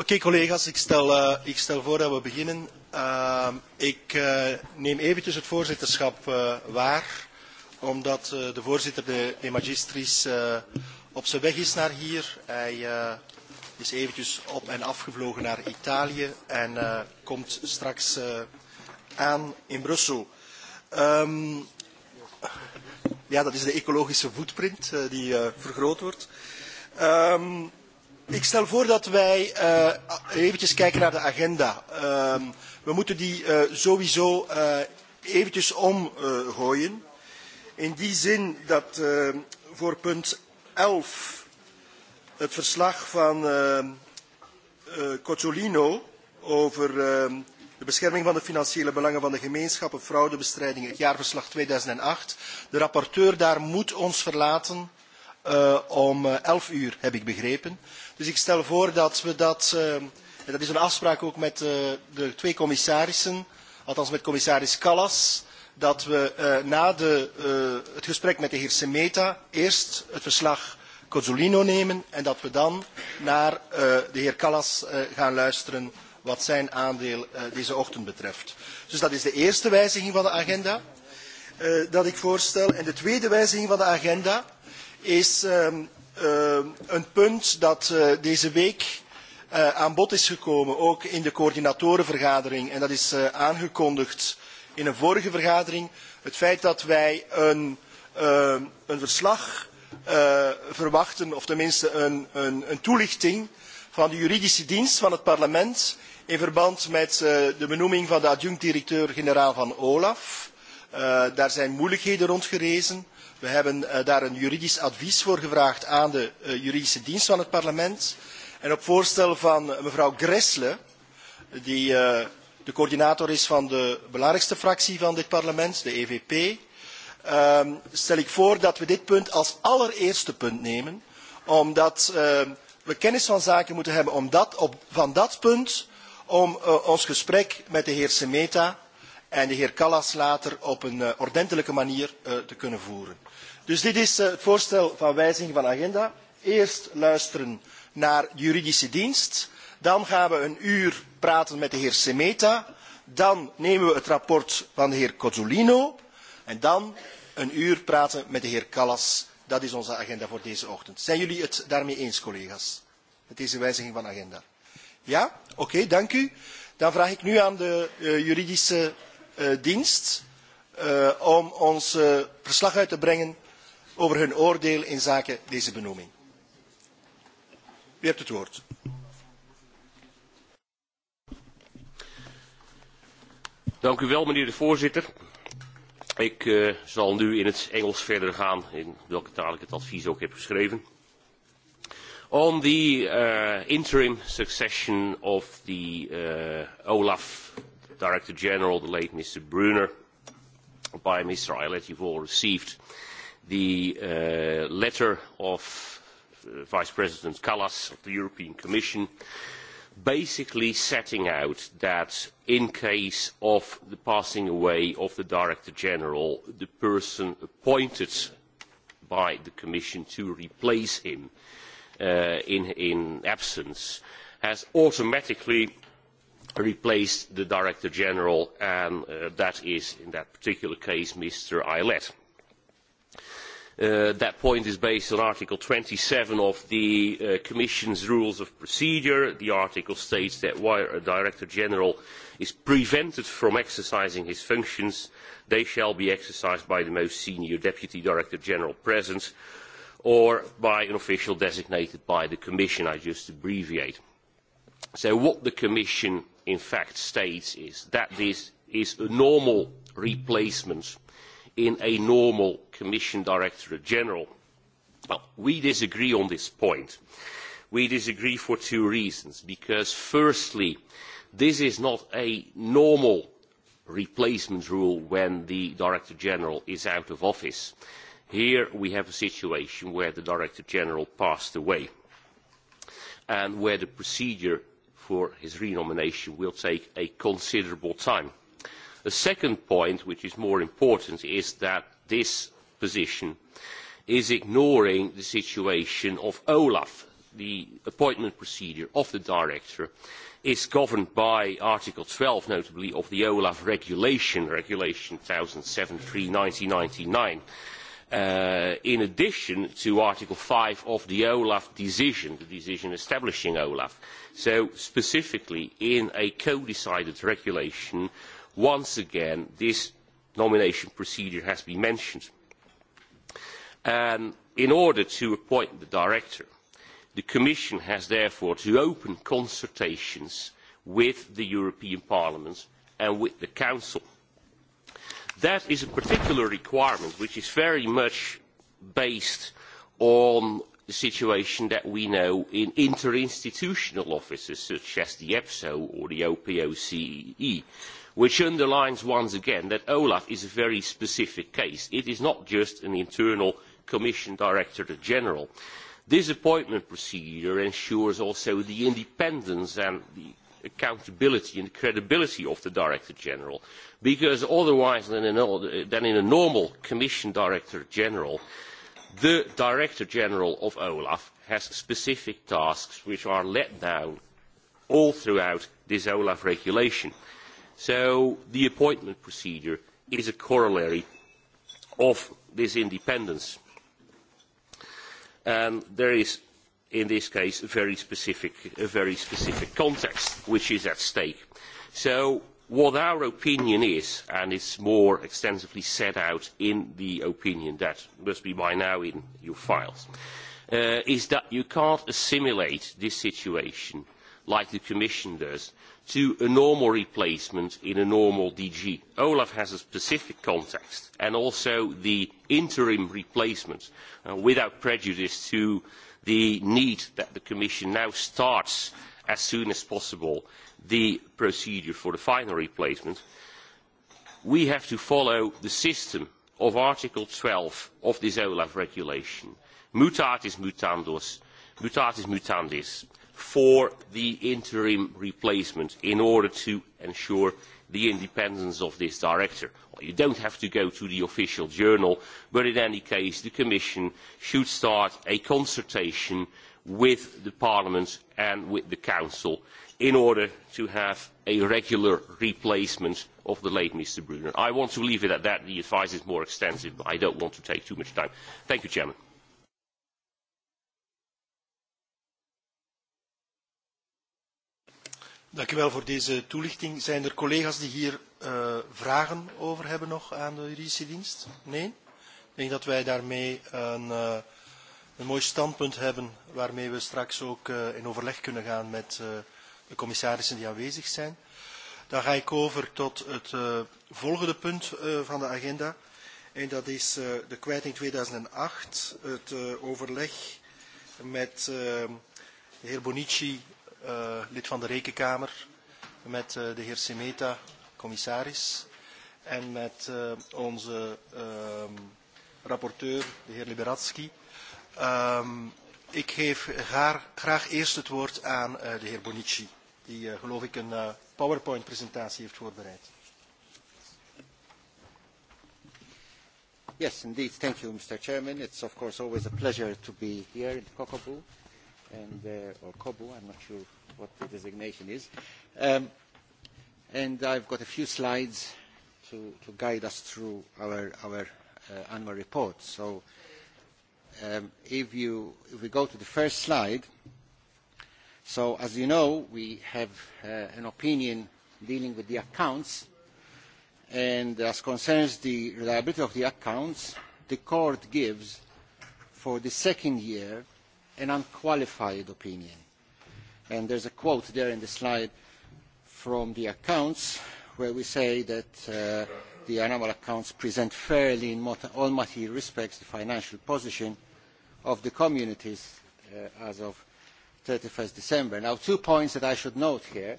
Oké okay, collega's, ik stel, uh, ik stel voor dat we beginnen. Uh, ik uh, neem eventjes het voorzitterschap uh, waar, omdat uh, de voorzitter de, de magistris uh, op zijn weg is naar hier. Hij uh, is eventjes op en afgevlogen naar Italië en uh, komt straks uh, aan in Brussel. Um, ja, dat is de ecologische footprint uh, die uh, vergroot wordt. Um, Ik stel voor dat wij uh, eventjes kijken naar de agenda. Uh, we moeten die uh, sowieso uh, eventjes omgooien. Uh, In die zin dat uh, voor punt 11 het verslag van uh, uh, Cozzolino over uh, de bescherming van de financiële belangen van de gemeenschappen, fraudebestrijding, het jaarverslag 2008. De rapporteur daar moet ons verlaten uh, om elf uur, heb ik begrepen. Dus ik stel voor dat we dat, ehm, en dat is een afspraak ook met eh, de twee commissarissen, althans met commissaris Callas, dat we eh, na de, eh, het gesprek met de heer Semeta eerst het verslag Cozzolino nemen en dat we dan naar de heer Callas gaan luisteren wat zijn aandeel deze ochtend betreft. Dus dat is de eerste wijziging van de agenda dat ik voorstel. En de tweede wijziging van de agenda is ehm, Ehm, een punt dat eh, deze week eh, aan bod is gekomen, ook in de coördinatorenvergadering. En dat is eh, aangekondigd in een vorige vergadering. Het feit dat wij een, ehm, een verslag verwachten, of tenminste een, een, een toelichting van de juridische dienst van het parlement in verband met de benoeming van de adjunct directeur-generaal van Olaf. daar zijn moeilijkheden rond gerezen. We hebben eh, daar een juridisch advies voor gevraagd aan de eh, juridische dienst van het parlement. En op voorstel van eh, mevrouw Gressle, die de coördinator is van de belangrijkste fractie van dit parlement, de EVP, ehm, stel ik voor dat we dit punt als allereerste punt nemen, omdat we kennis van zaken moeten hebben om dat, op, van dat punt om uh, ons gesprek met de heer Semeta en de heer Kallas later op een uh, ordentelijke manier uh, te kunnen voeren. Dus dit is eh, het voorstel van wijziging van agenda. Eerst luisteren naar de juridische dienst. Dan gaan we een uur praten met de heer Semeta. Dan nemen we het rapport van de heer Cozzolino. En dan een uur praten met de heer Callas. Dat is onze agenda voor deze ochtend. Zijn jullie het daarmee eens, collega's? Met deze wijziging van agenda? Ja? Oké, okay, dank u. Dan vraag ik nu aan de uh, juridische uh, dienst uh, om ons verslag uit te brengen over hun oordeel inzake deze benoeming. U hebt het woord. Dank u wel, meneer de voorzitter. Ik uh, zal nu in het Engels verder gaan, in welke taal ik het advies ook heb geschreven. On the uh, interim succession of the uh, Olaf Director General, the late Mr. Bruner by Mr. Eilert, you've all received the uh, letter of uh, Vice President Kallas of the European Commission basically setting out that in case of the passing away of the Director General, the person appointed by the Commission to replace him uh, in, his absence has automatically replaced the Director General, and that is, in that particular case, Mr. Aylett Uh, that point is based on article twenty seven of the uh, commission's rules of procedure. the article states that while a director general is prevented from exercising his functions they shall be exercised by the most senior deputy director general present or by an official designated by the commission. i just abbreviate. so what the commission in fact states is that this is a normal replacement in a normal Commission Directorate General. Well, we disagree on this point. We disagree for two reasons. Because firstly, this is not a normal replacement rule when the Director General is out of office. Here we have a situation where the Director General passed away and where the procedure for his renomination will take a considerable time the second point which is more important is that this position is ignoring the situation of olaf the appointment procedure of the director is governed by article twelve notably of the olaf regulation regulation one thousand and seventy three one thousand nine hundred and ninety nine uh, in addition to article five of the olaf decision the decision establishing olaf so specifically in a codecided regulation once again this nomination procedure has been mentioned. Um, in order to appoint the director the commission has therefore to open consultations with the european parliament and with the council. that is a particular requirement which is very much based on the situation that we know in interinstitutional offices such as the epso or the opoce e which underlines once again that olaf is a very specific case. it is not just an internal commission directorate general. this appointment procedure ensures also the independence and the accountability and credibility of the director general because otherwise than in a normal commission director general the director general of olaf has specific tasks which are laid down all throughout this olaf regulation. So the appointment procedure is a corollary of this independence. And there is, in this case, a very specific, a very specific context which is at stake. So what our opinion is, and it is more extensively set out in the opinion that must be by now in your files, uh, is that you cannot assimilate this situation like the Commission does to a normal replacement in a normal DG. Olaf has a specific context and also the interim replacement uh, without prejudice to the need that the Commission now starts as soon as possible the procedure for the final replacement. We have to follow the system of Article twelve of this Olaf regulation. Mutatis mutandis, mutatis mutandis for the interim replacement in order to ensure the independence of this director. Well, you do not have to go to the official journal, but in any case, the Commission should start a consultation with Parliament and with the Council in order to have a regular replacement of the late Mr. Brunner. I want to leave it at that. The advice is more extensive, but I do not want to take too much time. Thank you, Chairman. Dank u wel voor deze toelichting. Zijn er collega's die hier uh, vragen over hebben nog aan de juridische dienst? Nee? Ik denk dat wij daarmee een, uh, een mooi standpunt hebben waarmee we straks ook uh, in overleg kunnen gaan met uh, de commissarissen die aanwezig zijn. Dan ga ik over tot het uh, volgende punt uh, van de agenda. En dat is uh, de kwijting 2008, het uh, overleg met uh, de heer Bonici uh, lid van de Rekenkamer, met uh, de heer Semeta, commissaris, en met uh, onze uh, rapporteur, de heer Liberatsky. Liberatski. Ehm, ik geef graag eerst het woord aan uh, de heer Bonici, die uh, geloof ik een uh, PowerPoint-presentatie heeft voorbereid. Yes, indeed. Thank you, Mr. Chairman. It's of course always a pleasure to be here in Kokobu and uh, or COBU, I'm not sure what the designation is. Um, and I've got a few slides to, to guide us through our, our uh, annual report. So um, if, you, if we go to the first slide, so as you know, we have uh, an opinion dealing with the accounts and as concerns the reliability of the accounts, the court gives for the second year an unqualified opinion. And there's a quote there in the slide from the accounts where we say that uh, the annual accounts present fairly in all material respects the financial position of the communities uh, as of 31st December. Now, two points that I should note here.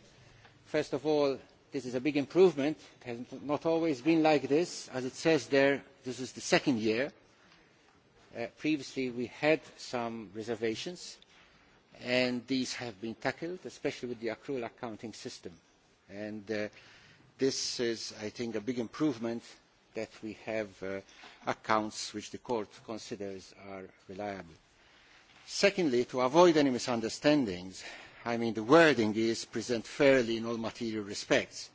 First of all, this is a big improvement. It has not always been like this. As it says there, this is the second year Uh, previously, we had some reservations, and these have been tackled, especially with the accrual accounting system. And uh, this is, I think, a big improvement that we have uh, accounts which the court considers are reliable. Secondly, to avoid any misunderstandings, I mean, the wording is present fairly in all material respects,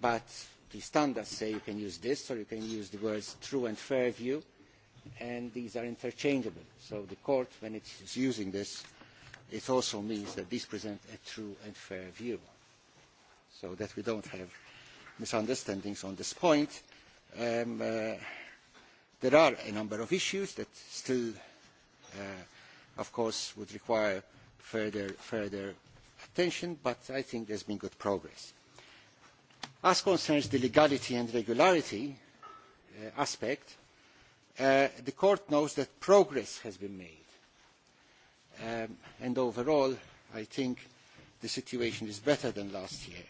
but the standards say you can use this or you can use the words true and fair view and these are interchangeable. So the court, when it is using this, it also means that these present a true and fair view, so that we don't have misunderstandings on this point. Um, uh, there are a number of issues that still, uh, of course, would require further, further attention, but I think there's been good progress. As concerns the legality and regularity uh, aspect, Uh, the court knows that progress has been made. Um, and overall, I think the situation is better than last year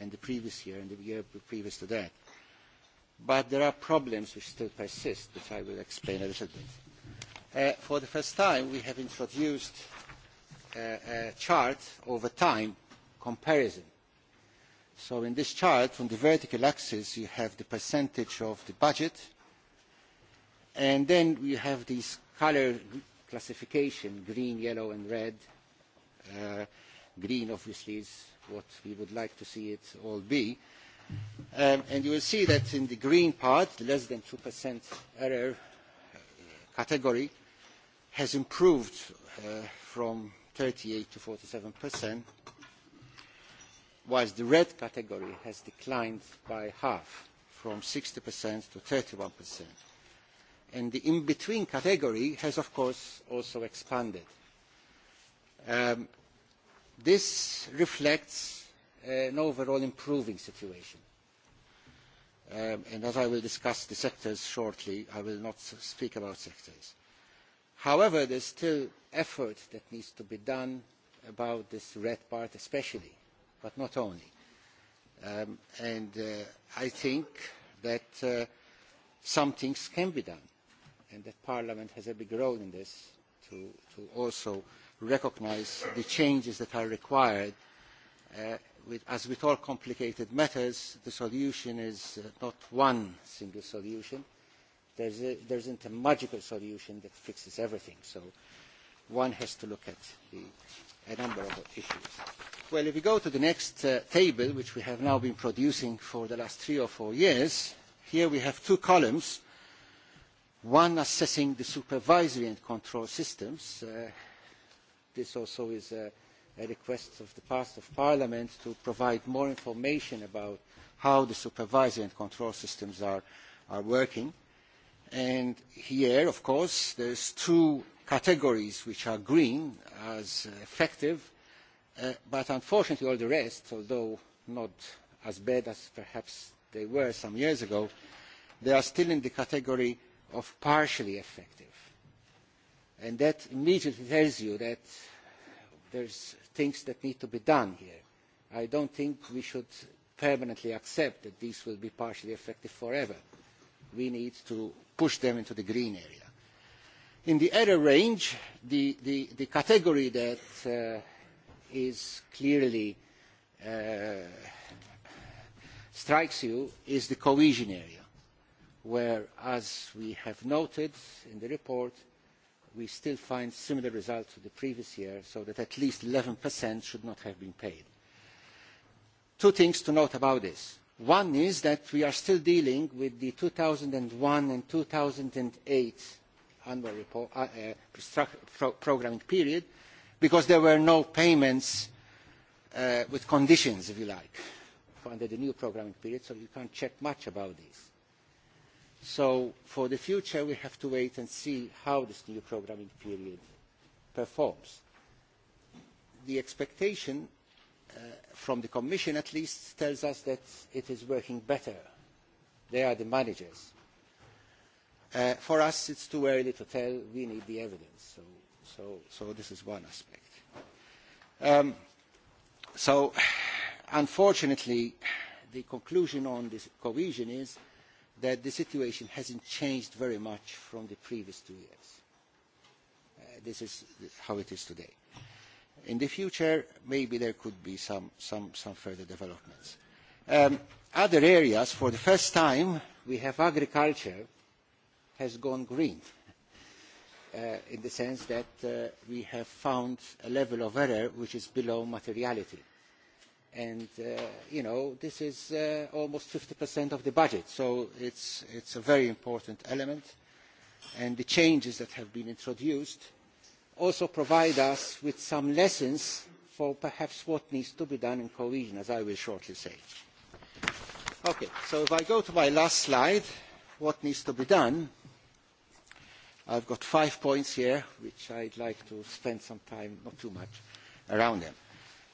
and the previous year and the year previous to that. But there are problems which still persist, which I will explain a little bit. Uh, for the first time, we have introduced a, uh, a chart over time comparison. So in this chart, on the vertical axis, you have the percentage of the budget – And then we have these colour classification, green, yellow and red. Uh, green, obviously, is what we would like to see it all be. Um, and you will see that in the green part, the less than 2% error uh, category has improved uh, from 38 to 47%, whilst the red category has declined by half, from 60% to 31% and the in-between category has, of course, also expanded. Um, this reflects uh, an overall improving situation. Um, and as I will discuss the sectors shortly, I will not speak about sectors. However, there is still effort that needs to be done about this red part especially, but not only. Um, and uh, I think that uh, some things can be done and that Parliament has a big role in this to, to also recognise the changes that are required. Uh, with, as with all complicated matters, the solution is uh, not one single solution. There is not a magical solution that fixes everything. So one has to look at the, a number of issues. Well, if we go to the next uh, table, which we have now been producing for the last three or four years, here we have two columns one assessing the supervisory and control systems uh, this also is a, a request of the past of parliament to provide more information about how the supervisory and control systems are, are working and here of course there are two categories which are green as effective uh, but unfortunately all the rest although not as bad as perhaps they were some years ago they are still in the category of partially effective. And that immediately tells you that there are things that need to be done here. I don't think we should permanently accept that these will be partially effective forever. We need to push them into the green area. In the error range, the, the, the category that uh, is clearly uh, strikes you is the cohesion area where, as we have noted in the report, we still find similar results to the previous year, so that at least 11% should not have been paid. Two things to note about this. One is that we are still dealing with the two thousand and one and two thousand and eight annual report, uh, uh, pro programming period, because there were no payments uh, with conditions, if you like, under the new programming period, so you can't check much about this. So for the future, we have to wait and see how this new programming period performs. The expectation uh, from the Commission at least tells us that it is working better. They are the managers. Uh, for us, it's too early to tell. We need the evidence. So, so, so this is one aspect. Um, so, unfortunately, the conclusion on this cohesion is that the situation hasn't changed very much from the previous two years. Uh, this is how it is today. In the future, maybe there could be some, some, some further developments. Um, other areas, for the first time, we have agriculture has gone green uh, in the sense that uh, we have found a level of error which is below materiality and uh, you know this is uh, almost 50% of the budget so it's it's a very important element and the changes that have been introduced also provide us with some lessons for perhaps what needs to be done in cohesion as i will shortly say okay so if i go to my last slide what needs to be done i've got five points here which i'd like to spend some time not too much around them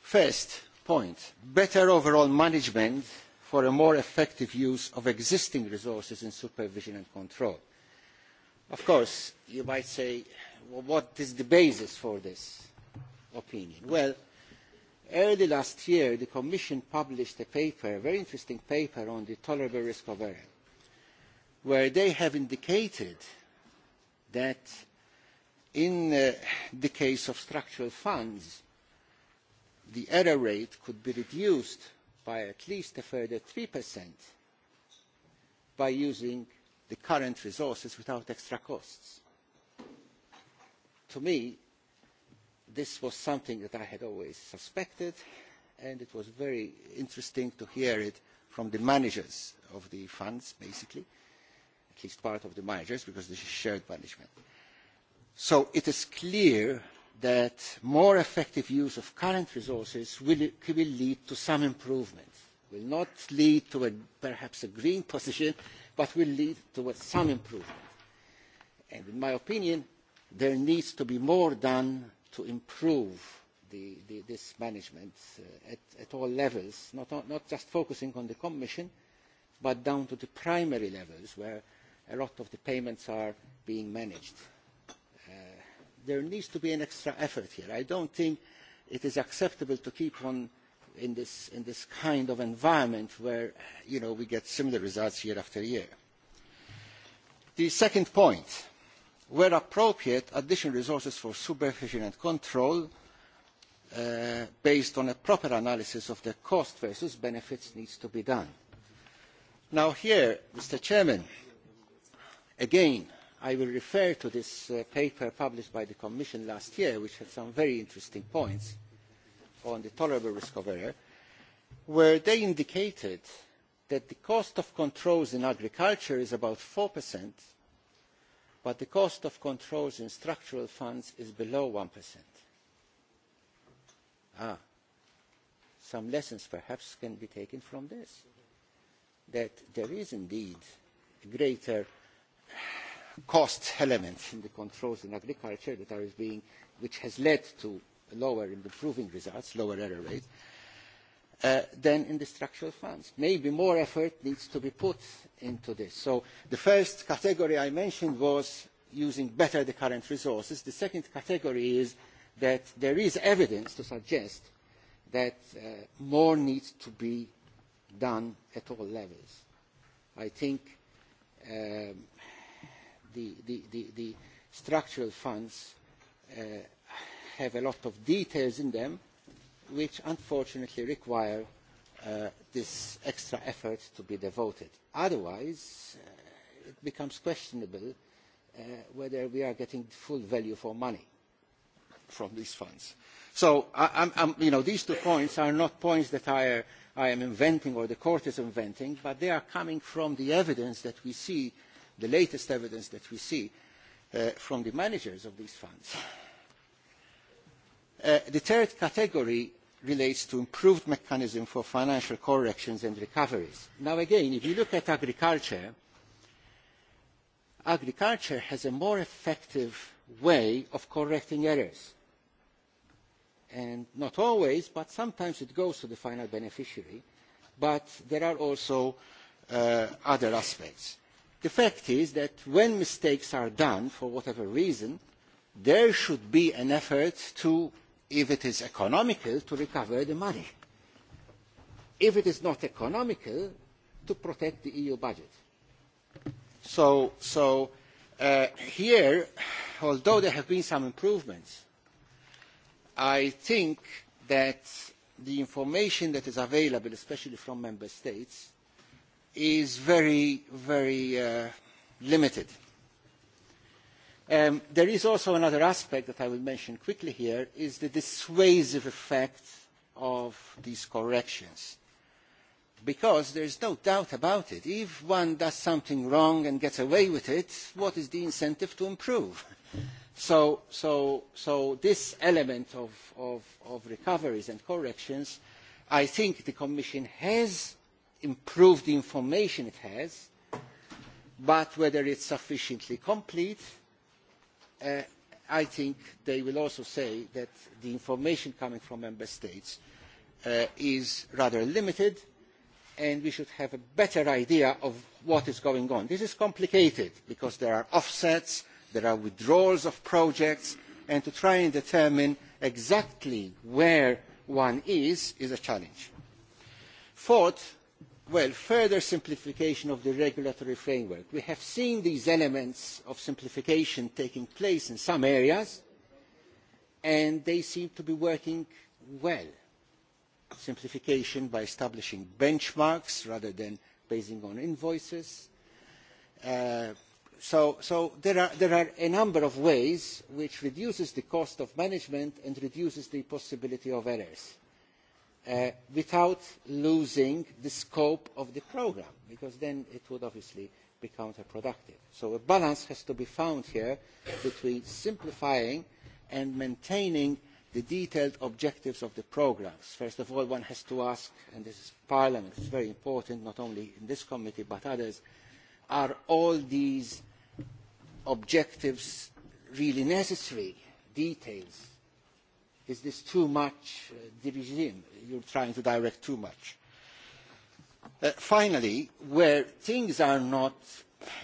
first point better overall management for a more effective use of existing resources in supervision and control. Of course, you might say, well, what is the basis for this opinion? Well, early last year, the Commission published a paper, a very interesting paper on the tolerable risk of error, where they have indicated that in uh, the case of structural funds, the error rate could be reduced by at least a further three by using the current resources without extra costs. To me, this was something that I had always suspected, and it was very interesting to hear it from the managers of the funds, basically, at least part of the managers, because this is shared management. So it is clear that more effective use of current resources will, will lead to some improvement. Will not lead to a, perhaps a green position, but will lead to some improvement. And in my opinion, there needs to be more done to improve the, the, this management uh, at, at all levels, not, not just focusing on the Commission, but down to the primary levels where a lot of the payments are being managed there needs to be an extra effort here. I don't think it is acceptable to keep on in this, in this kind of environment where you know, we get similar results year after year. The second point, where appropriate, additional resources for supervision and control uh, based on a proper analysis of the cost versus benefits needs to be done. Now here, Mr. Chairman, again, i will refer to this uh, paper published by the Commission last year, which had some very interesting points on the tolerable risk of error, where they indicated that the cost of controls in agriculture is about four but the cost of controls in structural funds is below one Ah, some lessons perhaps can be taken from this, that there is indeed greater cost elements in the controls in agriculture that are being, which has led to lower and improving results, lower error rate, uh, than in the structural funds. Maybe more effort needs to be put into this. So the first category I mentioned was using better the current resources. The second category is that there is evidence to suggest that uh, more needs to be done at all levels. I think um, the, the, the, the structural funds uh, have a lot of details in them which unfortunately require uh, this extra effort to be devoted. Otherwise, uh, it becomes questionable uh, whether we are getting full value for money from these funds. So I, I'm, I'm, you know, these two points are not points that I, I am inventing or the court is inventing, but they are coming from the evidence that we see the latest evidence that we see uh, from the managers of these funds. Uh, the third category relates to improved mechanisms for financial corrections and recoveries. Now again, if you look at agriculture, agriculture has a more effective way of correcting errors. And not always, but sometimes it goes to the final beneficiary. But there are also uh, other aspects the fact is that when mistakes are done for whatever reason there should be an effort to if it is economical to recover the money if it is not economical to protect the eu budget so, so uh, here although there have been some improvements i think that the information that is available especially from member states is very, very uh, limited. Um, there is also another aspect that I will mention quickly here, is the dissuasive effect of these corrections. Because there is no doubt about it, if one does something wrong and gets away with it, what is the incentive to improve? So, so, so this element of, of, of recoveries and corrections, I think the Commission has improve the information it has, but whether it is sufficiently complete, uh, I think they will also say that the information coming from member states uh, is rather limited and we should have a better idea of what is going on. This is complicated because there are offsets, there are withdrawals of projects, and to try and determine exactly where one is is a challenge. Fourth, Well, further simplification of the regulatory framework. We have seen these elements of simplification taking place in some areas, and they seem to be working well. Simplification by establishing benchmarks rather than basing on invoices. Uh, so, so there, are, there are a number of ways which reduces the cost of management and reduces the possibility of errors Uh, without losing the scope of the programme because then it would obviously be counterproductive. so a balance has to be found here between simplifying and maintaining the detailed objectives of the programmes. first of all one has to ask and this is parliament is very important not only in this committee but others are all these objectives really necessary details is this too much You uh, You're trying to direct too much. Uh, finally, where things are not,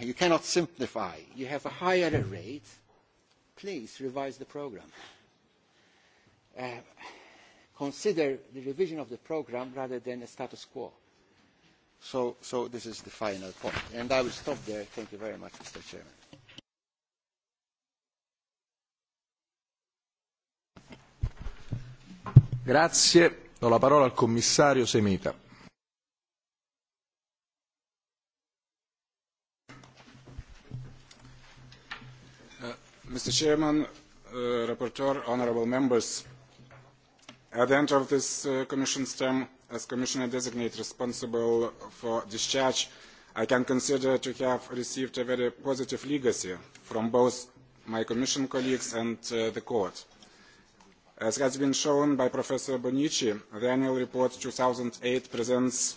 you cannot simplify, you have a higher rate, please revise the programme. Uh, consider the revision of the programme rather than a status quo. So, so this is the final point. And I will stop there. Thank you very much, Mr. Chairman. Grazie. Do la parola al commissario Semeta. Uh, Mr. Chairman, uh, Rapporteur, Honourable Members, at the end of this uh, Commission's term, as Commissioner designate responsible for discharge, I can consider to have received a very positive legacy from both my Commission colleagues and uh, the Court As has been shown by Professor Bonici, the annual report 2008 presents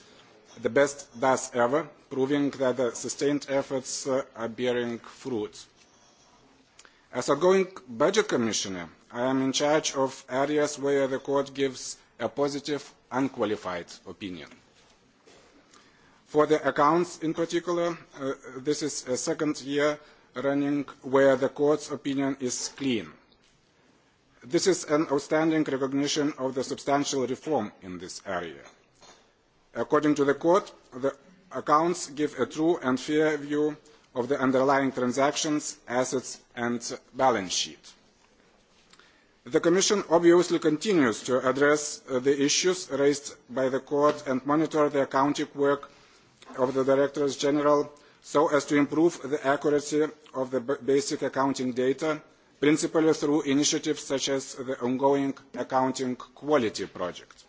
the best thus ever, proving that the sustained efforts uh, are bearing fruit. As outgoing budget commissioner, I am in charge of areas where the court gives a positive, unqualified opinion. For the accounts in particular, uh, this is a second year running where the court's opinion is clean This is an outstanding recognition of the substantial reform in this area. According to the Court, the accounts give a true and fair view of the underlying transactions, assets and balance sheet. The Commission obviously continues to address uh, the issues raised by the Court and monitor the accounting work of the Directors General so as to improve the accuracy of the basic accounting data principally through initiatives such as the ongoing Accounting Quality Project.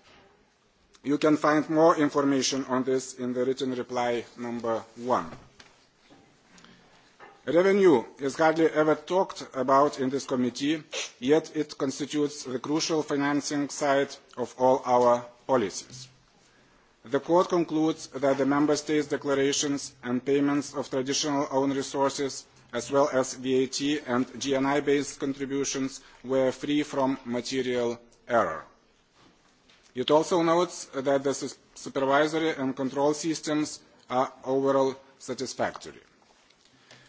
You can find more information on this in the written reply number one. Revenue is hardly ever talked about in this committee, yet it constitutes the crucial financing side of all our policies. The Court concludes that the Member States' declarations and payments of traditional own resources as well as VAT and GNI-based contributions were free from material error. It also notes that the supervisory and control systems are overall satisfactory.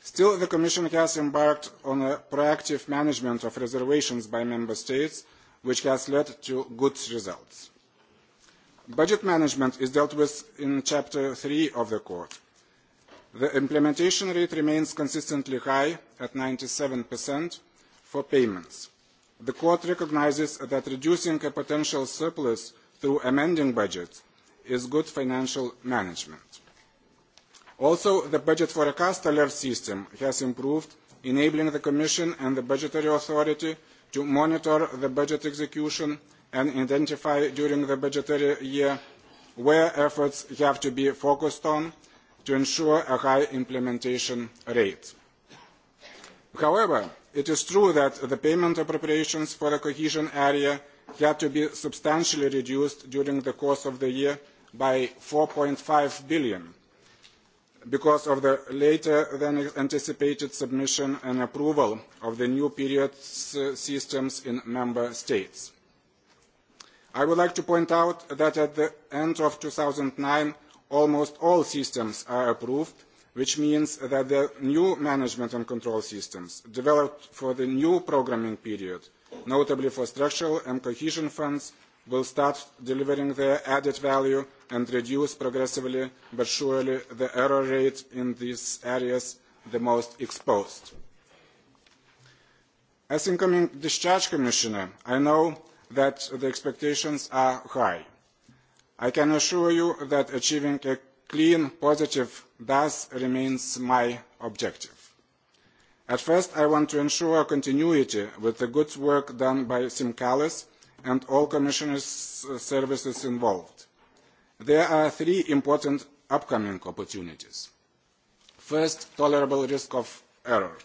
Still, the Commission has embarked on a proactive management of reservations by Member States, which has led to good results. Budget management is dealt with in Chapter three of the Court, The implementation rate remains consistently high at 97% for payments. The court recognises that reducing a potential surplus through amending budgets is good financial management. Also, the budget forecast alert system has improved, enabling the Commission and the budgetary authority to monitor the budget execution and identify during the budgetary year where efforts have to be focused on to ensure a high implementation rate. However, it is true that the payment appropriations for the cohesion area had to be substantially reduced during the course of the year by EUR four five billion because of the later than anticipated submission and approval of the new period systems in member states. I would like to point out that at the end of two thousand nine almost all systems are approved, which means that the new management and control systems developed for the new programming period, notably for structural and cohesion funds, will start delivering their added value and reduce progressively but surely the error rate in these areas the most exposed. As incoming discharge commissioner, I know that the expectations are high. I can assure you that achieving a clean, positive DAS remains my objective. At first, I want to ensure continuity with the good work done by Simcalis and all Commissioner's services involved. There are three important upcoming opportunities. First, tolerable risk of errors.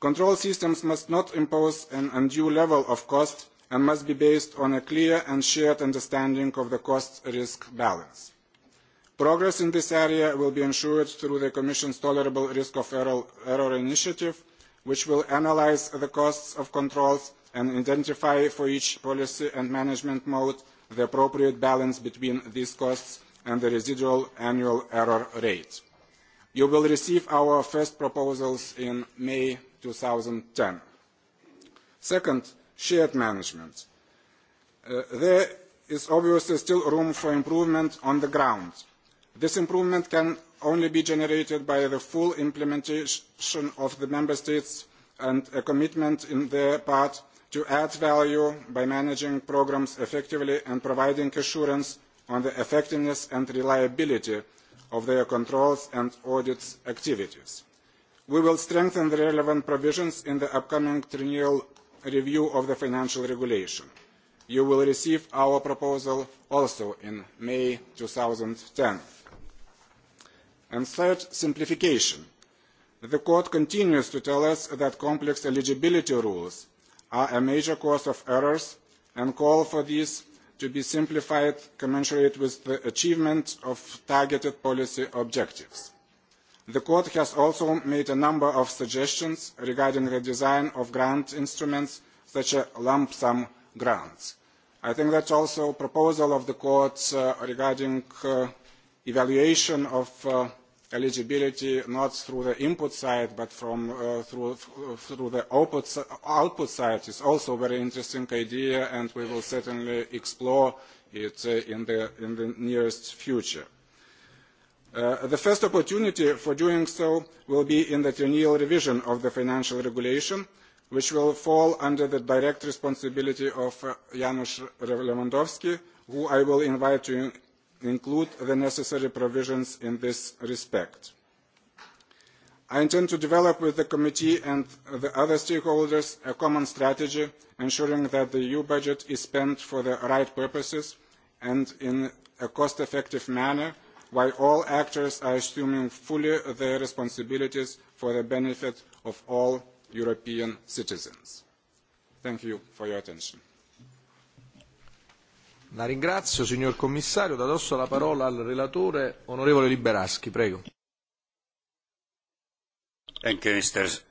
Control systems must not impose an undue level of cost and must be based on a clear and shared understanding of the cost-risk balance. Progress in this area will be ensured through the Commission's Tolerable Risk of Error, initiative, which will analyse the costs of controls and identify for each policy and management mode the appropriate balance between these costs and the residual annual error rate. You will receive our first proposals in May ten. Second, shared management. Uh, there is obviously still room for improvement on the ground. This improvement can only be generated by the full implementation of the Member States and a commitment on their part to add value by managing programmes effectively and providing assurance on the effectiveness and reliability of their controls and audit activities. We will strengthen the relevant provisions in the upcoming triennial review of the financial regulation. You will receive our proposal also in May ten. And third, simplification. The Court continues to tell us that complex eligibility rules are a major cause of errors and call for these to be simplified commensurate with the achievement of targeted policy objectives The Court has also made a number of suggestions regarding the design of grant instruments, such as lump sum grants. I think that also the proposal of the Court uh, regarding uh, evaluation of uh, eligibility not through the input side but from, uh, through, through the output, output side is also a very interesting idea and we will certainly explore it in, the, in the nearest future. Uh, the first opportunity for doing so will be in the triennial revision of the financial regulation, which will fall under the direct responsibility of uh, Janusz Lewandowski, who I will invite to in include the necessary provisions in this respect. I intend to develop with the committee and the other stakeholders a common strategy ensuring that the EU budget is spent for the right purposes and in a cost-effective manner while all actors are assuming fully their responsibilities for the benefit of all European citizens. Thank you for your attention. La ringrazio, signor Commissario. Da adesso la parola al relatore, onorevole Liberaschi, prego. Thank you, Mr.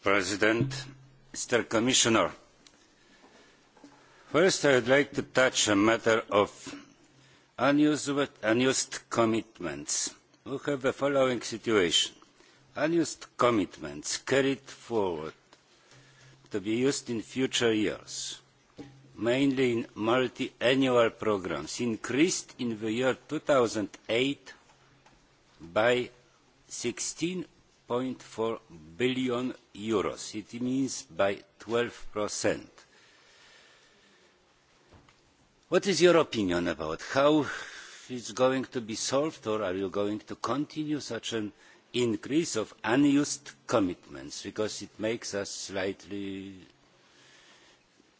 President. Mr. Commissioner, first I would like to touch a matter of unused, commitments. We have the following situation. Unused commitments carried forward to be used in future years, mainly in multi-annual programs, increased in the year two thousand eight by sixteen four billion euros. It means by 12 percent What is your opinion about how it's going to be solved, or are you going to continue such an increase of unused commitments? Because it makes us slightly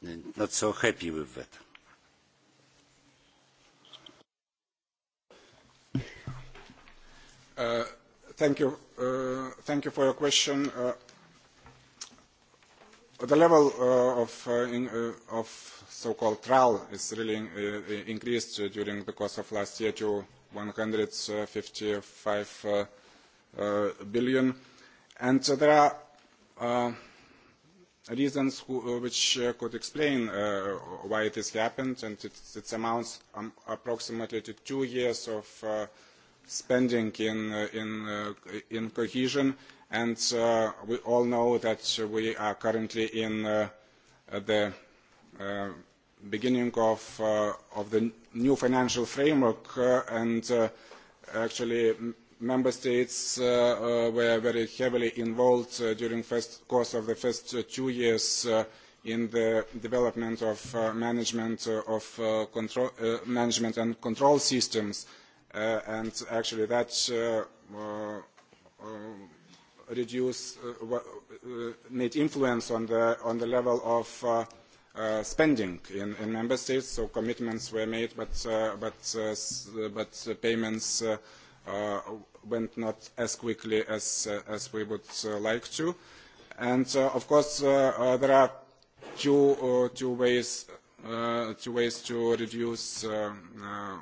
eh, not so happy with that. Uh, thank, you. Uh, thank you for your question. Uh, the level uh, of, uh, in, uh, of so-called trial is really uh, uh, increased during the course of last year to 155 uh, uh, billion. And so there are uh, reasons who, uh, which uh, could explain uh, why it has happened, and it, it amounts um, approximately to two years of uh, spending in, uh, in, uh, in cohesion, and uh, we all know that we are currently in uh, the uh, beginning of, uh, of the new financial framework uh, and uh, actually member states were very heavily involved during the first course of the first two years in the development of management of control, management and control systems and actually that uh made influence on the, on the level of uh, spending in, in member states, so commitments were made, but, uh, but, uh, uh but payments uh, uh, went not as quickly as, uh, as we would uh, like to. And uh, of course, uh, uh, there are two, uh, two, ways, uh, two ways to reduce uh, uh,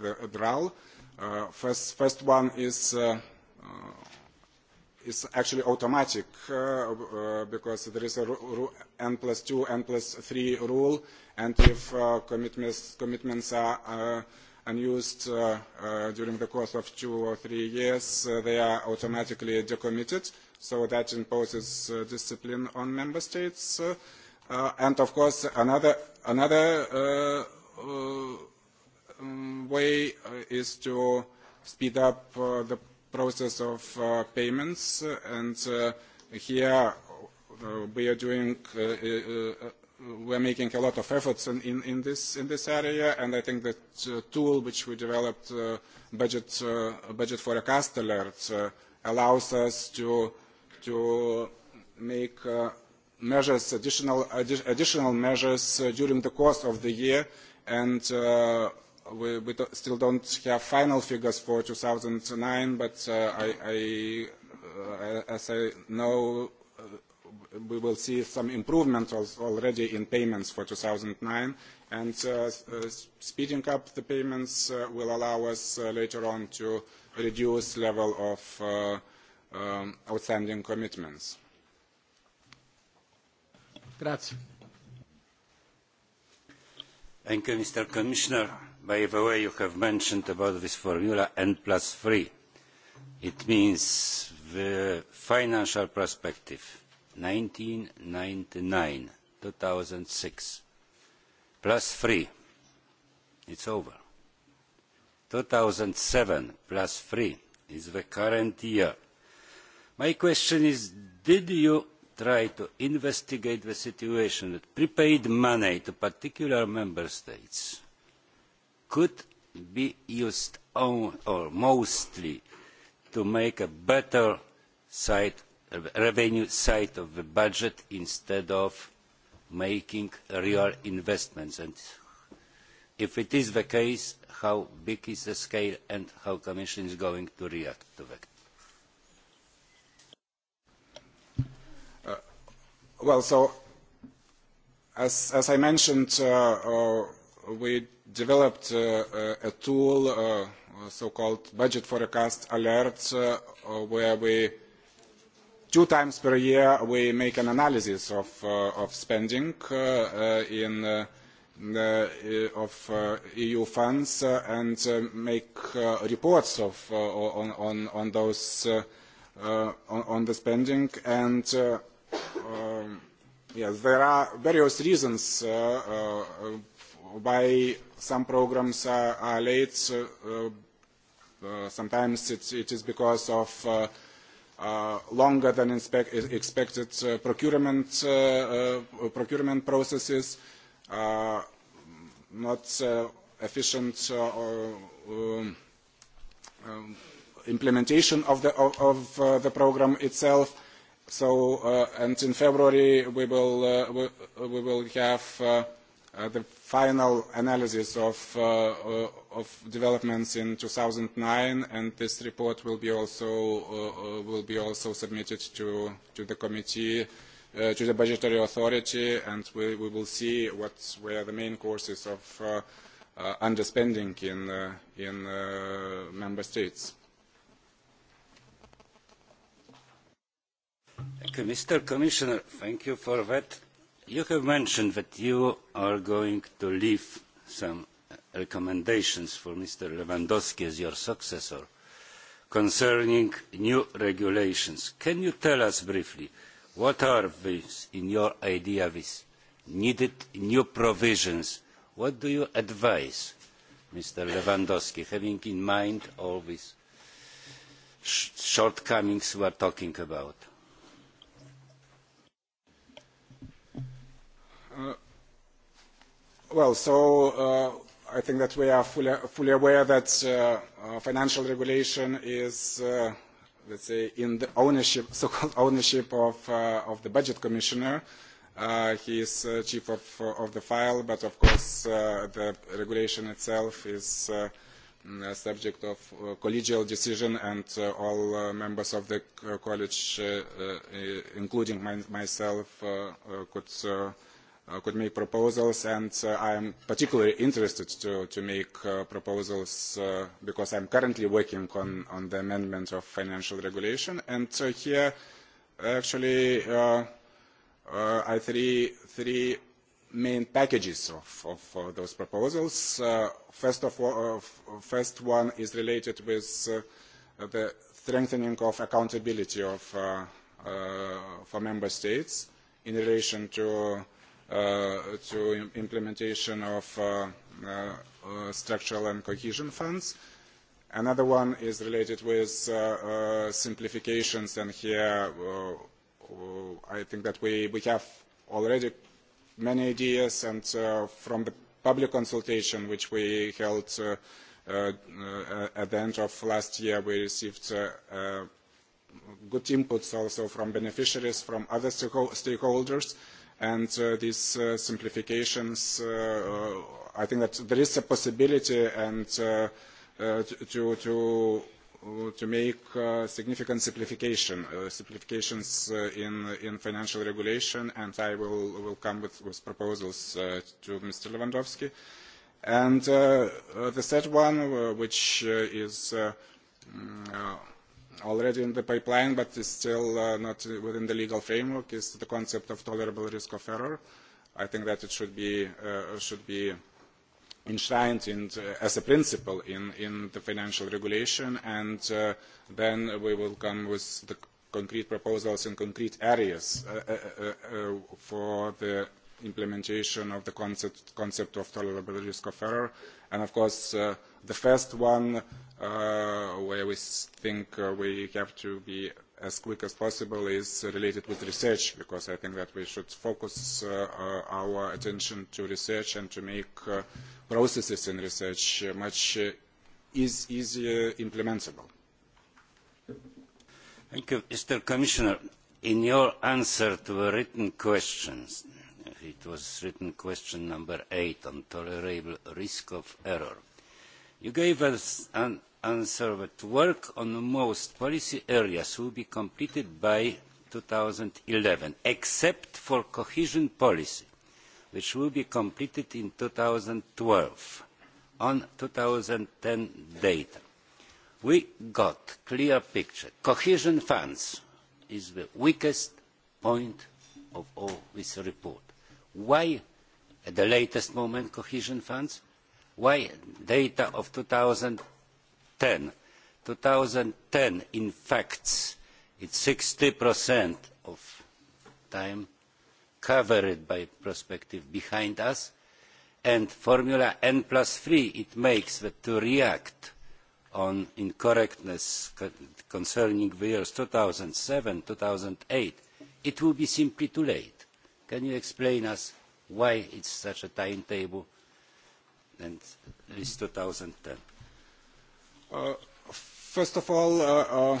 the drawl. Uh, first, first one is uh, uh, is actually automatic uh, uh, because there is a n plus two, n plus three rule, and if uh, commitments, commitments are uh, unused uh, uh, during the course of two or three years, uh, they are automatically decommitted, so that imposes uh, discipline on member states. Uh, uh, and of course, another, another uh, uh, um, way uh, is to speed up uh, the process of uh, payments uh, and uh, here uh we are doing uh uh, uh we are making a lot of efforts in, in, in, this, in this area and I think that uh, tool which we developed uh budget, uh, budget forecast alert allows us to, to make uh measures additional, addi additional measures uh during the course of the year and uh we, we do, still don't have final figures for 2009, but uh, I, I, uh, as I know, uh, we will see some improvement already in payments for 2009, and uh, uh, speeding up the payments uh, will allow us uh, later on to reduce level of uh, um, outstanding commitments. Grazie. Thank you, Mr. Commissioner by the way you have mentioned about this formula n plus three it means the financial perspective one thousand nine hundred and ninety nine two thousand and six plus three it's over two thousand and seven plus three is the current year my question is did you try to investigate the situation with prepaid money to particular member states could be used on, or mostly to make a better side, revenue side of the budget instead of making real investments. And if it is the case, how big is the scale and how the Commission is going to react to that? Uh, well, so as, as I mentioned, uh, uh, we developed uh, uh, a tool, uh, so-called budget forecast alert, uh, where we two times per year we make an analysis of, uh, of spending uh, uh, in, uh, the, uh, uh, of uh, EU funds uh, and uh, make uh, reports of, uh, on, on, on those uh, uh, on, on the spending and uh, um, yes, there are various reasons uh, uh, why some programmes are, are late. Uh, uh sometimes it, it is because of uh, uh, longer than expected uh, procurement, uh, procurement, processes, not efficient um, um, implementation of the, of, of, the programme itself. So, and in February we will, we, we, will have the final analysis of, uh, of developments in 2009, and this report will be also, uh, uh, will be also submitted to, to the committee, uh, to the budgetary authority, and we, we will see what were the main courses of uh, uh, underspending in, uh, in uh, member states. Thank you, Mr. Commissioner. Thank you for that you have mentioned that you are going to leave some recommendations for Mr. Lewandowski as your successor concerning new regulations. Can you tell us briefly what are these, in your idea, these needed new provisions? What do you advise Mr. Lewandowski, having in mind all these shortcomings we are talking about? Uh, well, so uh, I think that we are fully, fully aware that uh, uh, financial regulation is, uh, let's say, in the ownership, so-called ownership of, uh, of the budget commissioner. Uh, he is uh, chief of, of the file, but of course uh, the regulation itself is uh, mm, a subject of uh, collegial decision and uh, all uh, members of the uh, college, uh, uh, including my, myself, uh, uh, could uh, Uh, could make proposals and uh, I am particularly interested to, to make uh, proposals uh, because I am currently working on, on, the amendment of financial regulation and uh, here actually uh, uh, are three, three main packages of, of those proposals. first, of all, first one is related with the strengthening of accountability of, for member states in relation to Uh, to implementation of uh, uh, structural and cohesion funds. Another one is related with uh, uh, simplifications, and here uh, I think that we, we have already many ideas, and from the public consultation which we held at the end of last year, we received good inputs also from beneficiaries, from other stakeholders, and uh, these uh, simplifications, uh, I think that there is a possibility and to, to to make uh, significant simplification, uh, simplifications uh, in, in financial regulation, and I will, will come with, with proposals to Mr. Lewandowski. And the third one, which is mm, already in the pipeline, but is still uh, not within the legal framework, is the concept of tolerable risk of error. I think that it should be, uh, should be enshrined in, uh, as a principle in, in the financial regulation, and uh, then we will come with the concrete proposals in concrete areas uh, uh, uh, uh for the implementation of the concept, concept of tolerable risk of error. And of course, uh, the first one uh, where we think uh, we have to be as quick as possible is related with research, because I think that we should focus uh, uh our attention to research and to make uh, processes in research uh, much uh, is easier implementable. Thank you, Mr. Commissioner. In your answer to the written questions, It was written question number eight on tolerable risk of error. You gave us an answer that work on most policy areas will be completed by eleven, except for cohesion policy, which will be completed in twelve on ten data. We got a clear picture. Cohesion funds is the weakest point of all this report why at the latest moment cohesion funds? Why data of 2010? 2010, in fact, it's 60% of time covered by prospective behind us, and formula N plus 3, it makes that to react on incorrectness concerning the years 2007, 2008, it will be simply too late Can you explain us why it's such a timetable and this 2010? Uh, first of all, uh, uh,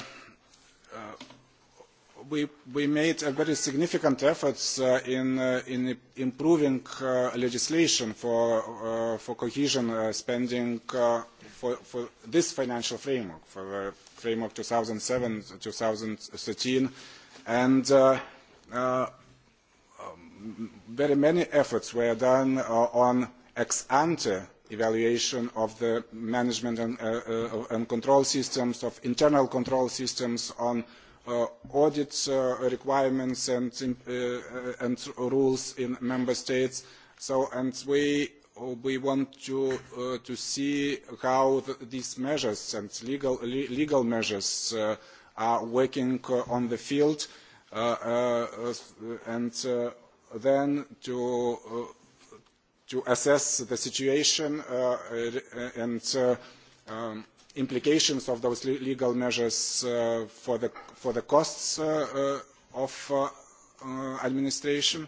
we, we made very significant efforts uh, in, uh, in improving uh, legislation for, for cohesion spending for, for this financial framework, for the framework 2007-2013, and very many efforts were done uh, on ex ante evaluation of the management and, uh, uh, and, control systems, of internal control systems, on uh, audit uh, requirements and, uh, and, rules in member states. So, and we, we want to, to see how the, these measures and legal, le legal measures are working on the field and then to, uh, to assess the situation uh, and uh, um, implications of those le legal measures uh, for, the, for the costs uh, uh, of uh, uh, administration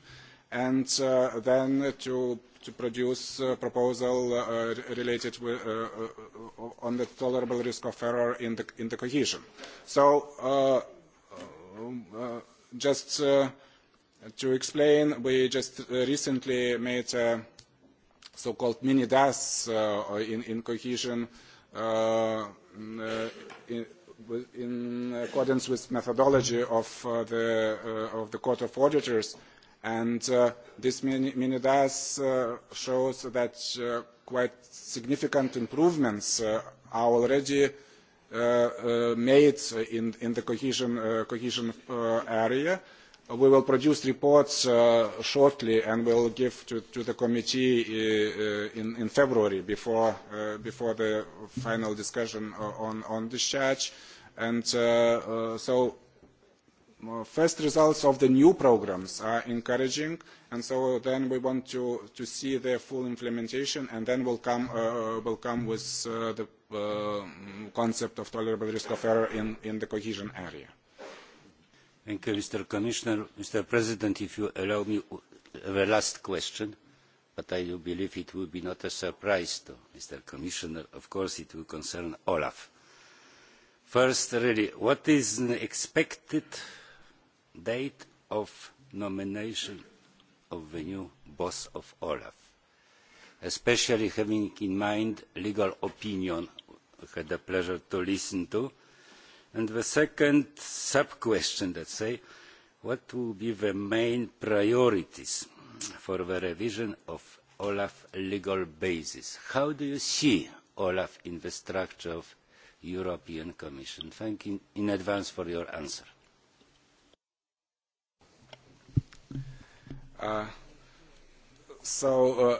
and uh, then to, to produce a proposal uh, related with, uh, uh, on the tolerable risk of error in the, in the cohesion. So uh, um, uh, just uh, to explain, we just recently made a so-called mini DAS uh, in, in cohesion uh, uh, in, in accordance with methodology of uh, the uh, of the Court of Auditors, and uh, this mini, mini DAS uh, shows that uh, quite significant improvements uh, are already. Uh, uh, made in, in the cohesion, uh, cohesion uh, area, Uh, we will produce reports uh, shortly and will give to, to the committee uh, uh, in, in February before, uh, before the final discussion uh, on, on discharge. And uh, uh, so first results of the new programmes are encouraging and so then we want to, to see their full implementation and then we'll come, uh, we'll come with uh, the uh, concept of tolerable risk of error in, in the cohesion area. Uh, Mr. Commissioner. Mr. President, if you allow me the uh, last question, but I do believe it will be not a surprise to Mr. Commissioner. Of course, it will concern Olaf. First, really, what is the expected date of nomination of the new boss of Olaf? Especially having in mind legal opinion, I had the pleasure to listen to, And the second sub-question, let's say, what will be the main priorities for the revision of Olaf legal basis? How do you see Olaf in the structure of European Commission? Thank you in advance for your answer. Uh, uh,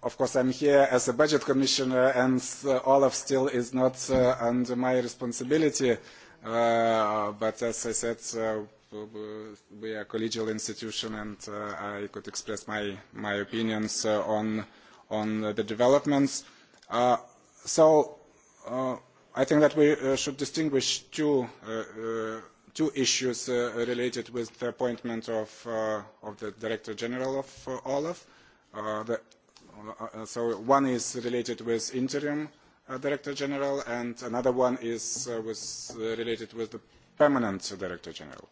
of course, I'm here as a budget commissioner, and uh, Olaf still is not under my responsibility. Uh, but as I said, uh, we are a collegial institution, and uh, I could express my, my opinions uh, on, on the developments. Uh, so uh, I think that we uh, should distinguish two, uh, uh, two issues uh, related with the appointment of, uh, of the Director General of uh, OLAF. Uh, the, uh, uh so one is related with interim uh, Director General, and another one is uh, uh, related with the Permanent Director General.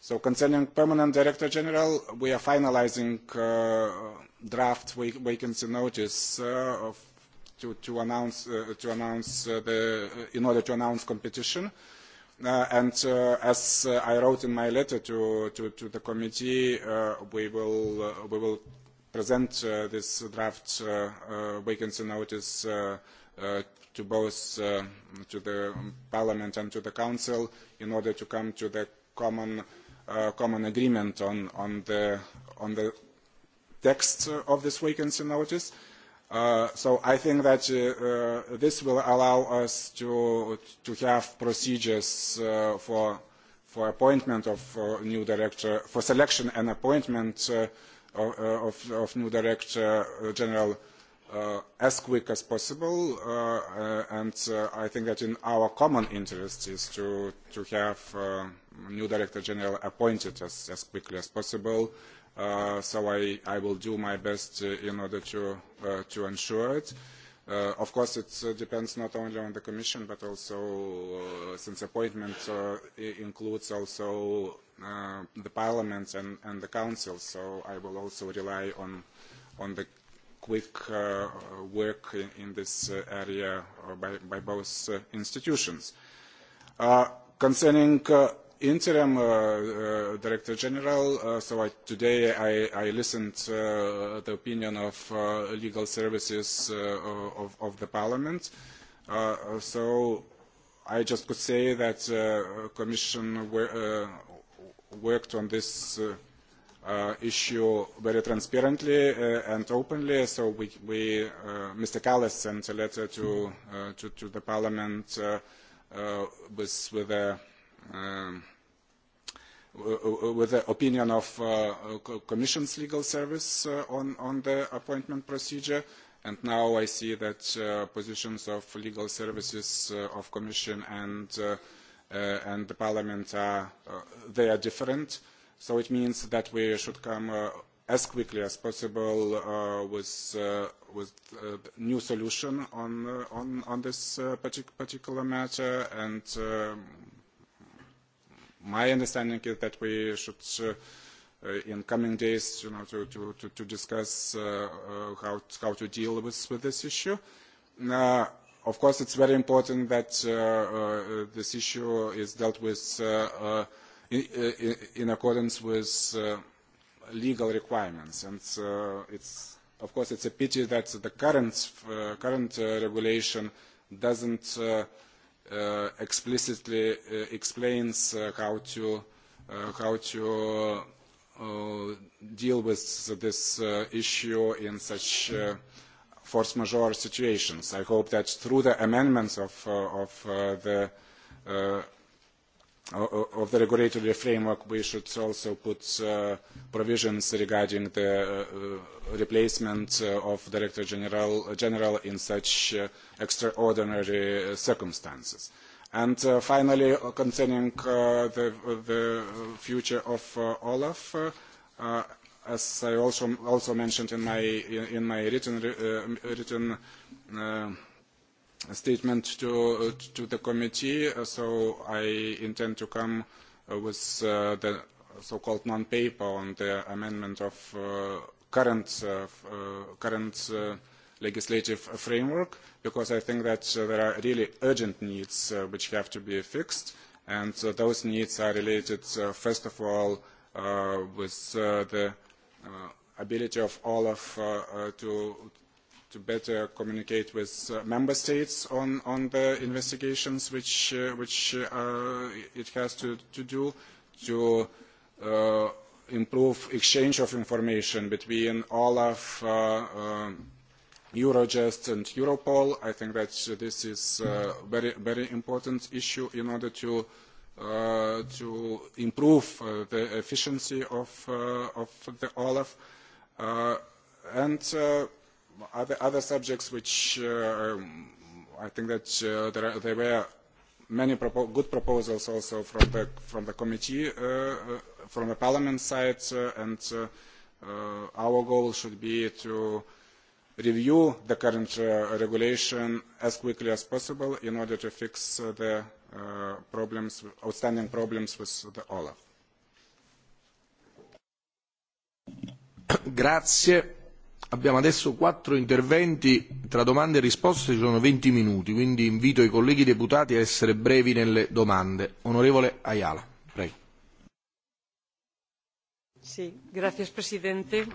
So concerning Permanent Director General, we are finalising uh, draft vacancy notice uh, of, to, to announce, uh, to announce uh, the, uh, in order to announce competition. Uh, and uh, as uh, I wrote in my letter to, to, to the committee, uh, we, will, uh, we will present uh, this draft uh, uh, vacancy notice uh, Uh, to both uh, to the Parliament and to the Council in order to come to the common, uh, common agreement on, on, the, on the text of this vacancy notice. Uh, so I think that uh, uh, this will allow us to, to have procedures uh, for, for appointment of uh, new director, for selection and appointment uh, of, uh, of, of new director uh, general Uh, as quick as possible, uh, uh, and uh, I think that in our common interest is to, to have a uh, new Director General appointed as, as quickly as possible. Uh, so I, I will do my best in order to, to ensure it. of course, it depends not only on the Commission, but also, since appointment includes also the Parliament and, and the Council, so I will also rely on, on the quick uh, work in, in this uh, area uh, by, by both uh, institutions. concerning interim director general, so I, today I, I listened to the opinion of legal services of, of, the parliament. so I just could say that the commission wor worked on this Uh, issue very transparently uh, and openly. So we, we uh, Mr. Kallas sent a letter to, to, to the Parliament with, with a um, with the opinion of uh, Commission's legal service uh, on, on the appointment procedure. And now I see that uh, positions of legal services uh, of Commission and, uh, uh, and the Parliament are, uh, they are different. Uh, so it means that we should come uh, as quickly as possible uh, with, uh, with a uh, new solution on, uh, on, on this uh, particular matter. And um, my understanding is that we should, uh, uh, in coming days, you know, to, to, to, to discuss uh, uh, how, to, how to deal with, with this issue. Uh, of course, it's very important that uh, uh, this issue is dealt with uh, uh, in, uh, in accordance with uh, legal requirements. And uh, it's, of course, it's a pity that the current, uh, current uh, regulation doesn't uh, uh, explicitly uh, explains uh, how to, uh, how to uh, deal with this uh, issue in such uh, force majeure situations. I hope that through the amendments of, uh, of uh, the uh, of the regulatory framework, we should also put uh, provisions regarding the uh, uh replacement uh, of Director General, General in such uh, extraordinary uh, circumstances. And finally, concerning the, the, future of Olaf, as I also, also mentioned in my, in my written, written statement to, uh, to the committee, uh, so I intend to come uh, with uh, the so-called non-paper on the amendment of uh, current, uh, uh, current uh, legislative framework, because I think that uh, there are really urgent needs uh, which have to be fixed, and uh, those needs are related, uh, first of all, uh, with uh, the uh, ability of Olaf uh, uh, to to better communicate with uh, member states on, on the investigations which, uh, which uh, it has to, to do, to uh, improve exchange of information between Olaf, uh, uh, Eurojust and Europol. I think that this is a very, very important issue in order to Uh, to improve uh, the efficiency of, uh, of the Olaf. Uh, and uh, other, other subjects which uh, um, I think that uh, there, are, there were many propo good proposals also from the, from the committee, uh, uh, from the parliament side, uh, and uh, uh, our goal should be to review the current uh, regulation as quickly as possible in order to fix uh, the uh, problems, outstanding problems with the OLAF. Grazie. Abbiamo adesso quattro interventi tra domande e risposte, ci sono venti minuti, quindi invito i colleghi deputati a essere brevi nelle domande. Onorevole Ayala, prego. Sí, gracias, presidente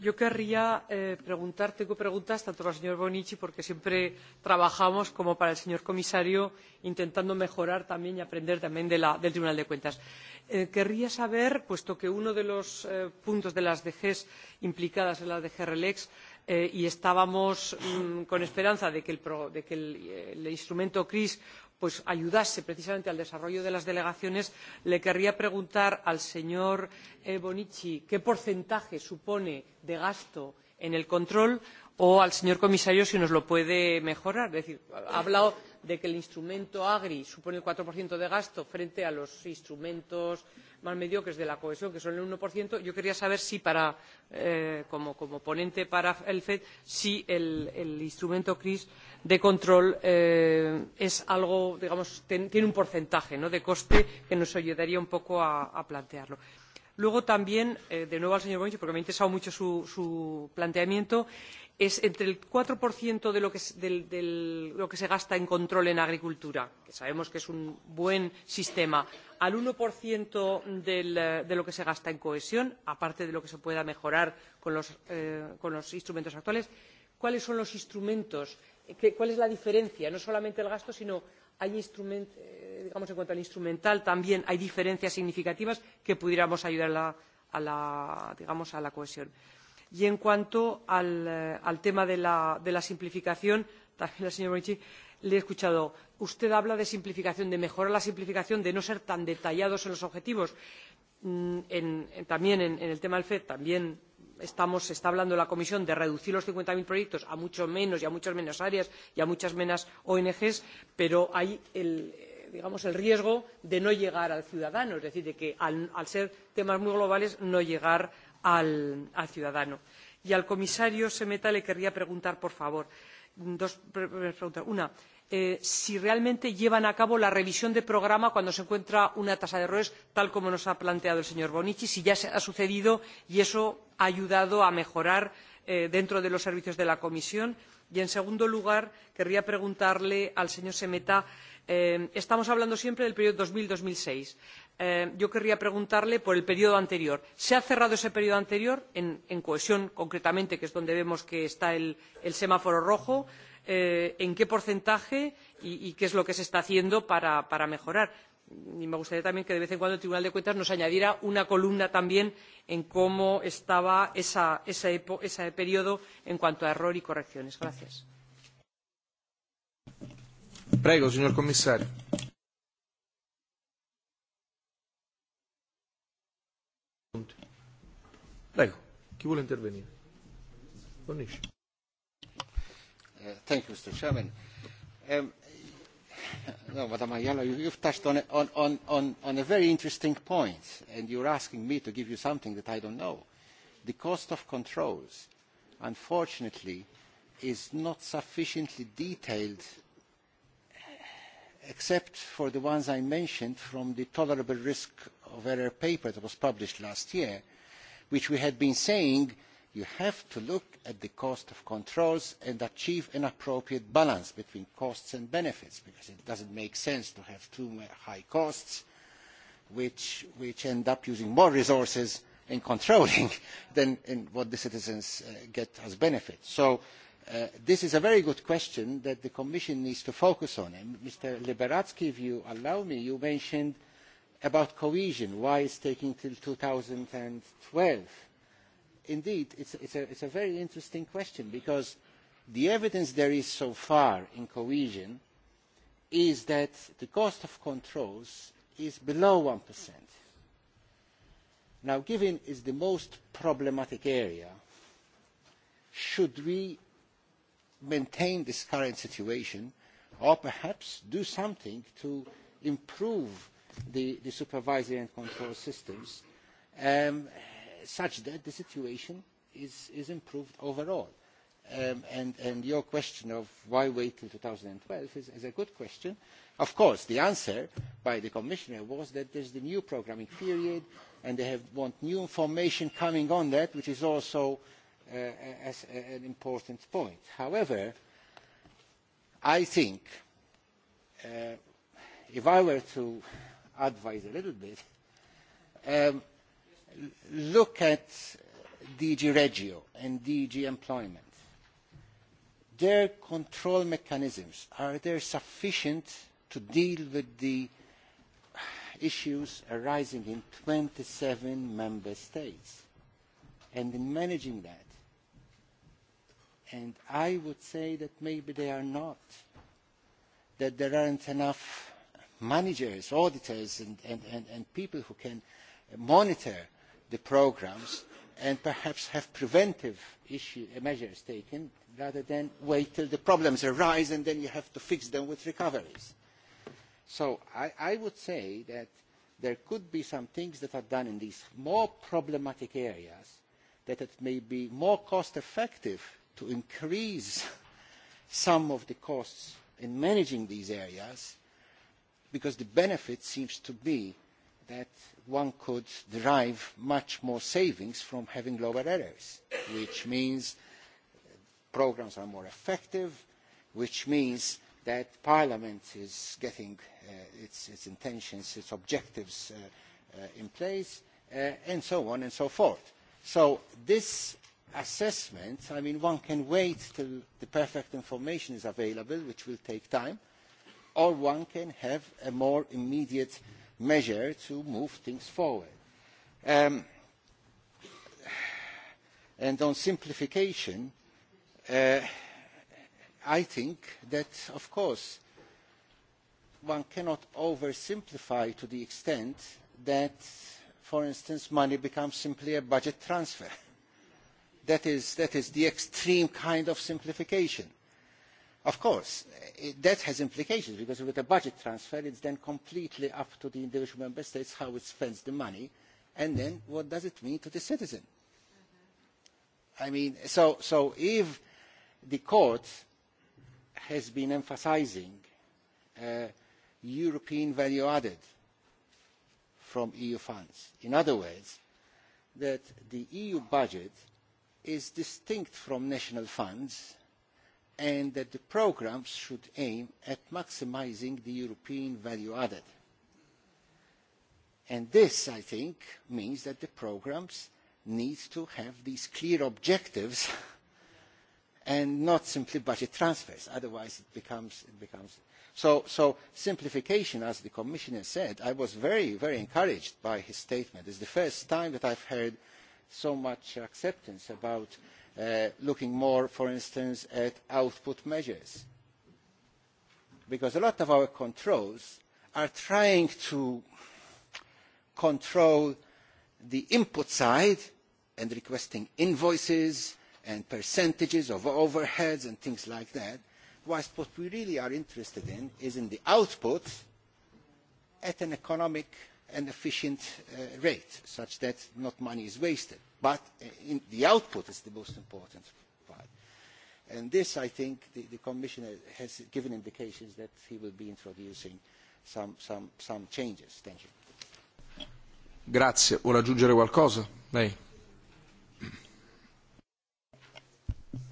yo querría eh, preguntar tengo preguntas tanto para el señor Bonici, porque siempre trabajamos como para el señor comisario intentando mejorar también y aprender también del tribunal de cuentas. Eh, querría saber puesto que uno de los eh, puntos de las dg implicadas es la dg relex y estábamos mm, con esperanza de que el, el instrumento cris pues ayudase precisamente al desarrollo de las delegaciones le querría preguntar al señor eh, bonici qué porcentaje supone de gasto en el control o al señor comisario si nos lo puede mejorar. Es decir, ha hablado de que el instrumento agri supone el cuatro de gasto frente a los instrumentos más mediocres de la cohesión que son el. uno yo quería saber si para, eh, como, ponente para el fed si el, instrumento cris de control eh, es algo, digamos, tiene un porcentaje ¿no? de coste que nos ayudaría un poco a, plantearlo. luego también eh, de nuevo al señor boni porque me ha interesado mucho su, planteamiento es entre el cuatro de lo, que, se gasta en control en agricultura que sabemos que es un buen sistema al uno eh, de lo que se gasta en cohesión aparte de lo que se pueda mejorar con los, con los instrumentos actuales cuáles son los instrumentos que Eh, cuál es la diferencia no solamente el gasto sino hay eh, digamos en cuanto al instrumental también hay diferencias significativas que pudiéramos ayudar a la, a la, digamos, a la cohesión. y en cuanto al, eh, tema de la, simplificación también al señor bonici le he escuchado usted habla de simplificación de mejorar la simplificación de no ser tan detallados en los objetivos. Mm, también en, en el tema del fed también se está hablando en la comisión de reducir los cincuenta cero proyectos a mucho menos y a muchas menos áreas y a muchas menos ong pero hay eh, el, riesgo de no llegar al ciudadano es decir de que al, ser temas muy globales no llegar al, al ciudadano. y al comisario emeta le querría preguntar por favor dos preguntas una Eh, si realmente llevan a cabo la revisión de programa cuando se encuentra una tasa de errores tal como nos ha planteado el señor Bonici, si ya ha sucedido y eso ha ayudado a mejorar eh, dentro de los servicios de la comisión. y en segundo lugar querría preguntarle al señor emeta eh, estamos hablando siempre del periodo dos mil dos mil seis yo querría preguntarle por el periodo anterior se ha cerrado ese periodo anterior en, cohesión concretamente que es donde vemos que está el, semáforo rojo Eh, en qué porcentaje y, qué es lo que se está haciendo para, mejorar y me gustaría también que de vez en cuando el tribunal de cuentas nos añadiera una columna también en cómo estaba ese periodo en cuanto a error y correcciones. Gracias. Prego, señor comisario. Prego, chi vuole intervenire? Bonisci thank you, Mr. Um, no, Ayala, you, have touched on, a very interesting point, and you are asking me to give you something that I do not know. The cost of controls, unfortunately, is not sufficiently detailed except for the ones I mentioned from the tolerable risk of error paper that was published last year, which we had been saying you have to look at the cost of controls and achieve an appropriate balance between costs and benefits because it does not make sense to have too high costs which, which end up using more resources in controlling than in what the citizens uh, get as benefits. So uh, this is a very good question that the Commission needs to focus on. And Mr. Liberatsky, if you allow me, you mentioned about cohesion, why it's taking till 2012. twelve indeed, it's, is a, very interesting question because the evidence there is so far in cohesion is that the cost of controls is below percent. Now, given is the most problematic area, should we maintain this current situation or perhaps do something to improve the, the supervisory and control systems um, such that the situation is, is improved overall. Um, and, and your question of why wait till 2012 is, is a good question. Of course, the answer by the Commissioner was that there's the new programming period and they have, want new information coming on that, which is also uh, as, uh, an important point. However, I think uh, if I were to advise a little bit, um, look at DG Regio and DG Employment. Their control mechanisms, are they sufficient to deal with the issues arising in twenty seven member states and in managing that? And I would say that maybe they are not, that there aren't enough managers, auditors, and, and, and, and people who can monitor the programmes and perhaps have preventive issue, uh, measures taken rather than wait until the problems arise and then you have to fix them with recoveries. So I, I would say that there could be some things that are done in these more problematic areas that it may be more cost effective to increase some of the costs in managing these areas because the benefit seems to be that one could derive much more savings from having lower errors, which means programmes are more effective, which means that Parliament is getting uh, its, its intentions, its objectives uh, uh, in place, uh, and so on and so forth. So this assessment, I mean, one can wait till the perfect information is available, which will take time, or one can have a more immediate measure to move things forward. Um, and on simplification, uh, I think that, of course, one cannot oversimplify to the extent that, for instance, money becomes simply a budget transfer. That is, that is the extreme kind of simplification of course it, eh, that has implications because with a budget transfer it is then completely up to the individual member states how it spends the money and then what does it mean to the citizen? I mean, so, so if the court has been emphasising uh, European value added from EU funds, in other words, that the EU budget is distinct from national funds and that the programmes should aim at maximising the European value added. And this, I think, means that the programmes need to have these clear objectives and not simply budget transfers. Otherwise, it becomes, it becomes So, so simplification as the commissioner said i was very very encouraged by his statement. it is the first time that i have heard so much acceptance about Uh, looking more for instance at output measures because a lot of our controls are trying to control the input side and requesting invoices and percentages of overheads and things like that whilst what we really are interested in is in the output at an economic and efficient uh, rate such that not money is wasted but eh, in the output is the most important part. And this, I think, the, the Commissioner has given indications that he will be introducing some, some, some changes. Thank you. Grazie. Vuole aggiungere qualcosa? Lei.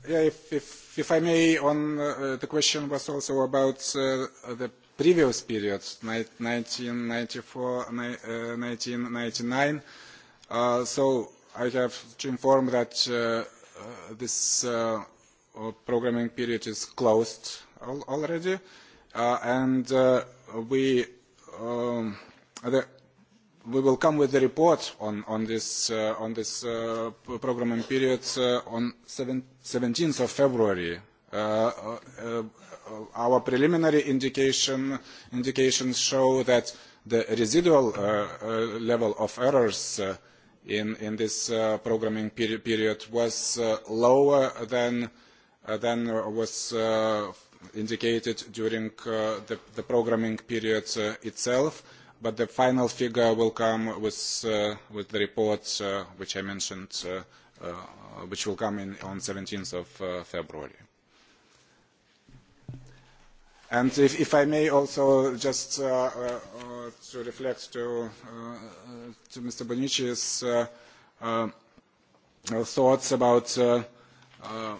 Yeah, if, if, if I may, on uh, the question was also about uh, the previous period, 1994-1999. Uh, uh, so i have to inform that uh, uh this uh, uh, programming period is closed al already, uh, and uh, we um, the, we will come with the report on on this uh, on this uh, programming period uh, on 17th of February. Uh, uh, uh, our preliminary indication indications show that the residual uh, uh, level of errors. Uh, in, in this uh, programming peri period was uh, lower than, uh, than was uh, indicated during uh, the, the programming period uh, itself, but the final figure will come with, uh, with the report uh, which I mentioned, uh, uh, which will come in, on 17th of uh, February. And if, if I may also just uh, uh, to reflect to, uh, to Mr. Bonici's uh, uh, thoughts about uh, uh,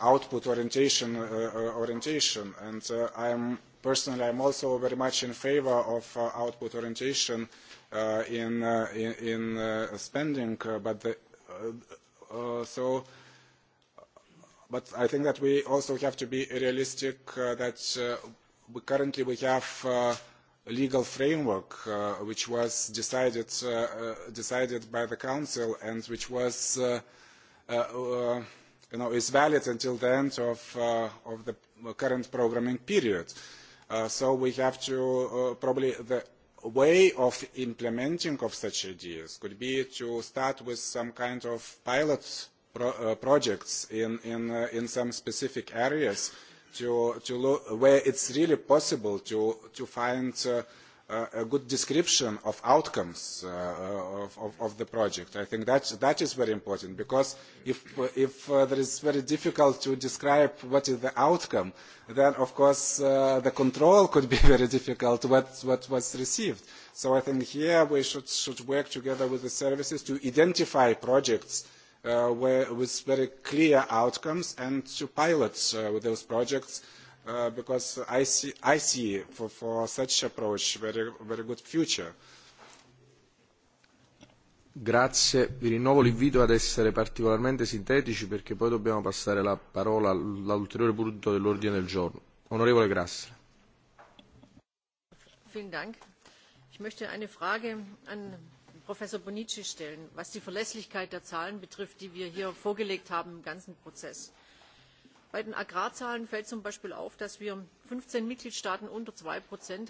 output orientation, uh, uh orientation. and uh, I'm personally I'm also very much in favor of uh, output orientation uh, in, uh, in, in uh, spending, uh, but the, uh, uh, so but I think that we also have to be realistic uh, that uh, we currently we have uh, a legal framework uh, which was decided, uh, uh, decided by the Council and which was, uh, uh, uh, you know, is valid until the end of, uh, of the current programming period. Uh, so we have to uh, probably the way of implementing of such ideas could be to start with some kind of pilot pro, uh, projects in, in, uh, in some specific areas to, to look where it's really possible to, to find Uh, a good description of outcomes uh, uh, of, of, of, the project. I think that, that is very important because if, if uh, there is very difficult to describe what is the outcome, then of course the control could be very difficult what, what was received. So I think here we should, should work together with the services to identify projects uh, where, with very clear outcomes and to pilot uh, those projects uh, because I see, I see for, for such approach very, very good future. Grazie, vi rinnovo l'invito ad essere particolarmente sintetici perché poi dobbiamo passare la parola all'ulteriore punto dell'ordine del giorno. Onorevole Grassler. Vielen Dank. Ich möchte eine Frage an professor bonnici stellen was die verlässlichkeit der zahlen betrifft die wir hier vorgelegt haben im ganzen prozess. bei den agrarzahlen fällt zum beispiel auf dass wir fünfzehn mitgliedstaaten unter zwei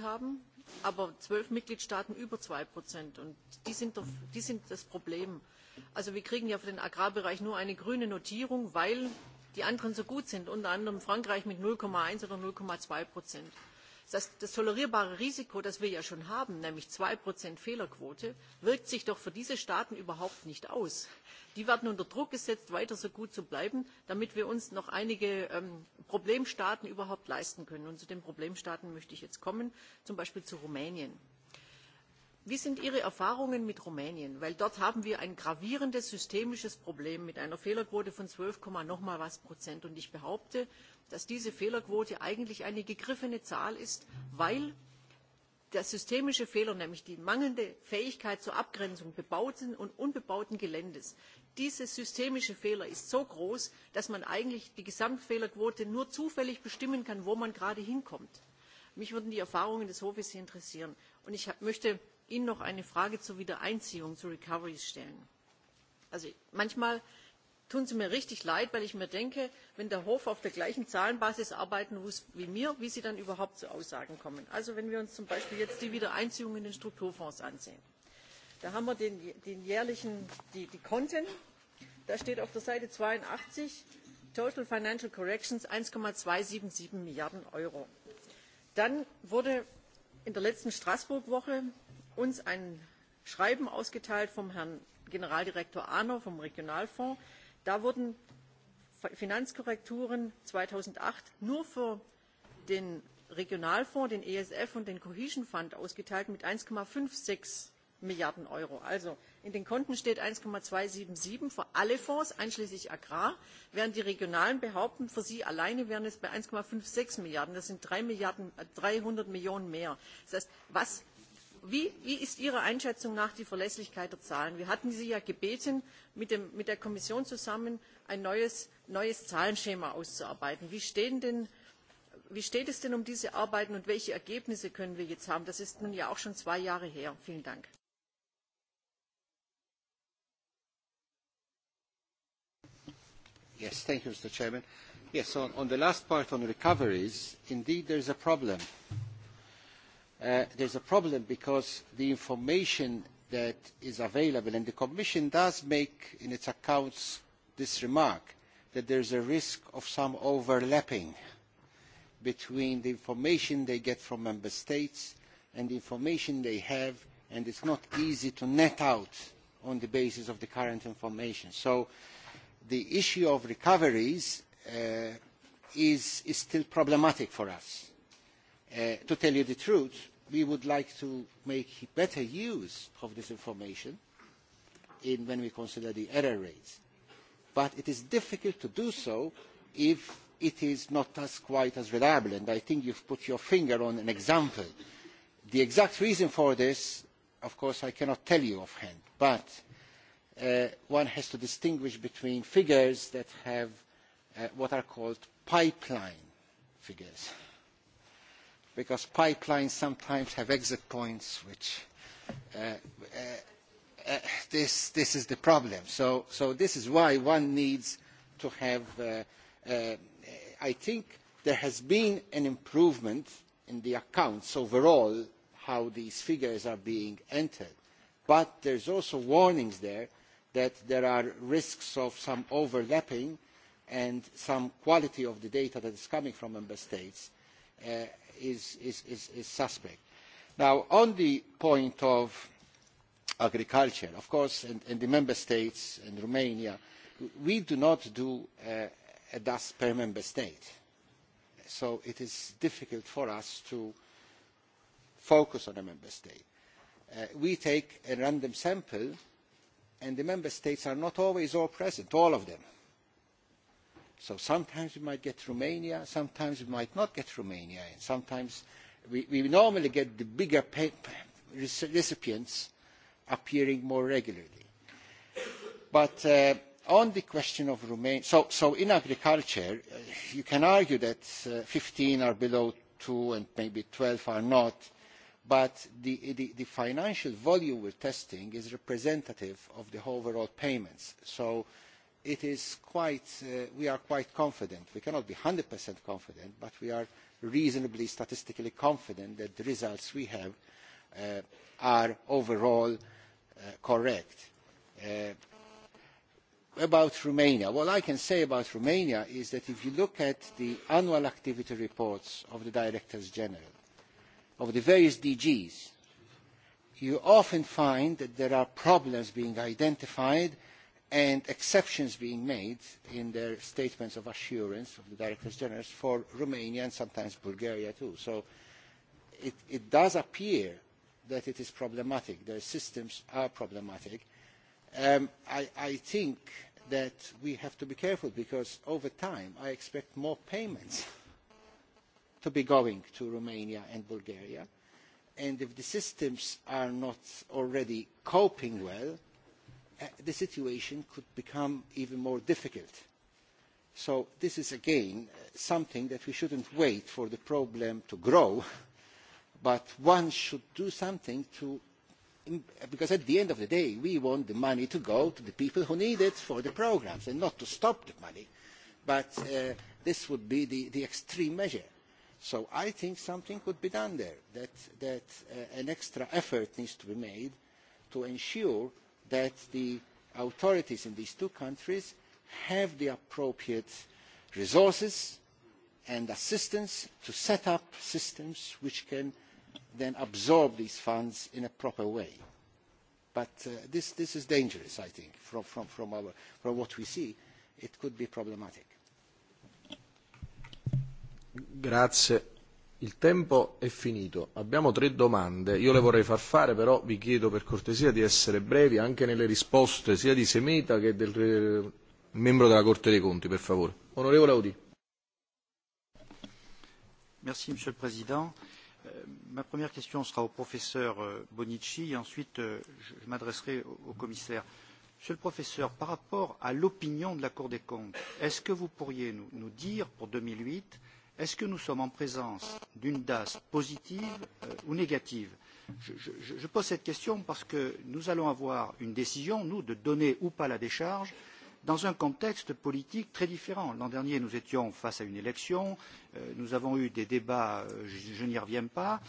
haben aber zwölf mitgliedstaaten über zwei und die sind, die sind das problem. also wir kriegen ja für den agrarbereich nur eine grüne notierung weil die anderen so gut sind unter anderem frankreich mit null eins oder null zwei prozent das, tolerierbare risiko das wir ja schon haben nämlich zwei fehlerquote wirkt sich doch für diese staaten überhaupt nicht aus. die werden unter druck gesetzt weiter so gut zu bleiben damit wir uns noch einige ähm, problemstaaten überhaupt leisten können. Und zu den problemstaaten möchte ich jetzt kommen zum beispiel zu rumänien wie sind ihre erfahrungen mit rumänien? denn dort haben wir ein gravierendes systemisches problem mit einer fehlerquote von zwölf noch mal was prozent und ich behaupte dass diese fehlerquote eigentlich eine gegriffene zahl ist weil der systemische fehler nämlich die mangelnde fähigkeit zur abgrenzung bebauten und unbebauten geländes dieser systemische fehler ist so groß dass man eigentlich die gesamtfehlerquote nur zufällig bestimmen kann wo man gerade hinkommt. mich würden die erfahrungen des hofes interessieren ich möchte Ihnen noch eine Frage zur Wiedereinziehung, zu Recoveries stellen. Also manchmal tun Sie mir richtig leid, weil ich mir denke, wenn der Hof auf der gleichen Zahlenbasis arbeiten muss wie mir, wie Sie dann überhaupt zu Aussagen kommen. Also wenn wir uns zum Beispiel jetzt die Wiedereinziehung in den Strukturfonds ansehen. Da haben wir den, den jährlichen, die, die Konten. Da steht auf der Seite 82 Total Financial Corrections 1,277 Milliarden Euro. Dann wurde in der letzten Straßburg-Woche uns ein Schreiben ausgeteilt vom Herrn Generaldirektor Ahner vom Regionalfonds. Da wurden Finanzkorrekturen 2008 nur für den Regionalfonds, den ESF und den Cohesion Fund ausgeteilt mit 1,56 Milliarden Euro. Also in den Konten steht 1,277 für alle Fonds, einschließlich Agrar, während die Regionalen behaupten, für sie alleine wären es bei 1,56 Milliarden. Das sind 3 Milliarden, 300 äh, Millionen mehr. Das heißt, was wie, ist Ihrer Einschätzung nach die Verlässlichkeit der Zahlen? Wir hatten Sie ja gebeten, mit, dem, mit der Kommission zusammen ein neues, neues Zahlenschema auszuarbeiten. Wie, denn, wie, steht es denn um diese Arbeiten und welche Ergebnisse können wir jetzt haben? Das ist nun ja auch schon zwei Jahre her. Vielen Dank. Yes, thank you, Mr. Chairman. Yes, on, on the last part on recoveries, indeed there is a problem Uh, there is a problem because the information that is available, and the Commission does make in its accounts this remark, that there is a risk of some overlapping between the information they get from member states and the information they have, and it is not easy to net out on the basis of the current information. So the issue of recoveries uh, is, is, still problematic for us. Uh, to tell you the truth, we would like to make better use of this information in, when we consider the error rates. But it is difficult to do so if it is not as quite as reliable. And I think you've put your finger on an example. The exact reason for this, of course, I cannot tell you offhand, but uh, one has to distinguish between figures that have uh, what are called pipeline figures because pipelines sometimes have exit points which uh, uh, uh, this, this is the problem. So, so this is why one needs to have, uh, uh, I think there has been an improvement in the accounts overall, how these figures are being entered. But there's also warnings there that there are risks of some overlapping and some quality of the data that is coming from member states. Uh, is, is, is, is suspect. Now, on the point of agriculture, of course, in the member states and Romania, we do not do uh, a dust per member state. So it is difficult for us to focus on a member state. Uh, we take a random sample, and the member states are not always all present, all of them so sometimes we might get Romania, sometimes we might not get Romania, and sometimes we, we normally get the bigger pay, recipients appearing more regularly. But uh, on the question of Romania, so, so in agriculture, uh, you can argue that uh, 15 are below 2 and maybe 12 are not, but the, the, the financial volume we're testing is representative of the overall payments. So it is quite, uh, we are quite confident. We cannot be one percent confident, but we are reasonably statistically confident that the results we have uh, are overall uh, correct. about Romania, what I can say about Romania is that if you look at the annual activity reports of the Directors General, of the various DGs, you often find that there are problems being identified – and exceptions being made in their statements of assurance of the directors general for Romania and sometimes Bulgaria too. So it, it does appear that it is problematic. Their systems are problematic. Um, I, I think that we have to be careful because over time I expect more payments to be going to Romania and Bulgaria. And if the systems are not already coping well, Uh, the situation could become even more difficult. So this is again uh, something that we should not wait for the problem to grow, but one should do something to, because at the end of the day we want the money to go to the people who need it for the programmes and not to stop the money, but uh, this would be the, the extreme measure. So I think something could be done there, that, that uh, an extra effort needs to be made to ensure that the authorities in these two countries have the appropriate resources and assistance to set up systems which can then absorb these funds in a proper way. But uh, this, this is dangerous, I think, from, from, from, our, from what we see. It could be problematic. Grazie il tempo è finito abbiamo tre domande io le vorrei far fare però vi chiedo per cortesia di essere brevi anche nelle risposte sia di semeta che del eh, membro della corte dei conti per favore onorevole Audi. Merci, monsieur le président euh, ma première question sera au professeur euh, bonici et ensuite euh, je m'adresserai au commissaire. monsieur le professeur par rapport à l'opinion de la cour des comptes est ce que vous pourriez nous dire pour deux mille huit est-ce que nous sommes en présence d'une DAS positive euh, ou négative je, je, je pose cette question parce que nous allons avoir une décision, nous, de donner ou pas la décharge dans un contexte politique très différent. L'an dernier, nous étions face à une élection, euh, nous avons eu des débats, euh, je, je n'y reviens pas,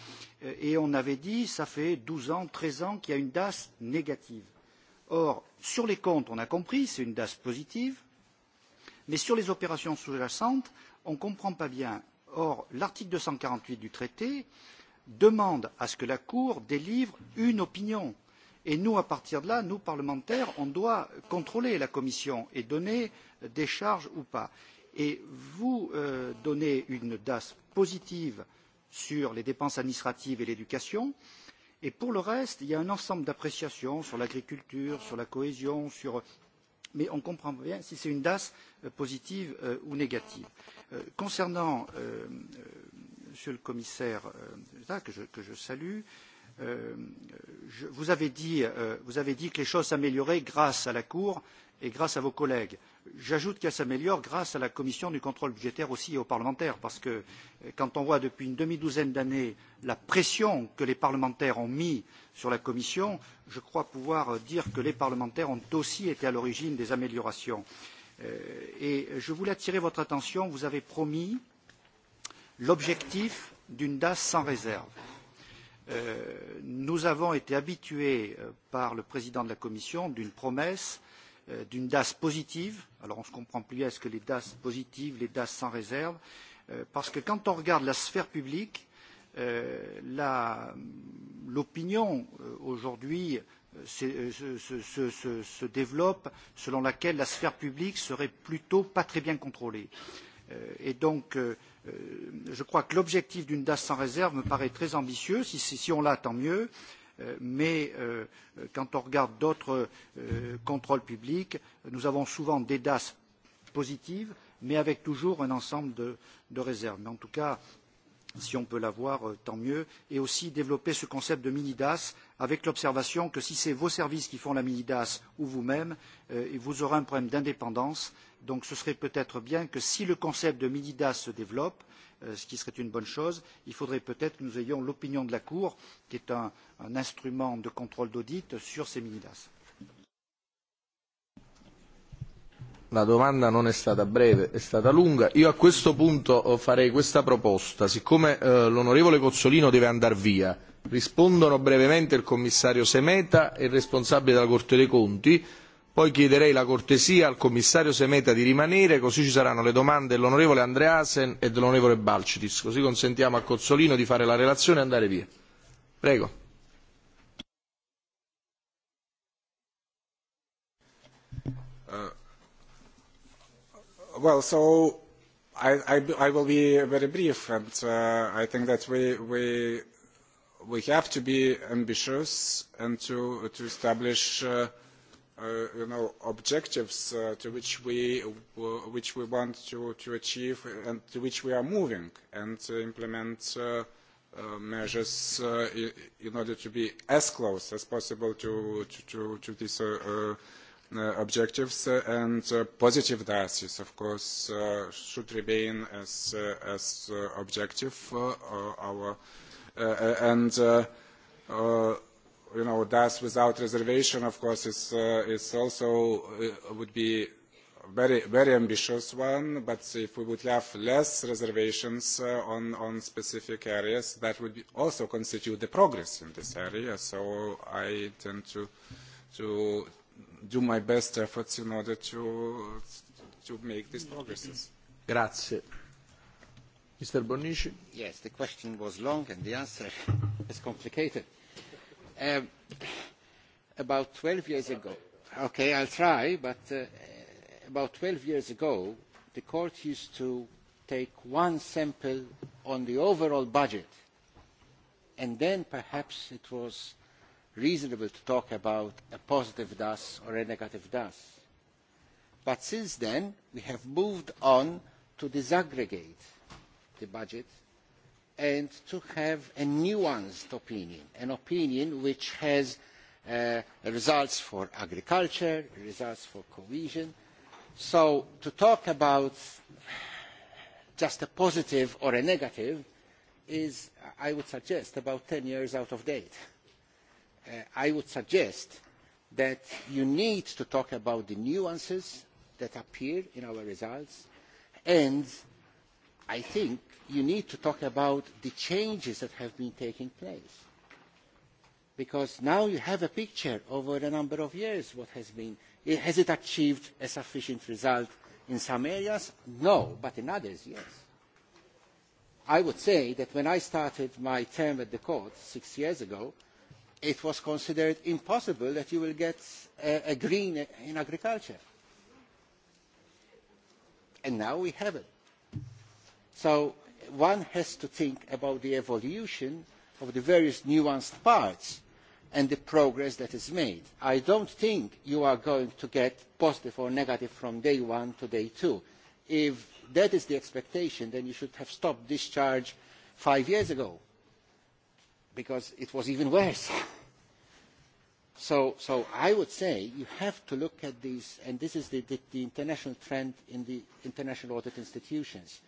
euh, et on avait dit, ça fait 12 ans, 13 ans qu'il y a une DAS négative. Or, sur les comptes, on a compris, c'est une DAS positive, mais sur les opérations sous-jacentes, on ne comprend pas bien. Or, l'article deux cent quarante huit du traité demande à ce que la Cour délivre une opinion. Et nous, à partir de là, nous, parlementaires, on doit contrôler la Commission et donner des charges ou pas. Et vous euh, donnez une DAS positive sur les dépenses administratives et l'éducation. Et pour le reste, il y a un ensemble d'appréciations sur l'agriculture, sur la cohésion, sur... mais on comprend bien si c'est une DAS euh, positive euh, ou négative. Euh, Euh, concernant, euh, euh, Monsieur le Commissaire, euh, que, je, que je salue, euh, je, vous, avez dit, euh, vous avez dit que les choses s'amélioraient grâce à la Cour et grâce à vos collègues. J'ajoute qu'elles s'améliorent grâce à la Commission du contrôle budgétaire aussi et aux parlementaires, parce que euh, quand on voit depuis une demi-douzaine d'années la pression que les parlementaires ont mise sur la Commission, je crois pouvoir dire que les parlementaires ont aussi été à l'origine des améliorations. Euh, Euh, et je voulais attirer votre attention, vous avez promis l'objectif d'une DAS sans réserve. Euh, nous avons été habitués euh, par le président de la Commission d'une promesse d'une DAS positive. Alors on ne se comprend plus, est-ce que les DAS positives, les DAS sans réserve Parce que quand on regarde la sphère publique, l'opinion aujourd'hui se, se, se, se développe selon laquelle la sphère publique serait plutôt pas très bien contrôlée. Euh, et donc, euh, euh, je crois que l'objectif d'une DAS sans réserve me paraît très ambitieux. Si, si on l'a, tant mieux. Mais quand on regarde d'autres contrôles publics, nous avons souvent des DAS positives, mais avec toujours un ensemble de, de réserves. Mais en tout cas, si on peut l'avoir, euh, tant mieux, et aussi développer ce concept de minidas avec l'observation que si c'est vos services qui font la minidas ou vous-même, euh, vous aurez un problème d'indépendance. Donc ce serait peut-être bien que si le concept de minidas se développe, euh, ce qui serait une bonne chose, il faudrait peut-être que nous ayons l'opinion de la Cour, qui est un, un instrument de contrôle d'audit sur ces minidas. la domanda non è stata breve, è stata lunga. Io a questo punto eh, farei questa proposta. Siccome eh, l'onorevole Cozzolino deve andare via, rispondono brevemente il commissario Semeta e il responsabile della Corte dei Conti, poi chiederei la cortesia al commissario Semeta di rimanere, così ci saranno le domande dell'onorevole Andreasen e dell'onorevole Balcitis, così consentiamo a Cozzolino di fare la relazione e andare via. Prego. Well, so I, I, I will be very brief, and uh, I think that we, we, we have to be ambitious and to, to establish uh, uh, you know, objectives uh, to which we, which we want to, to achieve and to which we are moving and to implement uh, uh, measures uh, in order to be as close as possible to, to, to, to this uh, uh, Uh, objectives uh, and uh, positive diocese, of course, should remain as, as objective for our and uh uh you know, thus without reservation, of course, is, uh, is also uh, would be a very, very ambitious one. But if we would have less reservations uh, on, on specific areas, that would be also constitute the progress in this area. So I tend to, to, do my best efforts in order to, to make these progresses. Grazie. Mr. Bonici? Yes, the question was long and the answer is complicated. Um, about 12 years ago, okay, I'll try, but uh, about 12 years ago, the court used to take one sample on the overall budget, and then perhaps it was reasonable to talk about a positive DAS or a negative DAS. But since then, we have moved on to disaggregate the budget and to have a nuanced opinion, an opinion which has uh, results for agriculture, results for cohesion. So to talk about just a positive or a negative is, I would suggest, about ten years out of date Uh, I would suggest that you need to talk about the nuances that appear in our results and I think you need to talk about the changes that have been taking place. Because now you have a picture over a number of years what has been. Has it achieved a sufficient result in some areas? No, but in others, yes. I would say that when I started my term at the court six years ago, it was considered impossible that you will get a, a green in agriculture. And now we have it. So one has to think about the evolution of the various nuanced parts and the progress that is made. I don't think you are going to get positive or negative from day one to day two. If that is the expectation, then you should have stopped discharge five years ago because it was even worse. So, so I would say you have to look at these, and this is the, the, the international trend in the international audit institutions,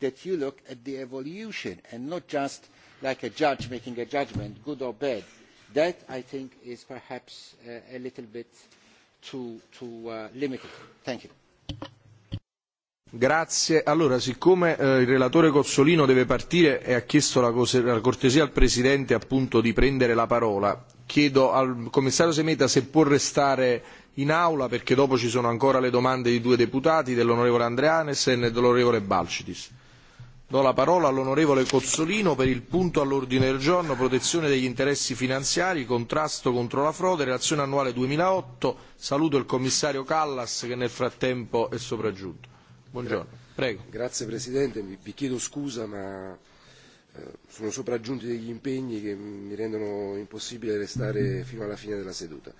that you look at the evolution and not just like a judge making a judgment, good or bad. That, I think, is perhaps uh, a little bit too, too uh, limited. Thank you. Grazie. Allora, siccome eh, il relatore Cozzolino deve partire e ha chiesto la, la cortesia al Presidente appunto di prendere la parola, chiedo al Commissario Semeta se può restare in aula perché dopo ci sono ancora le domande di due deputati, dell'onorevole Andreanesen e dell'onorevole Balcitis. Do la parola all'onorevole Cozzolino per il punto all'ordine del giorno protezione degli interessi finanziari, contrasto contro la frode, relazione annuale duemilaotto. Saluto il commissario Kallas che nel frattempo è sopraggiunto. Buongiorno. Prego. Grazie Presidente, vi, chiedo scusa ma eh, sono sopraggiunti degli impegni che mi rendono impossibile restare fino alla fine della seduta.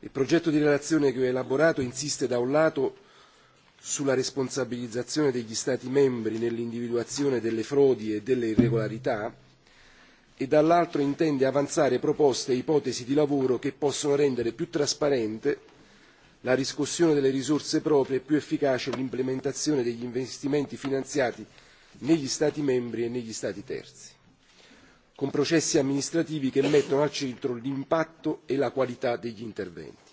Il progetto di relazione che ho elaborato insiste da un lato sulla responsabilizzazione degli Stati membri nell'individuazione delle frodi e delle irregolarità e dall'altro intende avanzare proposte e ipotesi di lavoro che possono rendere più trasparente la riscossione delle risorse proprie è più efficace l'implementazione degli investimenti finanziati negli Stati membri e negli Stati terzi, con processi amministrativi che mettono al centro l'impatto e la qualità degli interventi.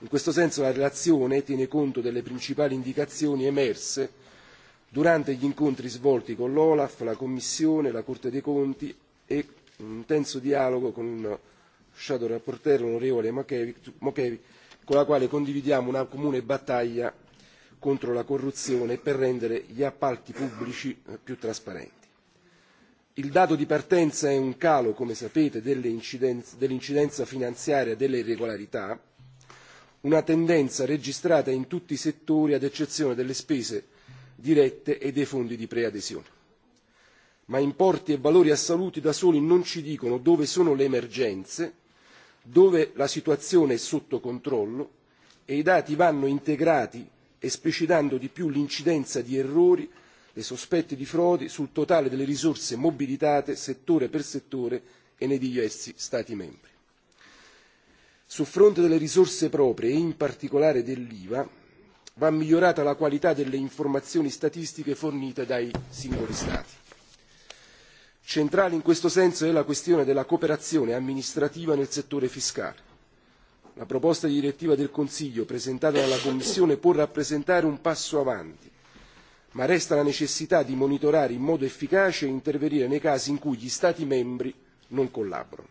In questo senso la relazione tiene conto delle principali indicazioni emerse durante gli incontri svolti con l'Olaf, la Commissione, la Corte dei Conti e un intenso dialogo con shadow rapporteur onorevole Mokevi con la quale condividiamo una comune battaglia contro la corruzione e per rendere gli appalti pubblici eh, più trasparenti. Il dato di partenza è un calo, come sapete, dell'incidenza finanziaria delle irregolarità, una tendenza registrata in tutti i settori ad eccezione delle spese dirette e dei fondi di preadesione. Ma importi e valori assoluti da soli non ci dicono dove sono le emergenze dove la situazione è sotto controllo e i dati vanno integrati esplicitando di più l'incidenza di errori e sospetti di frodi sul totale delle risorse mobilitate settore per settore e nei diversi stati membri. sul fronte delle risorse proprie e in particolare dell'iva va migliorata la qualità delle informazioni statistiche fornite dai singoli stati. Centrale in questo senso è la questione della cooperazione amministrativa nel settore fiscale. La proposta di direttiva del Consiglio presentata dalla Commissione può rappresentare un passo avanti, ma resta la necessità di monitorare in modo efficace e intervenire nei casi in cui gli Stati membri non collaborano.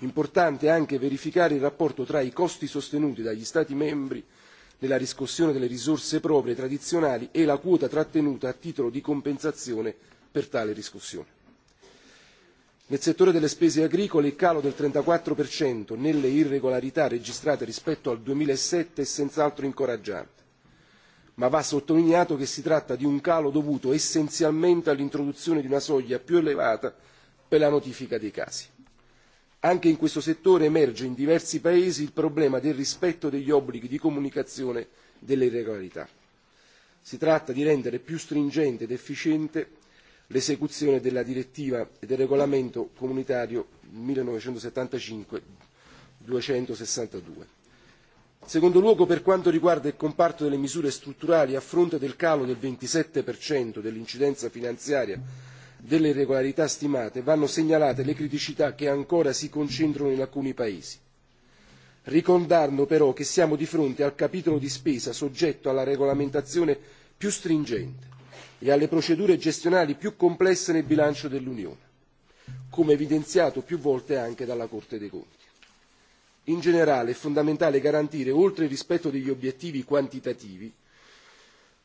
Importante è anche verificare il rapporto tra i costi sostenuti dagli Stati membri nella riscossione delle risorse proprie tradizionali e la quota trattenuta a titolo di compensazione per tale riscossione nel settore delle spese agricole il calo del trentaquattro nelle irregolarità registrate rispetto al duemilasette è senz'altro incoraggiante ma va sottolineato che si tratta di un calo dovuto essenzialmente all'introduzione di una soglia più elevata per la notifica dei casi. anche in questo settore emerge in diversi paesi il problema del rispetto degli obblighi di comunicazione delle irregolarità. si tratta di rendere più stringente ed efficiente l'esecuzione della direttiva e del regolamento comunitario 1975 262. In secondo luogo, per quanto riguarda il comparto delle misure strutturali, a fronte del calo del ventisette dell'incidenza finanziaria delle irregolarità stimate, vanno segnalate le criticità che ancora si concentrano in alcuni Paesi, ricordando però che siamo di fronte al capitolo di spesa soggetto alla regolamentazione più stringente e alle procedure gestionali più complesse nel bilancio dell'unione come evidenziato più volte anche dalla corte dei conti. in generale è fondamentale garantire oltre il rispetto degli obiettivi quantitativi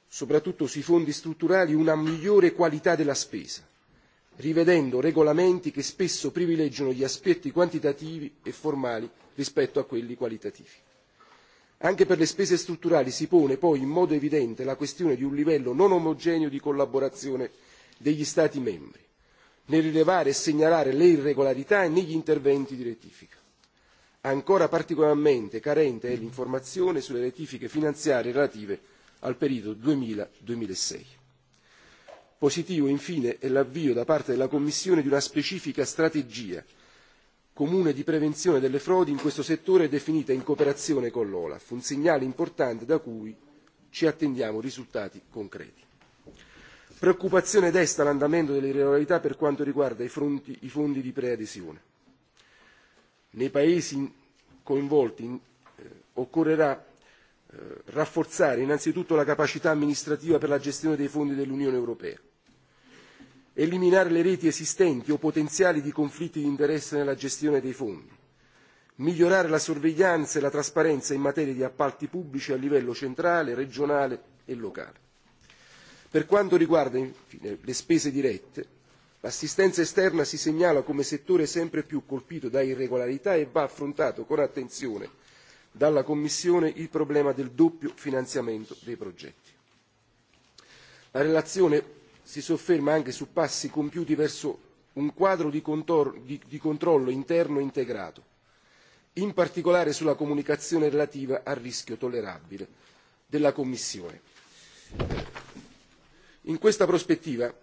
soprattutto sui fondi strutturali una migliore qualità della spesa rivedendo regolamenti che spesso privilegiano gli aspetti quantitativi e formali rispetto a quelli qualitativi anche per le spese strutturali si pone poi in modo evidente la questione di un livello non omogeneo di collaborazione degli stati membri nel rilevare e segnalare le irregolarità e negli interventi di rettifica. ancora particolarmente carente è l'informazione sulle rettifiche finanziarie relative al periodo. duemila duemilasei positivo infine è l'avvio da parte della commissione di una specifica strategia comune di prevenzione delle frodi in questo settore è definita in cooperazione con l'olaf un segnale importante da cui ci attendiamo risultati concreti. preoccupazione desta l'andamento delle irregolarità per quanto riguarda i, fronti, i fondi di preadesione. nei paesi coinvolti eh, occorrerà eh, rafforzare innanzitutto la capacità amministrativa per la gestione dei fondi dell'unione europea eliminare le reti esistenti o potenziali di conflitti di interesse nella gestione dei fondi migliorare la sorveglianza e la trasparenza in materia di appalti pubblici a livello centrale regionale e locale. per quanto riguarda infine le spese dirette l'assistenza esterna si segnala come settore sempre più colpito da irregolarità e va affrontato con attenzione dalla commissione il problema del doppio finanziamento dei progetti. la relazione si sofferma anche su passi compiuti verso un quadro di, di, di controllo interno integrato, in particolare sulla comunicazione relativa al rischio tollerabile della Commissione. In questa prospettiva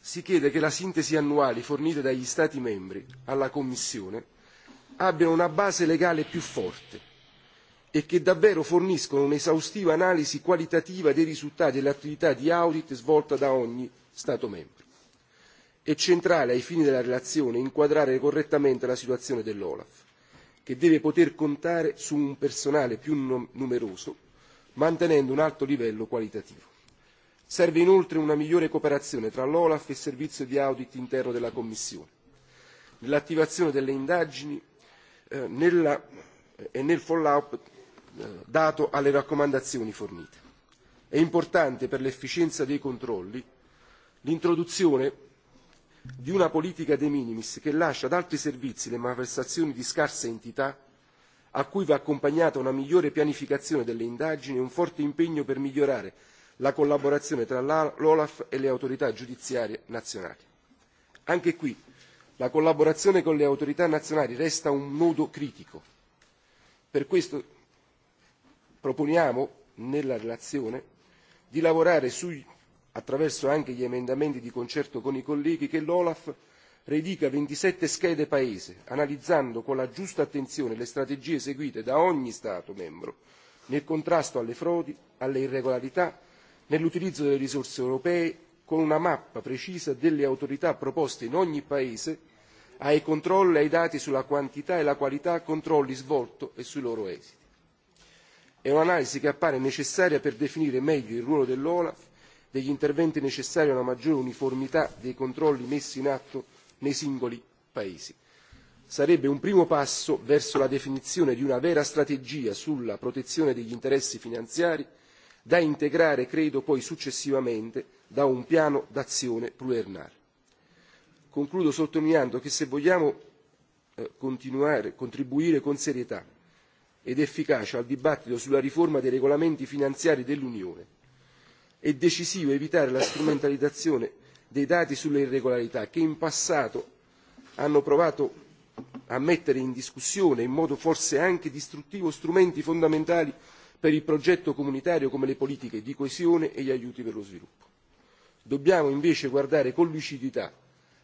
si chiede che la sintesi annuali fornite dagli Stati membri alla Commissione abbiano una base legale più forte e che davvero forniscono un'esaustiva analisi qualitativa dei risultati dell'attività di audit svolta da ogni Stato membro. È centrale ai fini della relazione inquadrare correttamente la situazione dell'Olaf, che deve poter contare su un personale più numeroso, mantenendo un alto livello qualitativo. Serve inoltre una migliore cooperazione tra l'Olaf e il servizio di audit interno della Commissione, nell'attivazione delle indagini eh, nella, eh, e nel follow-up dato alle raccomandazioni fornite. È importante per l'efficienza dei controlli l'introduzione di una politica de minimis che lascia ad altri servizi le manifestazioni di scarsa entità a cui va accompagnata una migliore pianificazione delle indagini e un forte impegno per migliorare la collaborazione tra l'olaf e le autorità giudiziarie nazionali. anche qui la collaborazione con le autorità nazionali resta un nodo critico per questo proponiamo nella relazione di lavorare sui, attraverso anche gli emendamenti di concerto con i colleghi che l'olaf redica ventisette schede paese analizzando con la giusta attenzione le strategie seguite da ogni stato membro nel contrasto alle frodi alle irregolarità nell'utilizzo delle risorse europee con una mappa precisa delle autorità proposte in ogni paese ai controlli e ai dati sulla quantità e la qualità controlli svolti e sui loro esiti. È e un'analisi che appare necessaria per definire meglio il ruolo dell'Olaf, degli interventi necessari a una maggiore uniformità dei controlli messi in atto nei singoli Paesi. Sarebbe un primo passo verso la definizione di una vera strategia sulla protezione degli interessi finanziari da integrare, credo, poi successivamente da un piano d'azione pluriennale. Concludo sottolineando che se vogliamo eh, continuare, contribuire con serietà ed efficace al dibattito sulla riforma dei regolamenti finanziari dell'Unione. È decisivo evitare la strumentalizzazione dei dati sulle irregolarità che in passato hanno provato a mettere in discussione in modo forse anche distruttivo strumenti fondamentali per il progetto comunitario come le politiche di coesione e gli aiuti per lo sviluppo. Dobbiamo invece guardare con lucidità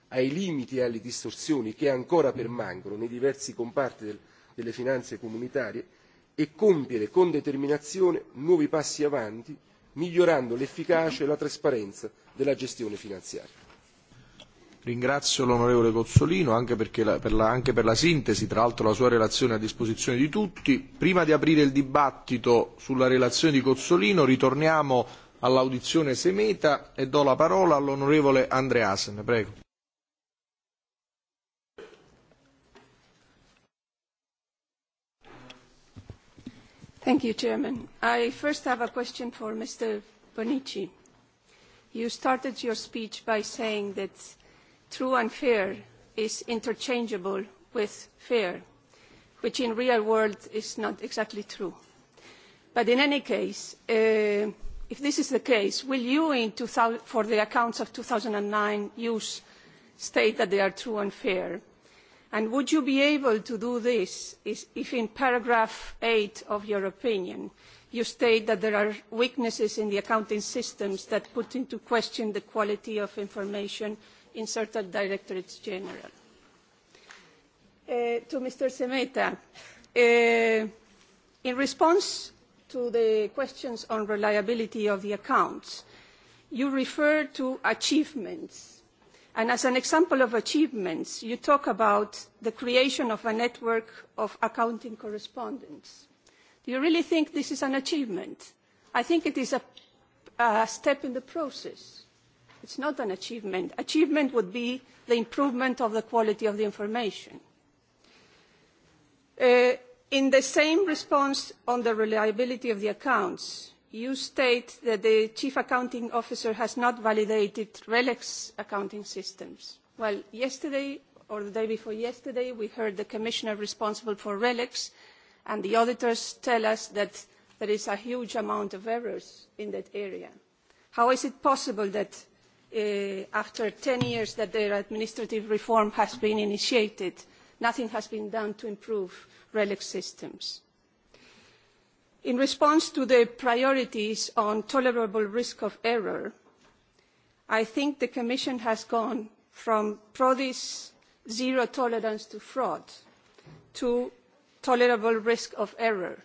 ai limiti e alle distorsioni che ancora permangono nei diversi comparti del delle finanze comunitarie e compiere con determinazione nuovi passi avanti migliorando l'efficacia e la trasparenza della gestione finanziaria. Ringrazio l'onorevole Cozzolino anche, la, per la, anche per la sintesi, tra l'altro la sua relazione è a disposizione di tutti. Prima di aprire il dibattito sulla relazione di Cozzolino ritorniamo all'audizione Semeta e do la parola all'onorevole Andreasen. Prego. Thank you, Chairman. I first have a question for Mr. Bonici. You started your speech by saying that true and fair is interchangeable with fair, which in the real world is not exactly true. But in any case, uh, if this is the case, will you, in 2000, for the accounts of 2009, use state that they are true and fair? and would you be able to do this if in paragraph eight of your opinion you state that there are weaknesses in the accounting systems that put into question the quality of information in certain directorates general? Uh, to Mr. Semeta, uh, in response to the questions on reliability of the accounts, you refer to achievements And as an example of achievements, you talk about the creation of a network of accounting correspondents. Do you really think this is an achievement? I think it is a, a step in the process. It's not an achievement. Achievement would be the improvement of the quality of the information. Uh, in the same response on the reliability of the accounts, you state that the chief accounting officer has not validated RELEX accounting systems. Well, yesterday or the day before yesterday, we heard the commissioner responsible for RELEX and the auditors tell us that there is a huge amount of errors in that area. How is it possible that uh, after ten years that their administrative reform has been initiated, nothing has been done to improve RELEX systems? in response to the priorities on tolerable risk of error i think the commission has gone from prodis zero tolerance to fraud to tolerable risk of error.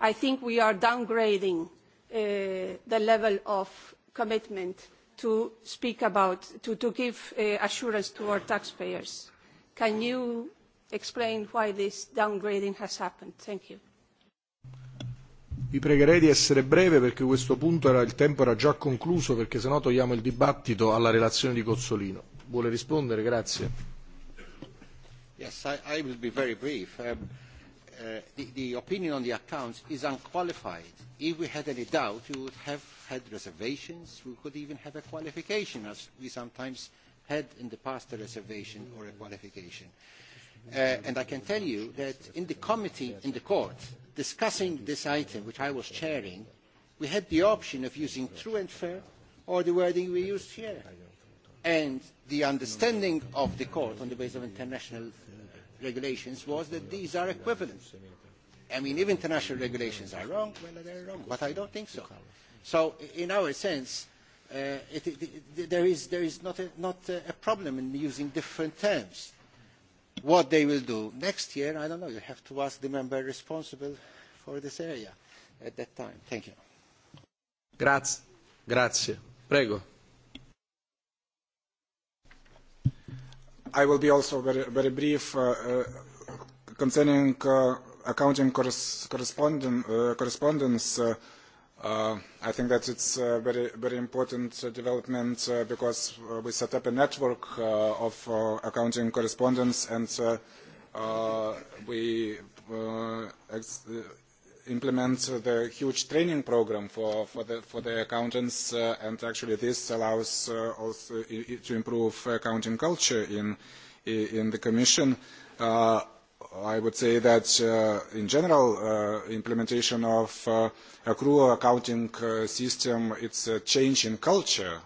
i think we are downgrading uh, the level of commitment to speak about to, to give uh, assurance to our taxpayers. can you explain why this downgrading has happened? thank you. Vi pregherei di essere breve perché questo punto era, il tempo era già concluso perché sennò togliamo il dibattito alla relazione di Cozzolino. Vuole rispondere? Grazie. Yes, I, I will be very brief. Um, uh, the, the opinion on the accounts is unqualified. If we had any doubt, we would have had reservations. We could even have a qualification, as we sometimes had in the past a reservation or a qualification. Uh, Uh, and I can tell you that in the committee in the court, discussing this item, which I was chairing, we had the option of using true and fair or the wording we used here. And the understanding of the court on the basis of international regulations was that these are equivalent. I mean, if international regulations are wrong, well, they're wrong, but I don't think so. So, in our sense, uh, it, it, there, is, there is not a, not a problem in using different terms what they will do next year, I don't know. You have to ask the member responsible for this area at that time. Thank you. Grazie. Grazie. Prego. I will be also very, very brief uh, uh, concerning uh, accounting corres correspondence. Uh, correspondence uh, Uh, I think that it's a uh, very, very important uh, development uh, because uh, we set up a network uh, of uh, accounting correspondents and uh, uh, we uh, ex uh, implement the huge training program for, for, the, for the accountants uh, and actually this allows uh, also to improve accounting culture in, in the Commission. Uh, i would say that uh, in general uh, implementation of uh, accrual accounting system it's a change in culture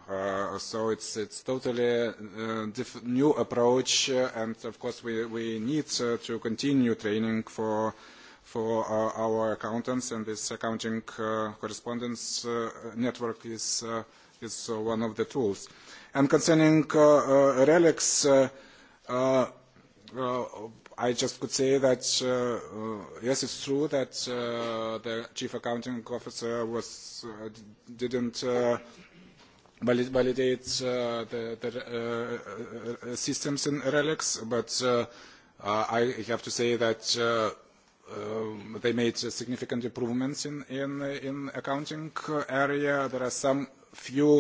so it's it's totally uh, diff new approach and of course we we need to continue training for for our accountants and this accounting correspondence network is is one of the tools and concerning relics i just could say that, uh, uh, yes, it's true that uh, the chief accounting officer was, uh, didn't uh, valid validate uh, the, the uh, uh, uh systems in RELEX, but uh, uh, I have to say that uh, Uh, they made significant improvements in in in accounting area. There are some few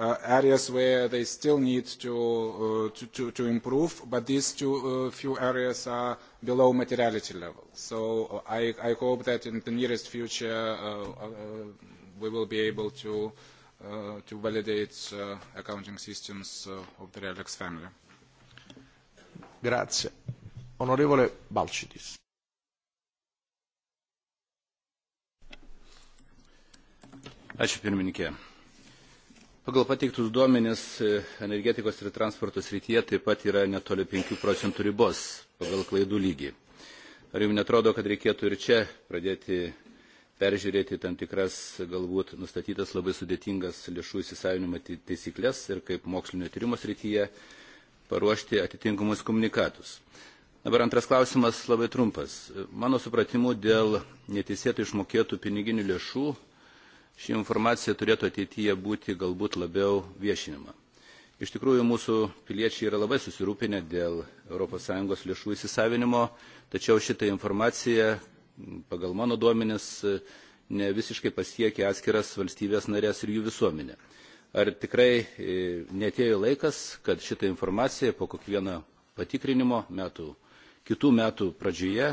Uh, areas where they still need to, uh, to, to, to improve, but these two uh, few areas are below materiality level. So uh, I, I hope that in the nearest future uh, uh, we will be able to, uh, to validate uh, accounting systems uh, of the RELX family. Grazie. Onorevole Ačiū pirmininkė. Pagal pateiktus duomenis e, energetikos ir transporto srityje taip pat yra netoli 5 procentų ribos pagal klaidų lygį. Ar jums netrodo, kad reikėtų ir čia pradėti peržiūrėti tam tikras galbūt nustatytas labai sudėtingas lėšų įsisavinimo taisyklės ir kaip mokslinio tyrimo srityje paruošti atitinkamus komunikatus. Dabar antras klausimas labai trumpas. Mano supratimu, dėl neteisėtų išmokėtų piniginių lėšų ši informacija turėtų ateityje būti galbūt labiau viešinama. Iš tikrųjų, mūsų piliečiai yra labai susirūpinę dėl ES lėšų įsisavinimo, tačiau šitą informaciją, pagal mano duomenis, ne visiškai pasiekia atskiras valstybės narės ir jų visuomenė. Ar tikrai e, netėjo laikas, kad šitą informaciją po kiekvieno patikrinimo metų, kitų metų pradžioje,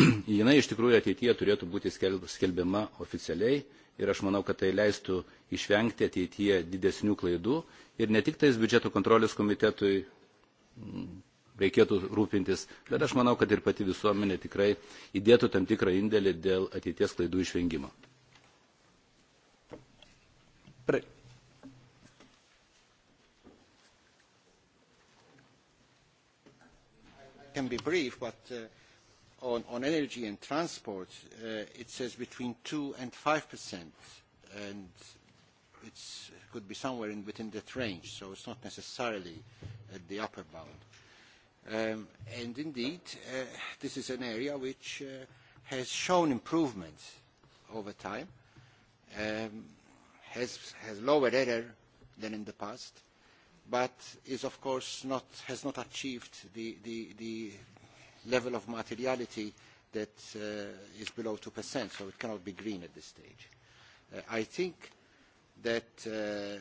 jinai iš tikrųjų ateityje turėtų būti skelbiama oficialiai ir aš manau, kad tai leistų išvengti ateityje didesnių klaidų ir ne tik tais biudžeto kontrolės komitetui mm, reikėtų rūpintis, bet aš manau, kad ir pati visuomenė tikrai įdėtų tam tikrą indėlį dėl ateities klaidų išvengimo. Pre... can be brief, but uh, on, on energy and transport, uh, it says between 2 and 5 percent, and it could be somewhere in, within that range, so it's not necessarily at the upper bound. Um, and indeed, uh, this is an area which uh, has shown improvements over time, um, has, has lower error than in the past, but is of course not, has not achieved the, the, the level of materiality that uh, is below 2%, so it cannot be green at this stage. Uh, I think that uh,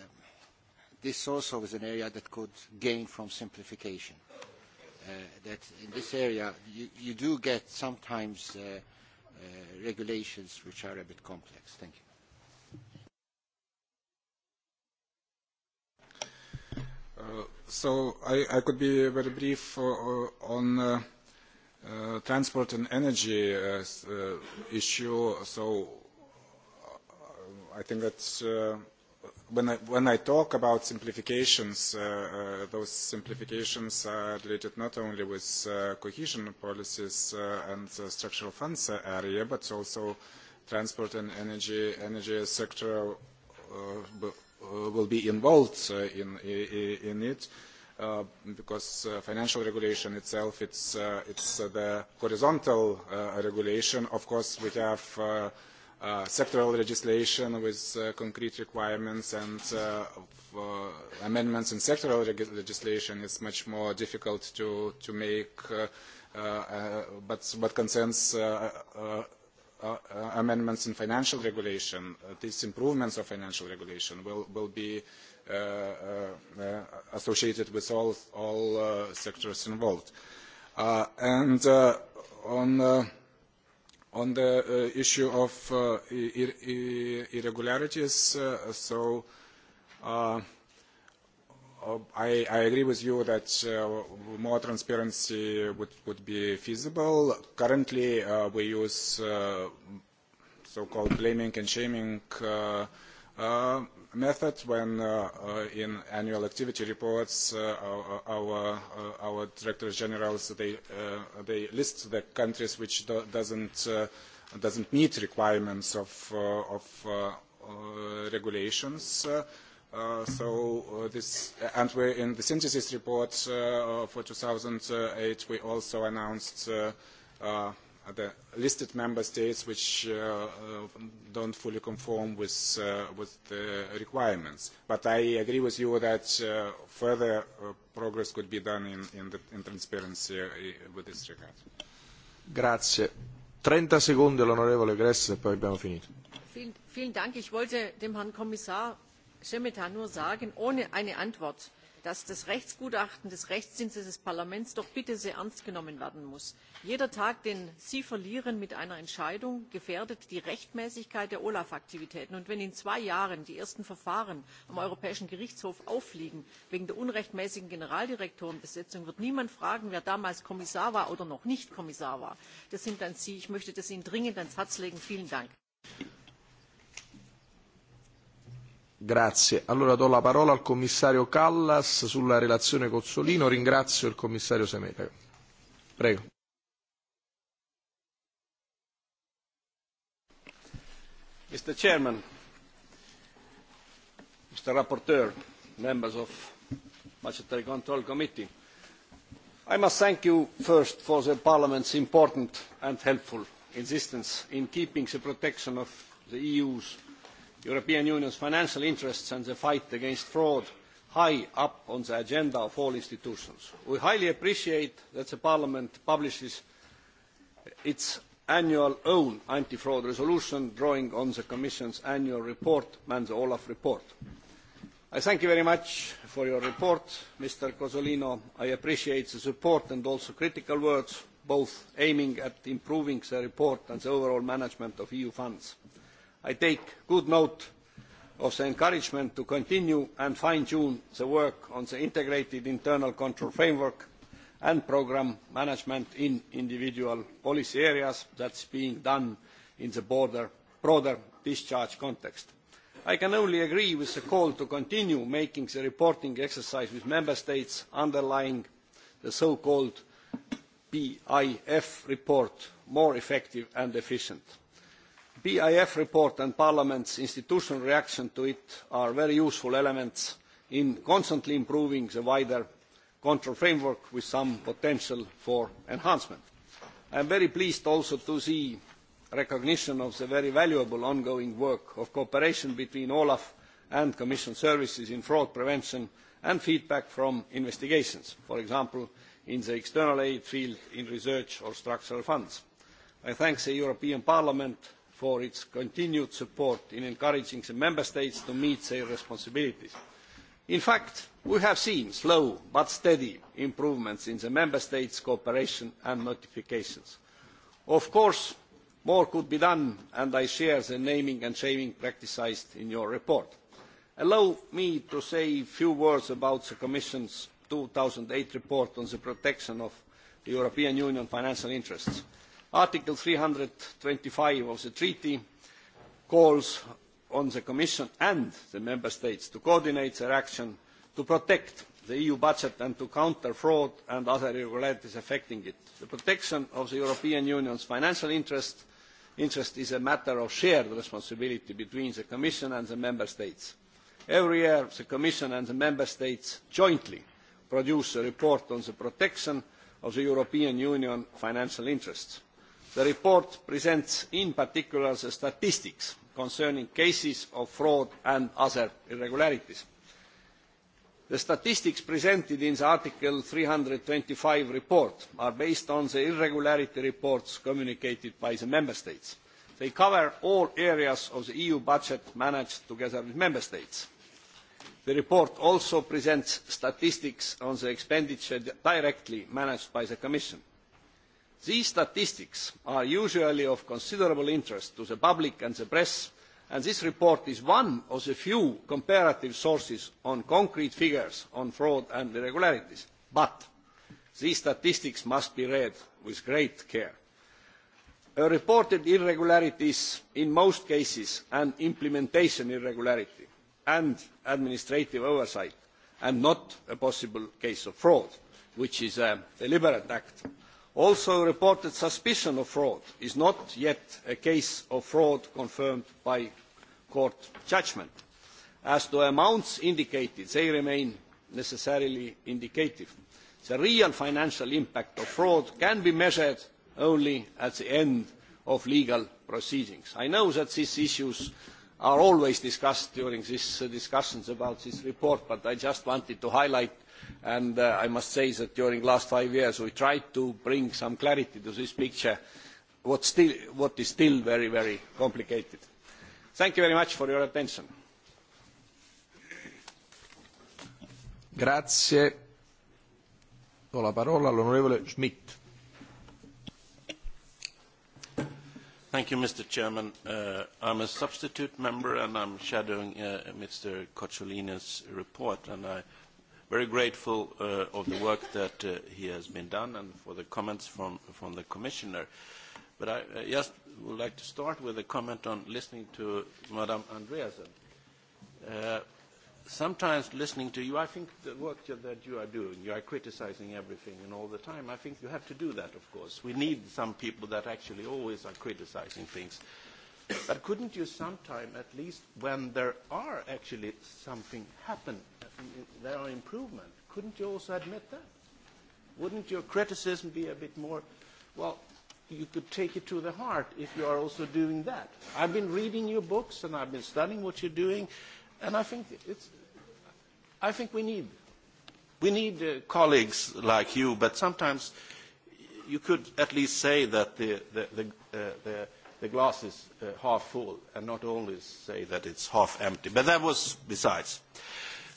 this also is an area that could gain from simplification. Uh, that in this area you, you do get sometimes uh, uh, regulations which are a bit complex. Thank you. Uh, so I, I could be very brief uh, uh on uh, uh, transport and energy uh, uh, issue, so uh, I think that uh, when, I, when I talk about simplifications, uh, uh, those simplifications are related not only with uh, cohesion policies uh, and the structural funds area, but also transport and energy, energy sector uh, uh will be involved uh, in, in it Uh, because uh, financial regulation itself it's uh, it's uh, the horizontal uh, regulation of course we have sectoral legislation with concrete requirements and amendments in sectoral legislation is much more difficult to to make but what concerns amendments in financial regulation these improvements of financial regulation will will be Uh, uh, associated with all, all uh, sectors involved. and on, on the issue of ir ir irregularities, so I, I agree with you that uh, more transparency would, would be feasible. Currently, uh, we use uh, so-called blaming and shaming uh, uh, method when uh, uh, in annual activity reports uh, our, our, our directors generals they, they list the countries which do, doesn't doesn't meet requirements of, uh, of uh, uh, regulations. so this, and we, in the synthesis report uh, for eight we also announced the listed member states which uh, uh do not fully conform with, uh, with, the requirements. But I agree with you that uh, further progress could be done in, in, the, in transparency with this regard. Grazie. 30 secondi Gress e poi abbiamo finito. vielen Dank. Ich wollte dem Herrn Kommissar Schemeta nur sagen, ohne eine Antwort dass das rechtsgutachten des rechtsdienstes des parlaments doch bitte sehr ernst genommen werden muss. jeder tag den sie verlieren mit einer entscheidung gefährdet die rechtmäßigkeit der olaf aktivitäten. und wenn in zwei jahren die ersten verfahren am europäischen gerichtshof auffliegen wegen der unrechtmäßigen generaldirektorenbesetzung wird niemand fragen wer damals kommissar war oder noch nicht kommissar war. das sind dann sie. ich möchte das ihnen dringend ans herz legen. vielen dank! Grazie. Allora do la parola al commissario Callas sulla relazione Cozzolino. Ringrazio il commissario Semeta. Prego. Mr. Chairman, Mr. Rapporteur, members of Budgetary Control Committee, I must thank you first for the Parliament's important and helpful insistence in keeping the protection of the EU's European Union's financial interests and the fight against fraud high up on the agenda of all institutions. We highly appreciate that Parliament publishes its annual own anti-fraud resolution drawing on the Commission's annual report and the Olaf report. I thank you very much for your report, Mr. Cozzolino. I appreciate the support and also critical words, both aiming at improving the report and the overall management of EU funds i take good note of the encouragement to continue and fine tune the work on the integrated internal control framework and programme management in individual policy areas that is being done in the broader discharge context. i can only agree with the call to continue making the reporting exercise with member states underlying the so called pif report more effective and efficient pif report and parliament's institutional reaction to it are very useful elements in constantly improving the wider control framework with some potential for enhancement. i am very pleased also to see recognition of the very valuable ongoing work of cooperation between olaf and commission services in fraud prevention and feedback from investigations for example in the external aid field in research or structural funds. i thank the european parliament for its continued support in encouraging the member states to meet their responsibilities. in fact we have seen slow but steady improvements in the member states' cooperation and notifications. of course more could be done and i share the naming and shaming practised in your report. allow me to say a few words about the commission's two thousand and eight report on the protection of european union financial interests. Article three hundred and twenty five of the treaty calls on the Commission and the Member States to coordinate their action to protect the EU budget and to counter fraud and other irregularities affecting it. The protection of the European Union's financial interest, interest is a matter of shared responsibility between the Commission and the Member States. Every year, the Commission and the Member States jointly produce a report on the protection of the European Union financial interests the report presents in particular the statistics concerning cases of fraud and other irregularities. The statistics presented in the Article three hundred and twenty five report are based on the irregularity reports communicated by the Member States. They cover all areas of the EU budget managed together with Member States. The report also presents statistics on the expenditure directly managed by the Commission. These statistics are usually of considerable interest to the public and the press, and this report is one of the few comparative sources on concrete figures on fraud and irregularities. But these statistics must be read with great care. A reported irregularities in most cases an implementation irregularity and administrative oversight and not a possible case of fraud, which is a deliberate act also reported suspicion of fraud is not yet a case of fraud confirmed by court judgment. As the amounts indicated, they remain necessarily indicative. The real financial impact of fraud can be measured only at the end of legal proceedings. I know that these issues are always discussed during these discussions about this report, but I just wanted to highlight And uh, I must say that during the last five years, we tried to bring some clarity to this picture, what, still, what is still very, very complicated. Thank you very much for your attention. Grazie. Do la parola all'onorevole Schmidt. Thank you, Mr. Chairman. Uh, I'm a substitute member and I'm shadowing uh, Mr. Coccoline's report and I Very grateful uh, of the work that uh, he has been done and for the comments from, from the Commissioner. But I uh, just would like to start with a comment on listening to Madame Andreasen. Uh, sometimes listening to you, I think the work that you are doing, you are criticizing everything and all the time. I think you have to do that, of course. We need some people that actually always are criticizing things. But couldn't you sometime, at least when there are actually something happening, there are improvements. Couldn't you also admit that? Wouldn't your criticism be a bit more, well, you could take it to the heart if you are also doing that. I've been reading your books and I've been studying what you're doing, and I think, it's, I think we need, we need uh, colleagues like you, but sometimes you could at least say that the, the, the, uh, the, the glass is uh, half full and not always say that it's half empty. But that was besides. Uh,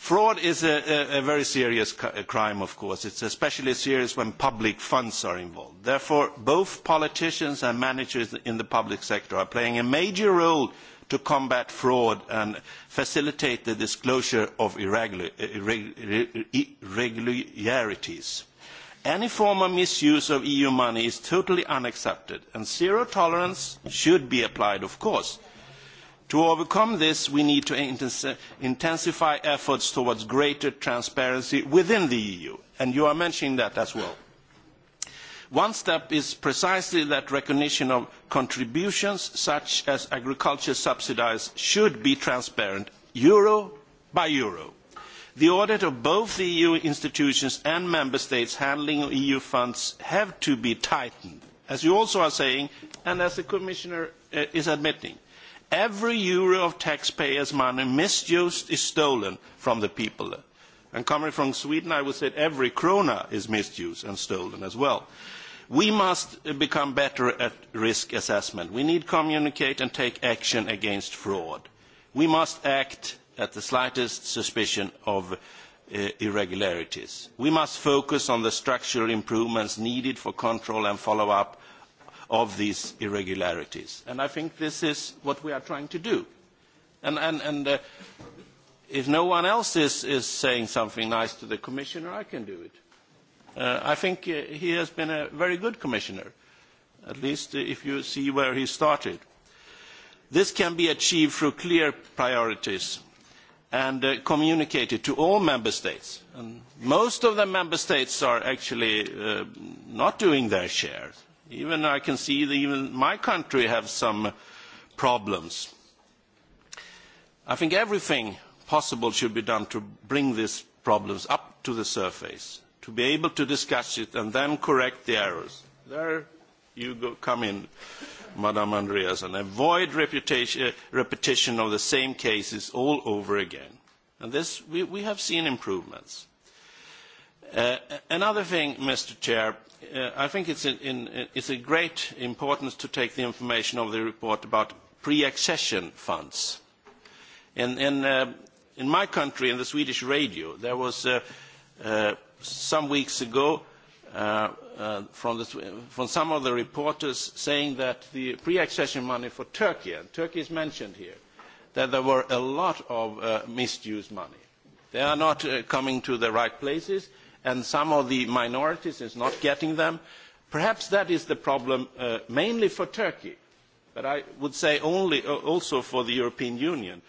Fraud is a, a, a very serious crime, of course. It's especially serious when public funds are involved. Therefore, both politicians and managers in the public sector are playing a major role to combat fraud and facilitate the disclosure of irregularities. Any form of misuse of EU money is totally unacceptable, and zero tolerance should be applied, of course to overcome this, we need to intensify efforts towards greater transparency within the EU, and you are mentioning that as well. One step is precisely that recognition of contributions such as agriculture subsidies should be transparent, euro by euro. The audit of both the EU institutions and member states handling EU funds have to be tightened, as you also are saying, and as the Commissioner uh, is admitting Every euro of taxpayers' money misused is stolen from the people. And coming from Sweden, I would say every krona is misused and stolen as well. We must become better at risk assessment. We need to communicate and take action against fraud. We must act at the slightest suspicion of uh, irregularities. We must focus on the structural improvements needed for control and follow-up of these irregularities. And I think this is what we are trying to do. And, and, and uh, if no one else is, is saying something nice to the commissioner, I can do it. Uh, I think uh, he has been a very good commissioner, at least uh, if you see where he started. This can be achieved through clear priorities and uh, communicated to all member states. And most of the member states are actually uh, not doing their share. Even I can see that even my country have some problems. I think everything possible should be done to bring these problems up to the surface, to be able to discuss it and then correct the errors. There you go, come in, Madam Andreas, and avoid reputation, uh, repetition of the same cases all over again. And this, we, we have seen improvements. Uh, another thing, Mr. Chair, Uh, I think it's, is in, uh, it's a great importance to take the information of the report about pre-accession funds. In, uh, in my country, in the Swedish radio, there was uh, uh, some weeks ago uh, uh, from, the, from some of the reporters saying that the pre-accession money for Turkey, and Turkey is mentioned here, that there were a lot of uh, misused money. They are not uh, coming to the right places and some of the minorities is not getting them. Perhaps that is the problem uh, mainly for Turkey, but I would say only, uh, also for the European Union.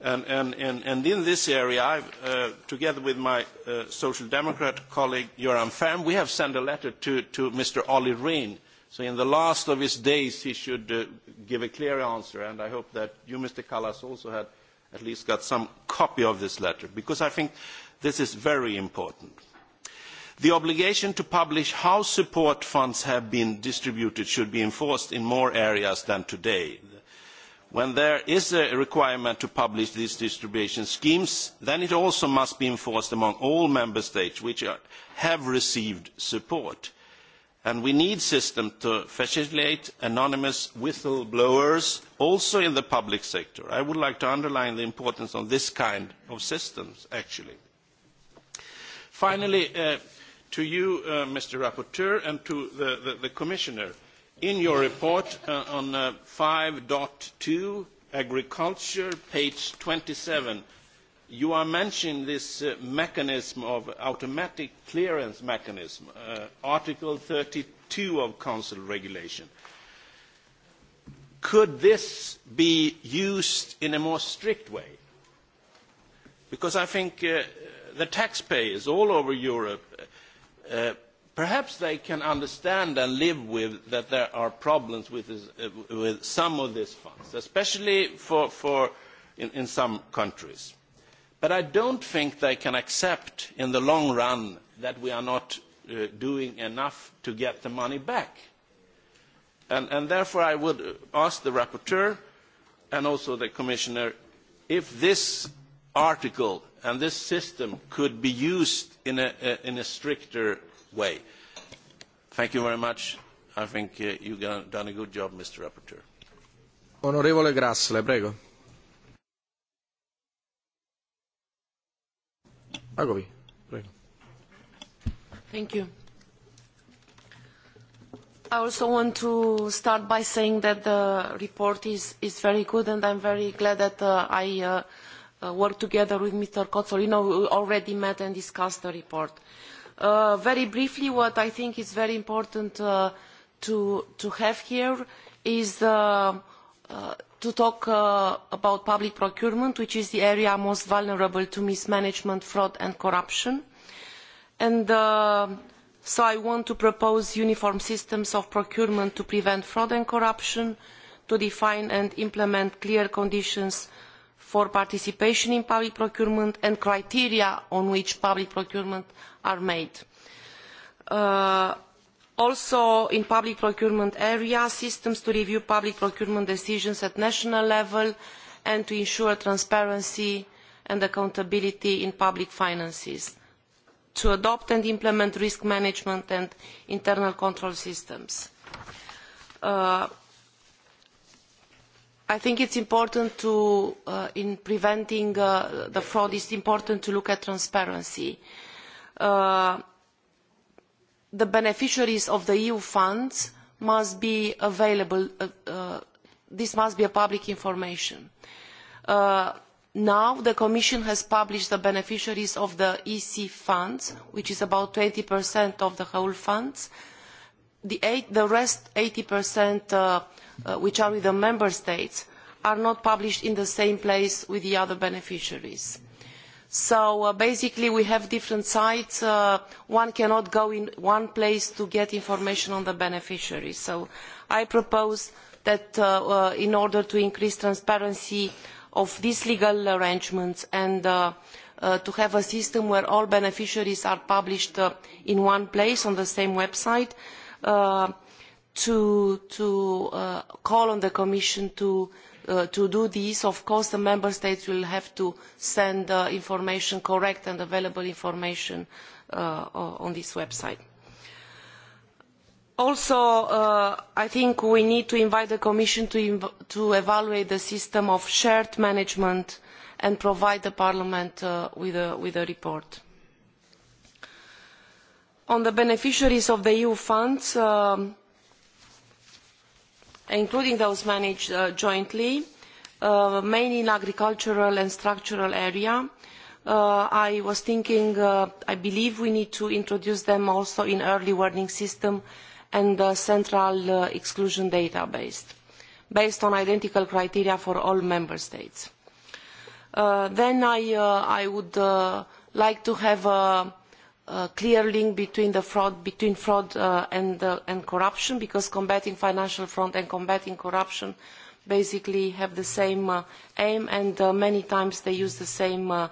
And, and, and, and in this area, I've, uh, together with my uh, Social Democrat colleague, Joran Ferm, we have sent a letter to, to Mr. Olli Rehn. So in the last of his days, he should uh, give a clear answer, and I hope that you, Mr. Kallas, also had at least got some copy of this letter, because I think this is very important the obligation to publish how support funds have been distributed should be enforced in more areas than today. when there is a requirement to publish these distribution schemes then it also must be enforced among all member states which are, have received support and we need systems to facilitate anonymous whistle blowers also in the public sector. i would like to underline the importance of this kind of systems actually. finally uh, to you, uh, Mr. Rapporteur, and to the, the, the Commissioner. In your report uh, on uh, 5.2, agriculture, page 27, you are mentioning this uh, mechanism of automatic clearance mechanism, uh, Article 32 of Council regulation. Could this be used in a more strict way? Because I think uh, the taxpayers all over Europe Uh, perhaps they can understand and live with that there are problems with, this, uh, with some of these funds, especially for, for in, in some countries. But I don't think they can accept in the long run that we are not uh, doing enough to get the money back. And, and therefore I would ask the rapporteur and also the commissioner if this article and this system could be used in a, a, in a stricter way. Thank you very much. I think uh, you've done a good job, Mr. Rapporteur. Onorevole Grassle, prego. Agovi, prego. Thank you. I also want to start by saying that the report is, is very good and I'm very glad that uh, I uh, Uh, work together with Mr. Cozzolino. We already met and discussed the report. Uh, very briefly, what I think is very important uh, to, have here is to talk about public procurement, which is the area most vulnerable to mismanagement, fraud and corruption. And so I want to propose uniform systems of procurement to prevent fraud and corruption, to define and implement clear conditions for participation in public procurement and criteria on which public procurement are made. Uh, also in public procurement area, systems to review public procurement decisions at national level and to ensure transparency and accountability in public finances, to adopt and implement risk management and internal control systems. Uh, i think it's important to, uh, in preventing uh, the fraud, it's important to look at transparency. Uh, the beneficiaries of the EU funds must be available. Uh, uh, this must be public information. Uh, now the Commission has published the beneficiaries of the EC funds, which is about 20% of the whole funds. The, eight, the rest, 80% uh, Uh, which are with the member states are not published in the same place with the other beneficiaries. So uh, basically we have different sites. Uh, one cannot go in one place to get information on the beneficiaries. So I propose that uh, uh in order to increase transparency of these legal arrangements and uh, to have a system where all beneficiaries are published in one place on the same website, Uh, to, to uh, call on the Commission to, uh, to, do this. Of course, the Member States will have to send uh, information, correct and available information uh, on this website. Also, uh, I think we need to invite the Commission to, to, evaluate the system of shared management and provide Parliament uh, with a, with a report on the beneficiaries of the EU funds, um, including those managed uh, jointly, uh, mainly in agricultural and structural area. Uh, I was thinking, uh, I believe we need to introduce them also in early warning system and the uh, central uh, exclusion database, based on identical criteria for all member states. Uh, then I, uh, I would like to have a Uh, clear link between the fraud between fraud uh, and uh, and corruption because combating financial fraud and combating corruption basically have the same uh, aim and uh, many times they use the same uh,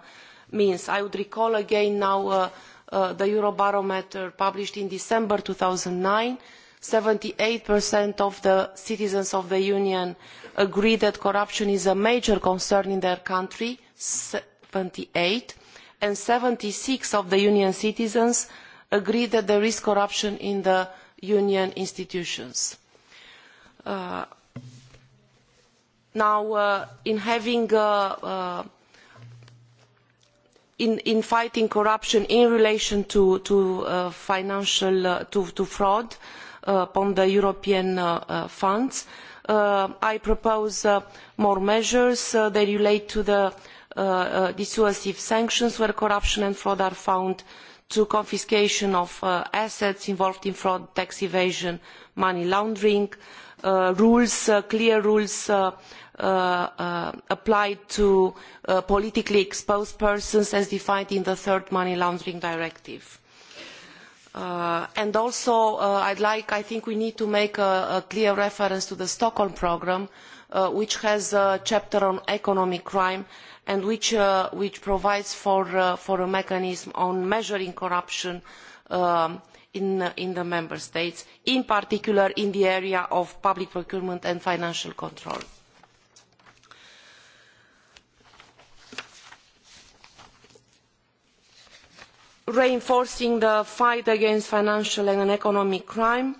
means i would recall again now uh, uh, the eurobarometer published in december 2009 78% of the citizens of the union agree that corruption is a major concern in their country 78 and seventy six of the union citizens agree that there is corruption in the union institutions. Uh, now, uh, in having uh, uh in, in fighting corruption in relation to, to uh, financial uh, to, to, fraud upon the European funds, I propose more measures. that relate to the Uh, uh, dissuasive sanctions where corruption and fraud are found, to confiscation of uh, assets involved in fraud, tax evasion, money laundering, rules, clear rules Uh, applied to uh, politically exposed persons as defined in the third money laundering directive. Uh, and also, I'd like, I think we need to make a, a clear reference to the Stockholm programme, Uh, which has a chapter on economic crime and which, uh, provides uh, for, a mechanism on measuring corruption um, in, the member states, in particular in the area of public procurement and financial control. Reinforcing the fight against financial and economic crime,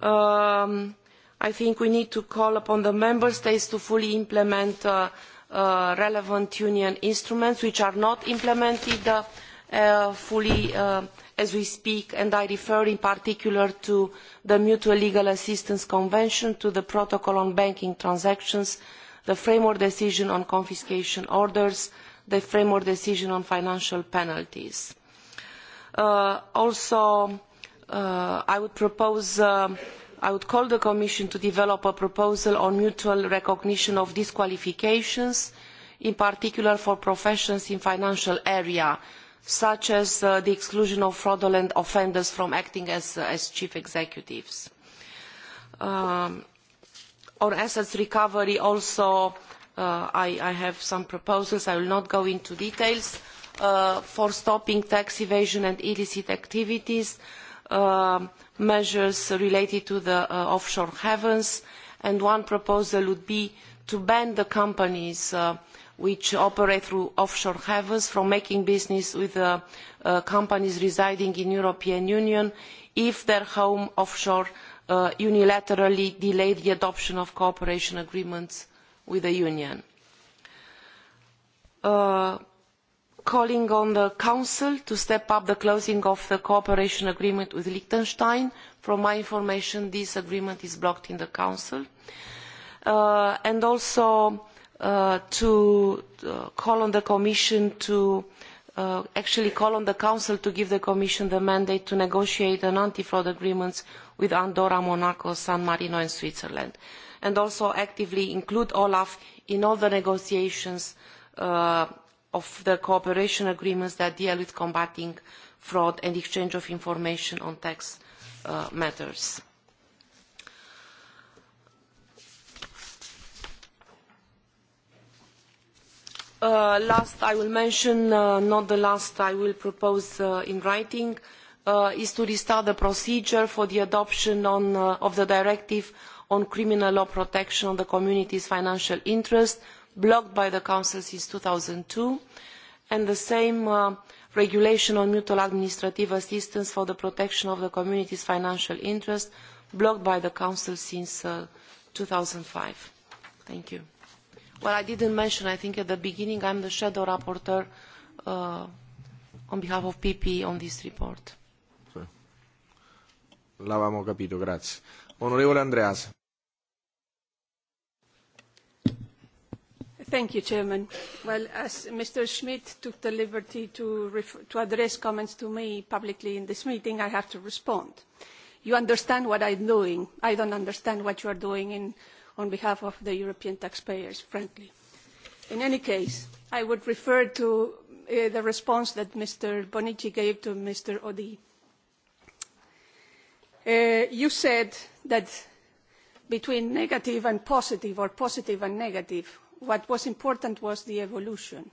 um, i think we need to call upon the member states to fully implement the uh, uh, relevant union instruments which are not implemented uh, uh fully uh, as we speak and i refer in particular to the mutual legal assistance convention to the protocol on banking transactions the framework decision on confiscation orders the framework decision on financial penalties. also i would propose i would call on the commission to develop a proposal on mutual recognition of disqualifications in particular for professions in the financial area such as uh, the exclusion of fraudulent offenders from acting as, uh, chief executives. Um, on assets recovery also uh, I, have some proposals. I will not go into details for stopping tax evasion and illicit activities. Um, measures related to the uh, offshore havens, and one proposal would be to ban the companies uh, which operate through offshore havens from making business with uh, companies residing in the European Union if their home offshore uh, unilaterally delayed the adoption of cooperation agreements with the Union calling on the council to step up the closing of the cooperation agreement with liechtenstein. from my information this agreement is blocked in the council uh, and also uh, to uh, call on the commission to uh, actually call on the council to give the commission the mandate to negotiate an anti fraud agreement with andorra monaco san marino and switzerland and also actively include olaf in all the negotiations uh, of the cooperation agreements that deal with combating fraud and exchange of information on tax uh, matters. Uh, last, I will mention, uh, not the last, I will propose uh, in writing, uh, is to restart the procedure for the adoption on, uh, of the directive on criminal law protection of the community's financial interest blocked by the council since two thousand and two and the same uh, regulation on mutual administrative assistance for the protection of the community's financial interests blocked by the council since uh, two thousand and five thank you well i didn't mention i think at the beginning I am the shadow rapporteur uh, on behalf of ppe on this report Thank you, Chairman. Well, as Mr. Schmidt took the liberty to, to address comments to me publicly in this meeting, I have to respond. You understand what I'm doing. I don't understand what you are doing in, on behalf of the European taxpayers, frankly. In any case, I would refer to uh, the response that Mr. Bonici gave to Mr. Odi. Uh, you said that between negative and positive, or positive and negative, what was important was the evolution.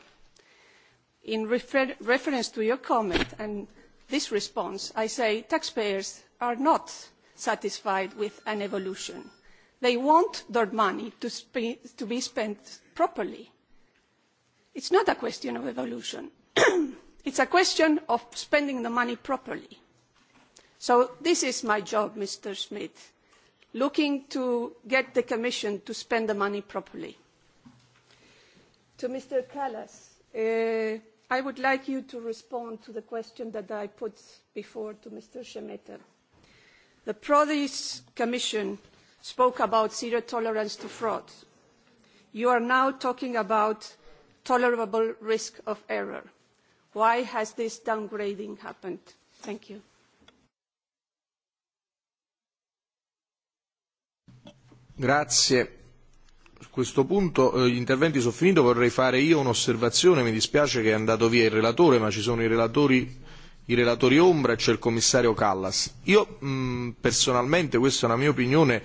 In refer reference to your comment and this response, I say taxpayers are not satisfied with an evolution. They want their money to, sp to be spent properly. It's not a question of evolution. It's a question of spending the money properly. So this is my job, Mr. Smith, looking to get the Commission to spend the money properly. To Mr. Kallas, uh, I would like you to respond to the question that I put before to Mr. Shemeta. The Prodis Commission spoke about zero tolerance to fraud. You are now talking about tolerable risk of error. Why has this downgrading happened? Thank you. Grazie questo punto eh, gli interventi sono finiti, vorrei fare io un'osservazione, mi dispiace che è andato via il relatore, ma ci sono i relatori, i relatori ombra e c'è il commissario Callas. Io mh, personalmente, questa è una mia opinione,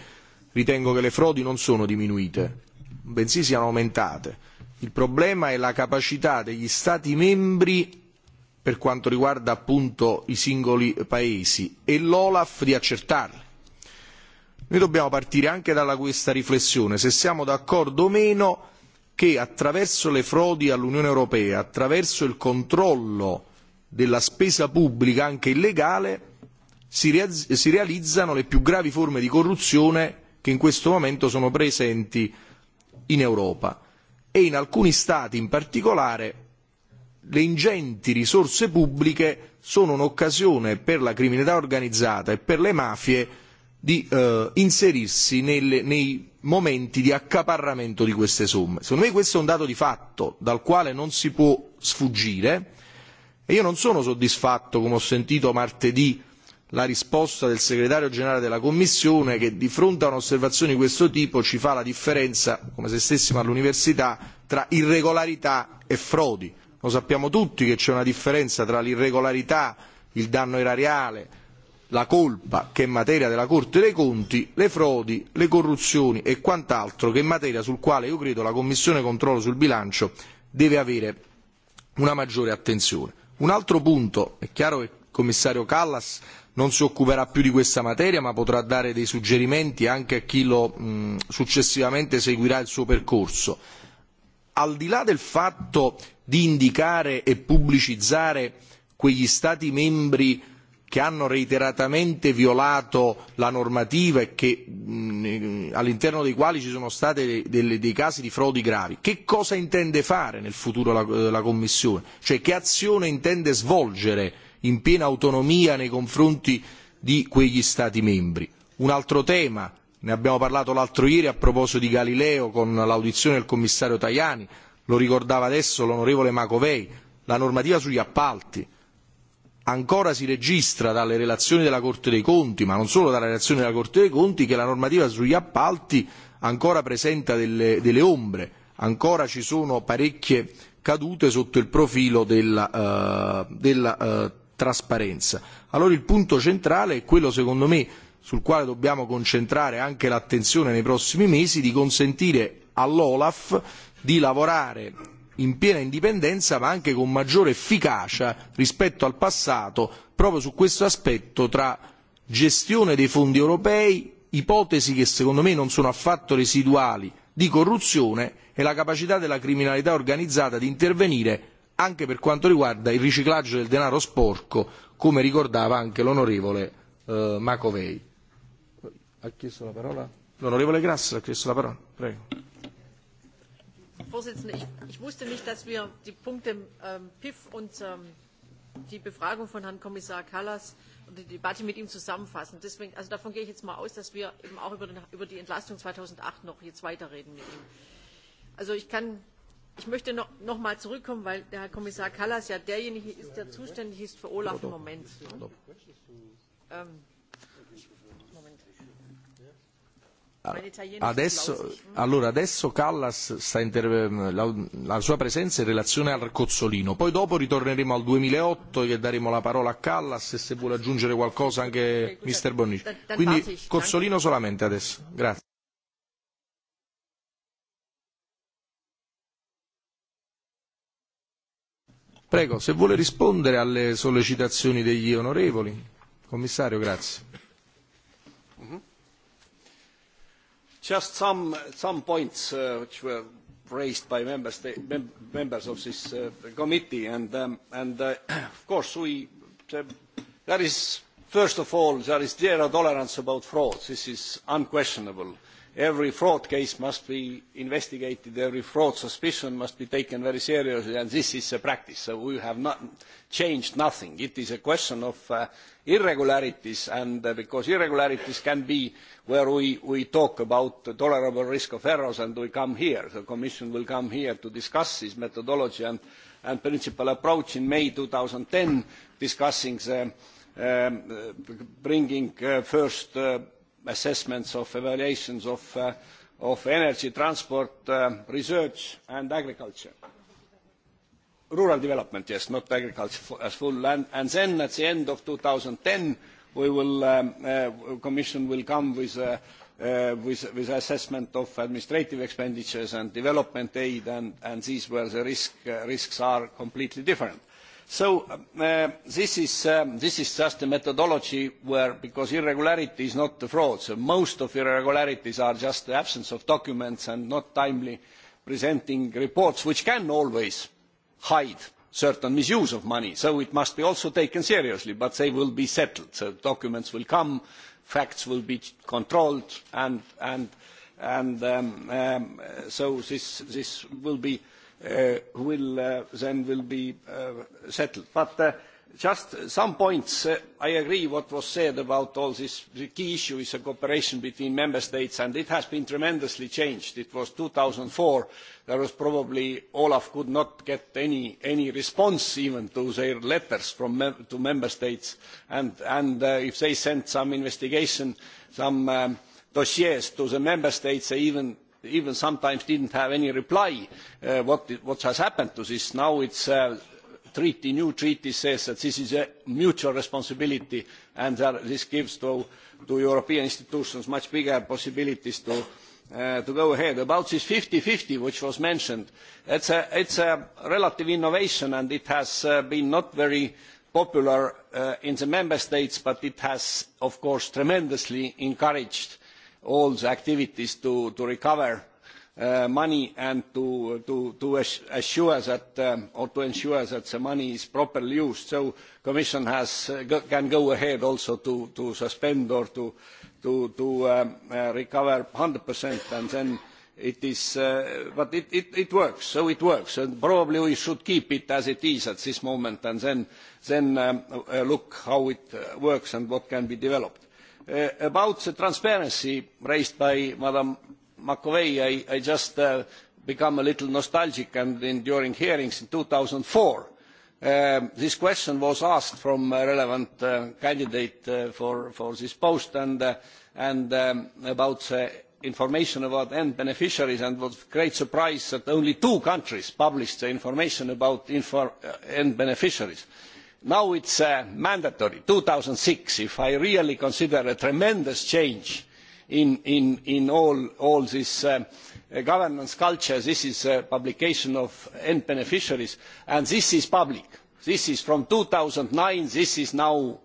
ritengo che le frodi non sono diminuite, bensì siano aumentate. Il problema è la capacità degli Stati membri per quanto riguarda appunto i singoli paesi e l'Olaf di accertarli Noi dobbiamo partire anche da questa riflessione, se siamo d'accordo o meno che attraverso le frodi all'Unione Europea, attraverso il controllo della spesa pubblica anche illegale, si, realizzano le più gravi forme di corruzione che in questo momento sono presenti in Europa e in alcuni Stati in particolare le ingenti risorse pubbliche sono un'occasione per la criminalità organizzata e per le mafie di eh, inserirsi nelle, nei momenti di accaparramento di queste somme. Secondo me questo è un dato di fatto dal quale non si può sfuggire e io non sono soddisfatto, come ho sentito martedì, la risposta del segretario generale della Commissione che di fronte a un'osservazione di questo tipo ci fa la differenza, come se stessimo all'università, tra irregolarità e frodi. Lo sappiamo tutti che c'è una differenza tra l'irregolarità, il danno erariale, la colpa che è materia della Corte dei Conti, le frodi, le corruzioni e quant'altro che è materia sul quale io credo la Commissione controllo sul bilancio deve avere una maggiore attenzione. Un altro punto, è chiaro che il commissario Callas non si occuperà più di questa materia ma potrà dare dei suggerimenti anche a chi lo, mh, successivamente seguirà il suo percorso. Al di là del fatto di indicare e pubblicizzare quegli Stati membri che hanno reiteratamente violato la normativa e che, mh, all'interno dei quali ci sono stati dei, dei casi di frodi gravi. Che cosa intende fare nel futuro la, la Commissione? Cioè che azione intende svolgere in piena autonomia nei confronti di quegli Stati membri? Un altro tema, ne abbiamo parlato l'altro ieri a proposito di Galileo con l'audizione del commissario Tajani, lo ricordava adesso l'onorevole Macovei, la normativa sugli appalti ancora si registra dalle relazioni della Corte dei Conti, ma non solo dalle relazioni della Corte dei Conti, che la normativa sugli appalti ancora presenta delle, delle ombre, ancora ci sono parecchie cadute sotto il profilo eh, della, della eh, trasparenza. Allora il punto centrale è quello, secondo me, sul quale dobbiamo concentrare anche l'attenzione nei prossimi mesi, di consentire all'Olaf di lavorare in piena indipendenza ma anche con maggiore efficacia rispetto al passato proprio su questo aspetto tra gestione dei fondi europei ipotesi che secondo me non sono affatto residuali di corruzione e la capacità della criminalità organizzata di intervenire anche per quanto riguarda il riciclaggio del denaro sporco come ricordava anche l'onorevole eh, macovei. Ha chiesto la parola? L'onorevole Grasso ha chiesto la parola. Prego. Vorsitzende, ich, ich wusste nicht, dass wir die Punkte ähm, PIF und ähm, die Befragung von Herrn Kommissar Kallas und die Debatte mit ihm zusammenfassen. Deswegen, also davon gehe ich jetzt mal aus, dass wir eben auch über, den, über die Entlastung 2008 noch jetzt weiterreden mit ihm. Also ich kann ich möchte noch, noch mal zurückkommen, weil der Herr Kommissar Kallas ja derjenige ist, der zuständig ist für Olaf im Moment. Ähm, Adesso, mm. allora adesso Callas sta inter... Ehm, la, la sua presenza in relazione al Cozzolino, poi dopo ritorneremo al 2008 e daremo la parola a Callas e se vuole aggiungere qualcosa anche Mr. Bonnici. Quindi ah, Cozzolino solamente adesso. Grazie. Prego, se vuole rispondere alle sollecitazioni degli onorevoli. Commissario, grazie. Just some, some points uh, which were raised by members, the mem members of this uh, committee. And, um, and uh, of course, we, uh, there is, first of all, there is zero tolerance about fraud. This is unquestionable every fraud case must be investigated, every fraud suspicion must be taken very seriously, and this is a practice. So we have not changed nothing. It is a question of uh, irregularities, and uh, because irregularities can be where we, we talk about the tolerable risk of errors, and we come here. The Commission will come here to discuss this methodology and, and principal approach in May ten, discussing the, um, uh, bringing uh, first uh, assessments of evaluations of, uh, of energy, transport, uh, research and agriculture. Rural development, yes, not agriculture as full. And, and then at the end of 2010, we will, um, uh, Commission will come with, uh, uh, with, with assessment of administrative expenditures and development aid, and, and these where the risk, uh, risks are completely different so uh, this, is, um, this is just a methodology where, because irregularity is not the fraud, so most of irregularities are just the absence of documents and not timely presenting reports, which can always hide certain misuse of money. So it must be also taken seriously, but they will be settled. So documents will come, facts will be controlled, and, and, and um, um, so this, this will be Uh, will uh, then will be uh, settled. But just some points. I agree with what was said about all this. The key issue is the cooperation between member states, and it has been tremendously changed. It was two thousand four. There was probably Olaf could not get any, any response even to their letters from to member states, and, if they sent some investigation, some um, dossiers to the member states, they even even sometimes did not have any reply uh, what, what has happened to this. Now it's uh, treaty, new treaty says that this is a mutual responsibility and that this gives to, to European institutions much bigger possibilities to, uh, to go ahead. About this 50-50 which was mentioned, it's a, it's a relative innovation and it has uh, been not very popular uh, in the member states but it has of course tremendously encouraged all the activities to, to recover uh, money and to, assure that um, or to ensure that the money is properly used. So Commission uh, can go ahead also to, to suspend or to, um, uh, recover one hundred recover 100% and then it is, but it, it, it works, so it works, and probably we should keep it as it is at this moment and then, um, look how it works and what can be developed Uh, about the transparency raised by Madam McAvey, I, I just uh, become a little nostalgic and in, during hearings in two thousand four uh, this question was asked from a relevant uh, candidate uh, for, for, this post and, uh, and um, about information about end beneficiaries and was great surprise that only two countries published the information about infor, uh, end beneficiaries now it is uh, mandatory two thousand and six if i really consider a tremendous change in, all, this uh, uh, governance culture this is a publication of end beneficiaries and this is public this is from two thousand and nine this is now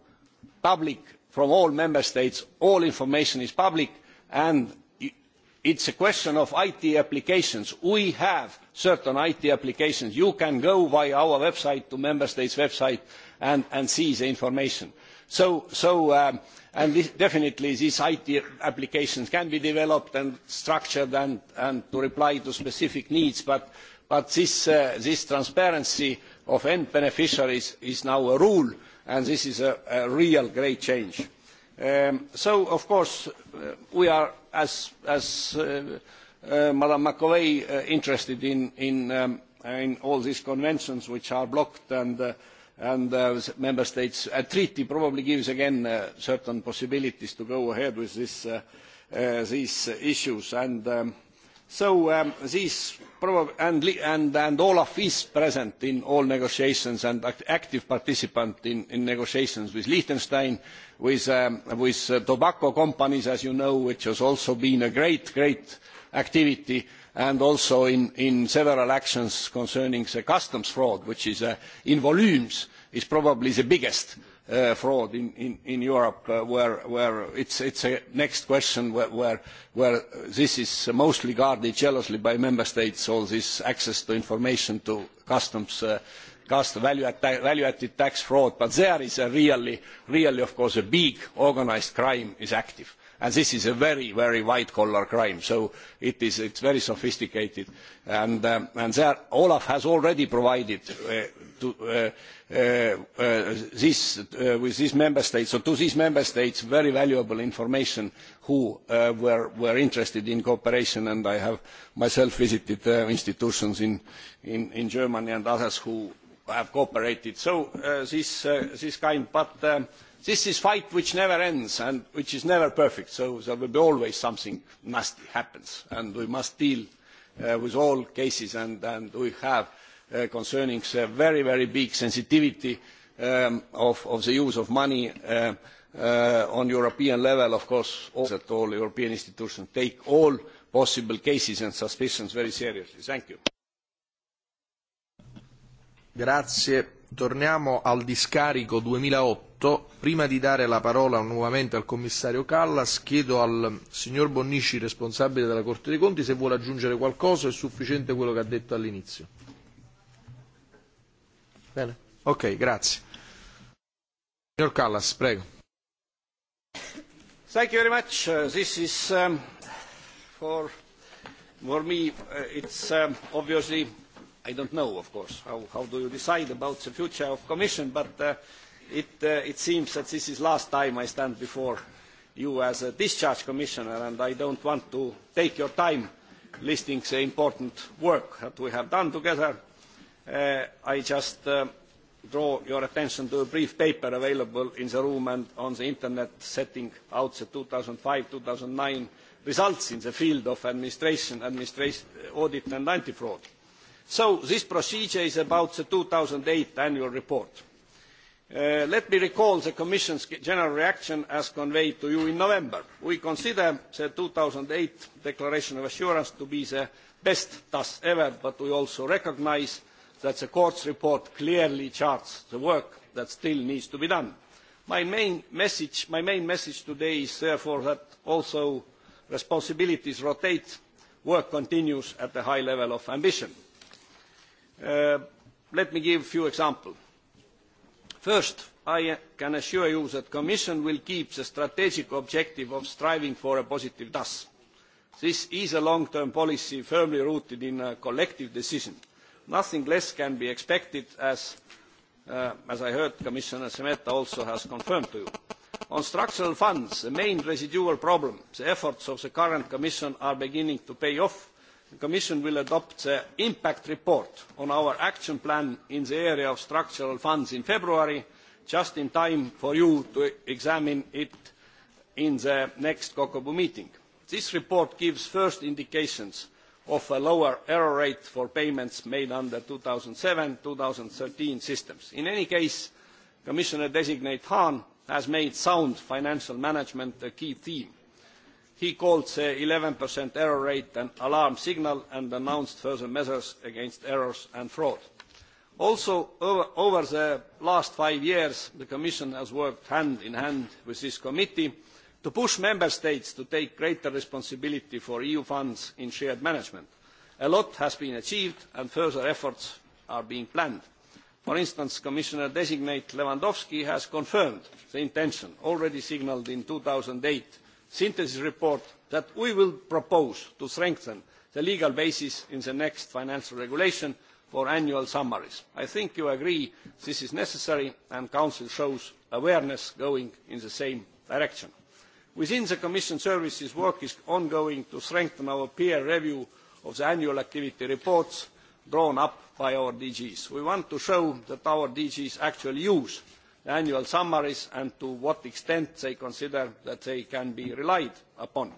public from all member states all information is public and it is a question of it applications. we have certain it applications. you can go via our website to member states' websites and, see the information. Um, definitely these it applications can be developed and structured and, to reply to specific needs but, uh, this, transparency of end beneficiaries is now a rule and this is a real great change Um, so, of course, uh, we are, as, as uh, uh, Madam McAvey, uh, interested in, in, um, in all these conventions which are blocked and, uh, and uh, member states. A treaty probably gives again uh, certain possibilities to go ahead with this, uh, uh, these issues. And um, so um, these and, and, Olaf is present in all negotiations and act active participant in, in negotiations with Liechtenstein, with, um, with uh, tobacco companies, as you know, which has also been a great, great activity, and also in, in several actions concerning the customs fraud, which is uh, in volumes is probably the biggest. Uh, Uh, fraud in, in, in Europe, uh, where, it's, a next question where, this is mostly guarded jealously by member states, all this access to information to customs, uh, value-added tax fraud. But there is a really, of course, a big organised crime is active and this is a very very white collar crime so it is very sophisticated um, and, there, olaf has already provided uh, uh, uh, these member states so to these member states very valuable information who were, interested in cooperation and i have myself visited institutions in, germany and others who have cooperated so this, this kind but um, This is a fight which never ends and which is never perfect, so there will be always something nasty happens, and we must deal uh, with all cases, and, we have uh, concerning the very, very big sensitivity um, of, the use of money uh, on European level, of course, all, that all European institutions take all possible cases and suspicions very seriously. Thank you. Torniamo al discarico prodotto. Prima di dare la parola nuovamente al commissario Callas, chiedo al signor Bonnici, responsabile della Corte dei Conti, se vuole aggiungere qualcosa, è sufficiente quello che ha detto all'inizio. Bene, ok, grazie. Signor Callas, prego. Thank you very much. Uh, this is um, for, for me, uh, it's um, obviously I don't know, of course, how, how do you decide about the future of Commission, but uh, it, uh, it seems that this is the last time I stand before you as a discharge commissioner, and I don't want to take your time listing the important work that we have done together. Uh, I just uh, draw your attention to a brief paper available in the room and on the internet setting out the two thousand five two thousand nine results in the field of administration, administration uh, audit and anti fraud. so this procedure is about the two thousand and eight annual report. Uh, let me recall the commission's general reaction as conveyed to you in november. we consider the two thousand and eight declaration of assurance to be the best thus ever but we also recognise that the court's report clearly charts the work that still needs to be done. my main message, my main message today is therefore that although responsibilities rotate work continues at a high level of ambition. Uh, let me give a few examples First, I can assure you that the Commission will keep the strategic objective of striving for a positive DAS. This is a long-term policy firmly rooted in a collective decision. Nothing less can be expected as, uh, I heard Commissioner Semeta also has confirmed to you. On structural funds, the main residual problem, the efforts of the current Commission are beginning to pay off the commission will adopt the impact report on our action plan in the area of structural funds in february just in time for you to examine it in the next kokobu meeting. this report gives first indications of a lower error rate for payments made under two thousand and seven two thousand and thirteen systems. in any case commissioner designate hahn has made sound financial management a key theme He called the 11% error rate an alarm signal and announced further measures against errors and fraud. Also, over, over the last five years, the Commission has worked hand in hand with this committee to push Member States to take greater responsibility for EU funds in shared management. A lot has been achieved and further efforts are being planned. For instance, Commissioner-designate Lewandowski has confirmed the intention already signalled in two thousand eight synthesis report that we will propose to strengthen the legal basis in the next financial regulation for annual summaries. I think you agree this is necessary and the Council shows awareness going in the same direction. Within the Commission services, work is ongoing to strengthen our peer review of the annual activity reports drawn up by our DGs. We want to show that our DGs actually use annual summaries and to what extent they consider that they can be relied upon.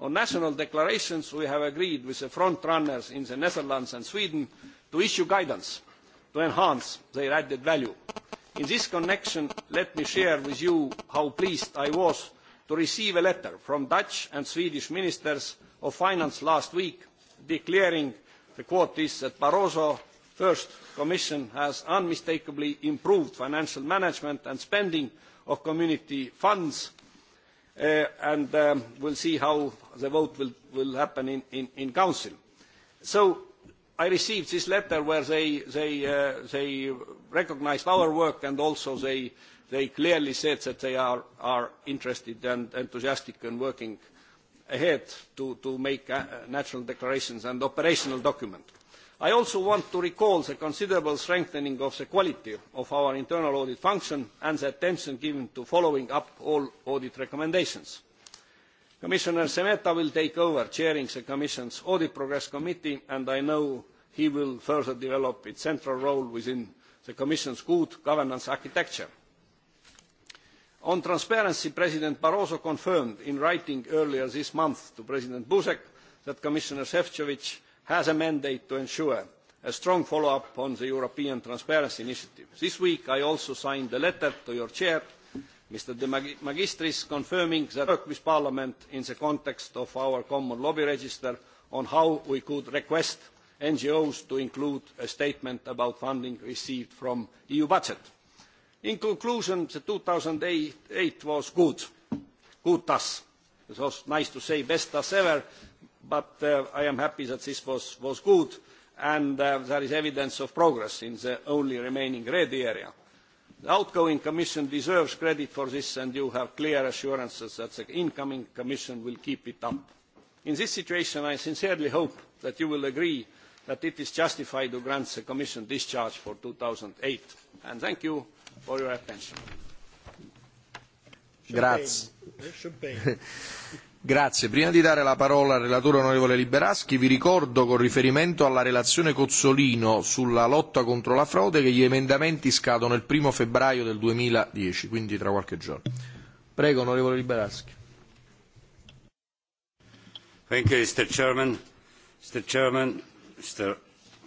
On national declarations, we have agreed with the front runners in the Netherlands and Sweden to issue guidance to enhance their added value. In this connection, let me share with you how pleased I was to receive a letter from Dutch and Swedish ministers of finance last week declaring the quote is that Barroso First, the Commission has unmistakably improved financial management and spending of community funds, uh, and um, we will see how the vote will, happen in, Council. So I received this letter where they, uh, recognised our work and also they, clearly said that they are, interested and enthusiastic in working ahead to, to make uh, national declarations and operational documents. I also want to recall the considerable strengthening of the quality of our internal audit function and the attention given to following up all audit recommendations. Commissioner Semeta will take over chairing the Commission's Audit Progress Committee and I know he will further develop its central role within the Commission's good governance architecture. On transparency, President Barroso confirmed in writing earlier this month to President Buzek that Commissioner Šefčovic has a mandate to ensure a strong follow-up on the European Transparency Initiative. This week I also signed a letter to your chair, Mr. De Magistris, confirming that work with Parliament in the context of our common lobby register on how we could request NGOs to include a statement about funding received from the EU budget. In conclusion, the eight was good. Good thus. It was nice to say best thus ever, but uh, I am happy that this was, was good and uh, there is evidence of progress in the only remaining red area. The outgoing Commission deserves credit for this and you have clear assurances that the incoming Commission will keep it up. In this situation, I sincerely hope that you will agree that it is justified to grant the Commission discharge for two thousand eight. And thank you for your attention. Grazie. Prima di dare la parola al relatore onorevole Liberaschi, vi ricordo con riferimento alla relazione Cozzolino sulla lotta contro la frode che gli emendamenti scadono il primo febbraio del 2010, quindi tra qualche giorno. Prego, onorevole Liberaschi. Thank you, Mr. Chairman. Mr. Chairman, Mr.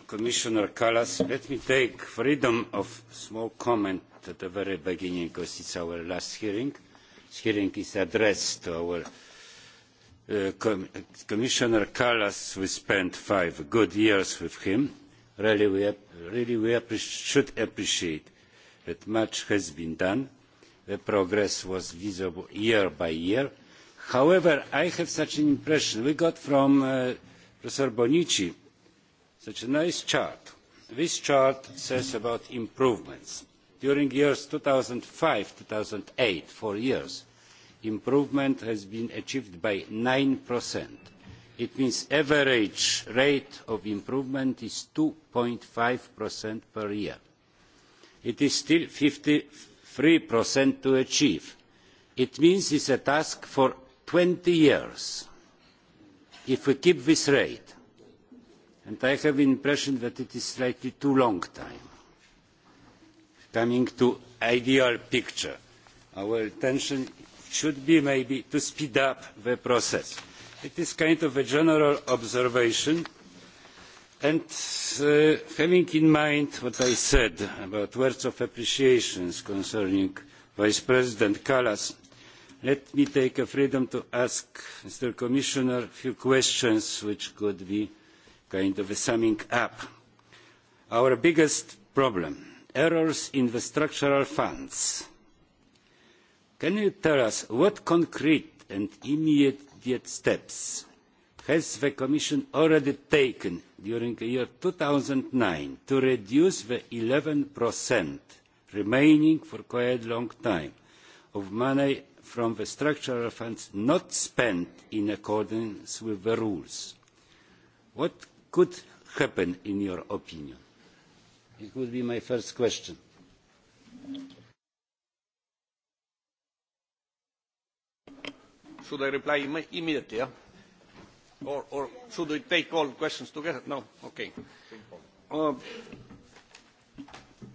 Commissioner Kallas, let me take freedom of small comment at the very beginning because it's our last hearing. This hearing is addressed to our Uh, Commissioner Kallas, we spent five good years with him. Really, we, really we should appreciate that much has been done. The progress was visible year by year. However, I have such an impression. We got from uh, Professor Bonici such a nice chart. This chart says about improvements. During years two thousand five 2005, eight, four years, improvement has been achieved by percent. It means average rate of improvement is two percent per year. It is still fifty percent to achieve. It means it's a task for twenty years if we keep this rate. And I have the impression that it is slightly too long time. Coming to ideal picture, our attention should be maybe to speed up the process. It is kind of a general observation and uh, having in mind what I said about words of appreciation concerning Vice President Kallas, let me take the freedom to ask Mr. Commissioner a few questions which could be kind of a summing up. Our biggest problem, errors in the structural funds Can you tell us what concrete and immediate steps has the Commission already taken during the year two thousand nine to reduce the eleven remaining for quite a long time of money from the structural funds not spent in accordance with the rules? What could happen in your opinion? It would be my first question. Should I reply Im immediately? Yeah? Or, or should we take all questions together? No? Okay. Uh,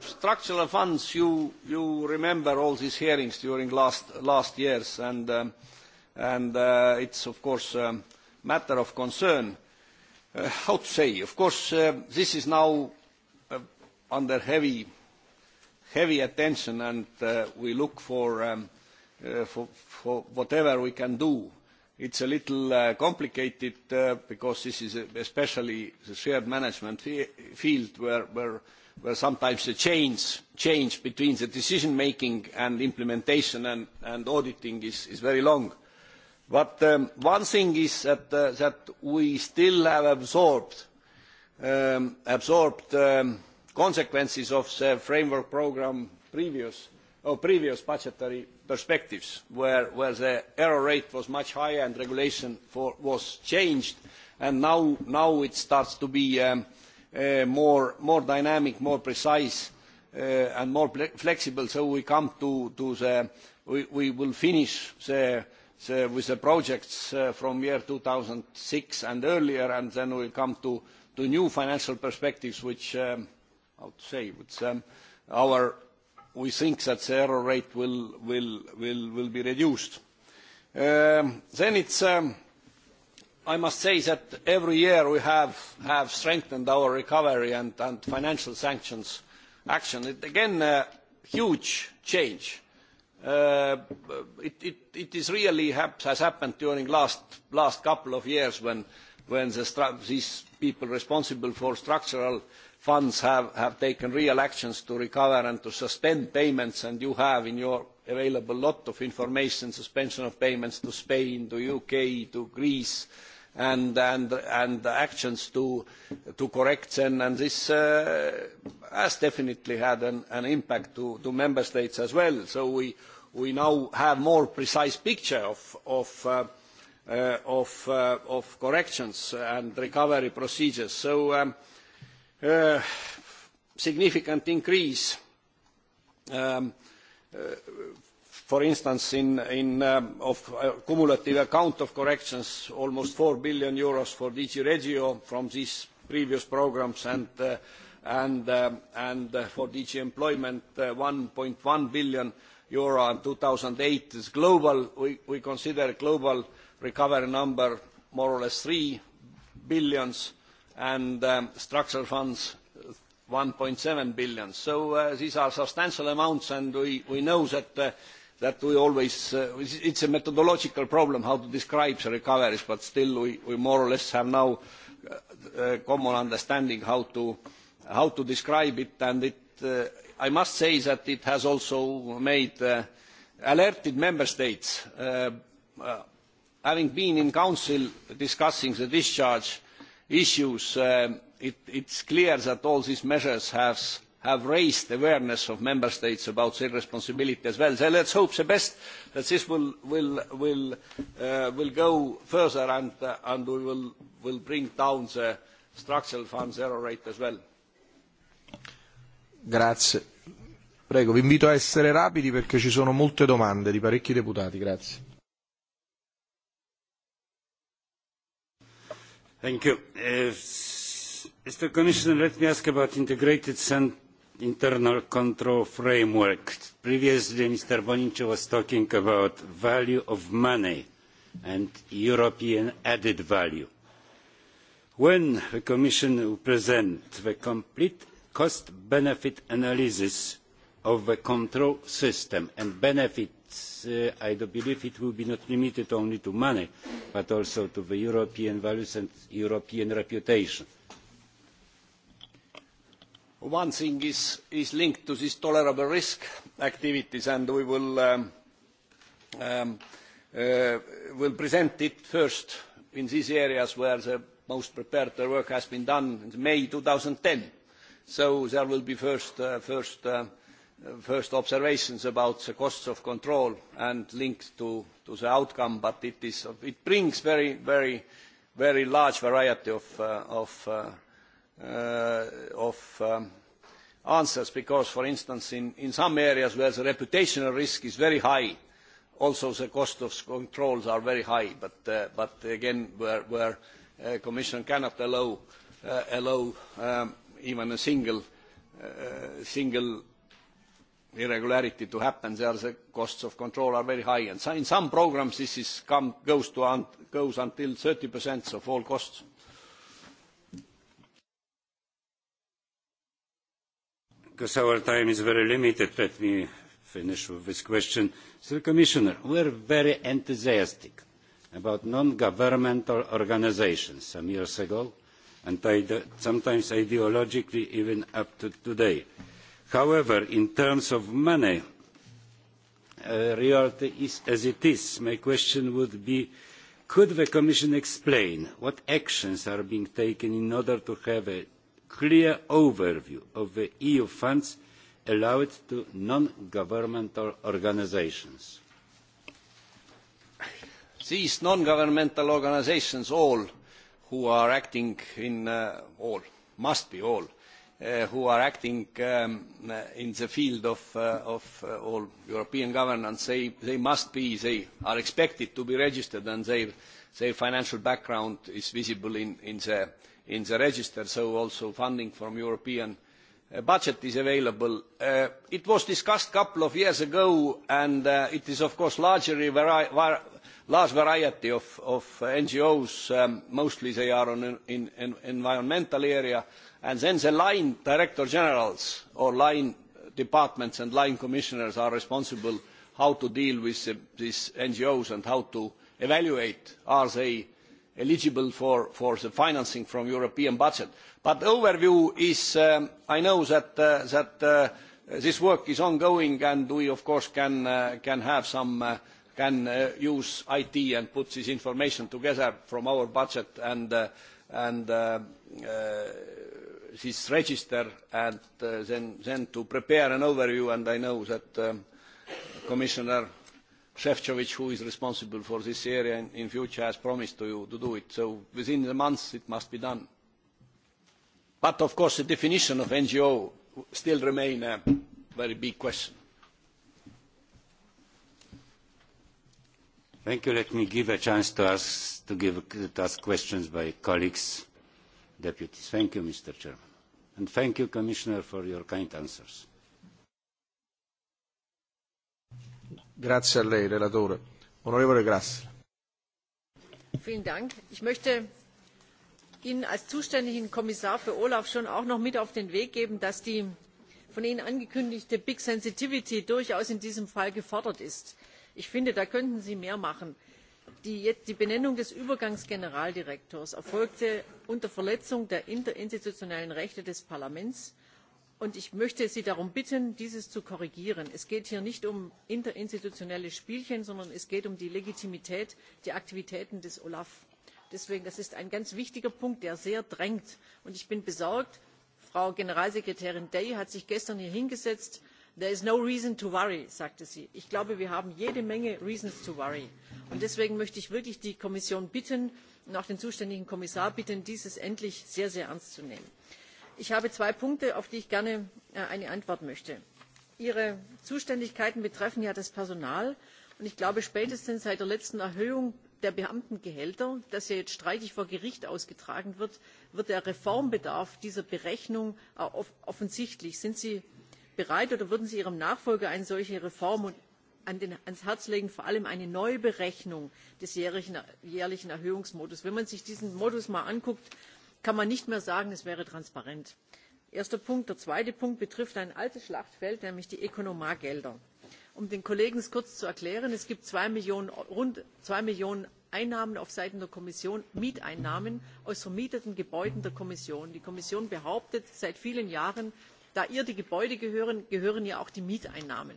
structural funds, you, you remember all these hearings during last, last years, and, um, and uh, it's, of course, a matter of concern. Uh, how to say? Of course, uh, this is now uh, under heavy, heavy attention, and uh, we look for um, Uh, for, for whatever we can do. It's a little uh, complicated uh, because this is especially the shared management field where, where, where sometimes the change, change between the decision-making and implementation and, and auditing is, is very long. But um, one thing is that, uh, that we still have absorbed, um, absorbed um, consequences of the framework programme previous, or previous budgetary perspectives where, where the error rate was much higher and regulation for, was changed and now, now it starts to be um, uh, more, more dynamic, more precise uh, and more flexible so we come to, to the, we, we will finish the, the, with the projects uh, from year 2006 and earlier and then we will come to, to new financial perspectives which, um, how say, which, um, our we think that the error rate will, will, will, will be reduced. Um, then it's, um, I must say that every year we have, have strengthened our recovery and, financial sanctions action. It, again, a huge change. Uh, it, is really has happened during last, last couple of years when, when these people responsible for structural funds have, taken real actions to recover and to suspend payments, and you have in your available lot of information, suspension of payments to Spain, to UK, to Greece, and, and, and actions to, to correct them. And this uh, has definitely had an, an impact to, to member states as well. So we, we now have a more precise picture of, of, uh, uh, of, uh, of corrections and recovery procedures. So um, Uh, significant increase, um, uh, for instance, in, um, of uh, cumulative account of corrections, almost 4 billion euros for DG Regio from these previous programs and, um, for DG Employment, 1.1 billion euro in 2008 is global. We, consider global recovery number more or less 3 billion and um, structural funds uh, one seven billion. So uh, these are substantial amounts, and we, we know that, uh, we always, it's a methodological problem how to describe the recoveries, but still we, we more or less have now a common understanding how to, how to describe it. And I must say that it has also made alerted member states. having been in council discussing the discharge, issues, um, it, is clear that all these measures have, have raised awareness of member states about their responsibility as well. So let's hope the best that this will, will, will, uh, will go further and, uh, and we will, will bring down the structural Fund's error rate as well. Grazie. Prego, vi invito a essere rapidi perché ci sono molte domande di parecchi deputati. Grazie. Uh, Mr. Commissioner, let me ask about the integrated internal control framework. Previously, Mr. Bonici was talking about the value of money and European added value. When the Commission will present the complete cost-benefit analysis of the control system and benefits uh, i believe it will be not limited only to money but also to the european values and european reputation. one thing is, linked to these tolerable risk activities and we um, um, uh, will, present it first in these areas where the most preparatory work has been done in may two thousand and ten so there will be first uh, first observations about the costs of control and linked to, to the outcome, but it, is, it brings very, very, very large variety of, uh, of, uh, uh, of um, answers because, for instance, in, in some areas where the reputational risk is very high, also the cost of controls are very high, but, uh, but again, where, where uh, Commission cannot allow, uh, allow um, even a single, uh, single irregularity to happen there the costs of control are very high and in some programmes this is come, goes, to un, goes until 30% of all costs. Because our time is very limited, let me finish with this question. Sir Commissioner, we are very enthusiastic about non-governmental organisations some years ago and sometimes ideologically even up to today however in terms of money uh, reality is as it is. my question would be could the commission explain what actions are being taken in order to have a clear overview of the eu funds allowed to non governmental organisations? these non governmental organisations all who are acting in uh, all must be all Uh, who are acting um, uh, in the field of, uh, of uh, all European governance, they, they, must be, they are expected to be registered and their, their financial background is visible in, in, the, in the register, so also funding from European uh, budget is available. it was discussed a couple of years ago and it is of course a vari var large variety of, of NGOs, um, mostly they are on in, the environmental area, and then the line director generals or line departments and line commissioners are responsible for how to deal with the, these ngos and how to evaluate are they eligible for, for the financing from the european budget. but the overview is um, i know that, uh, that uh, this work is ongoing and we of course can, uh, can have some uh, can uh, use it and put this information together from our budget and, uh, and this register and uh, then, then to prepare an overview. And I know that um, Commissioner Shevchovich, who is responsible for this area in, in future, has promised to you to do it. So within the months it must be done. But of course the definition of NGO still remains a very big question. Thank you. Let me give a chance to ask, to give, to ask questions by colleagues, deputies. Thank you, Mr. Chairman and thank you commissioner for your kind answers. Lei, ich möchte ihnen als zuständigen kommissar für olaf schon auch noch mit auf den weg geben dass die von ihnen angekündigte big sensitivity durchaus in diesem fall gefordert ist. ich finde da könnten sie mehr machen die, die benennung des Übergangs Generaldirektors erfolgte unter verletzung der interinstitutionellen rechte des parlaments und ich möchte sie darum bitten dies zu korrigieren. es geht hier nicht um interinstitutionelle spielchen sondern es geht um die legitimität der aktivitäten des olaf. deswegen das ist ein ganz wichtiger punkt der sehr drängt und ich bin besorgt frau generalsekretärin day hat sich gestern hier hingesetzt there is no reason to worry sagte sie. ich glaube wir haben jede menge reasons to worry und deswegen möchte ich wirklich die kommission bitten und auch den zuständigen kommissar bitten dies endlich sehr sehr ernst zu nehmen. ich habe zwei punkte auf die ich gerne äh, eine antwort möchte. ihre zuständigkeiten betreffen ja das personal und ich glaube spätestens seit der letzten erhöhung der beamtengehälter das ja jetzt streitig vor gericht ausgetragen wird wird der reformbedarf dieser berechnung äh, offensichtlich. sind bereit oder würden sie ihrem nachfolger eine solche reform an den, ans herz legen vor allem eine neuberechnung des jährlichen, jährlichen erhöhungsmodus? wenn man sich diesen modus mal anguckt kann man nicht mehr sagen es wäre transparent. erster punkt. der zweite punkt betrifft ein altes schlachtfeld nämlich die economar gelder. um den kollegen es kurz zu erklären es gibt zwei millionen, rund zwei millionen einnahmen auf seiten der kommission mieteinnahmen aus vermieteten gebäuden der kommission. die kommission behauptet seit vielen jahren da ihr die gebäude gehören gehören ihr auch die mieteinnahmen.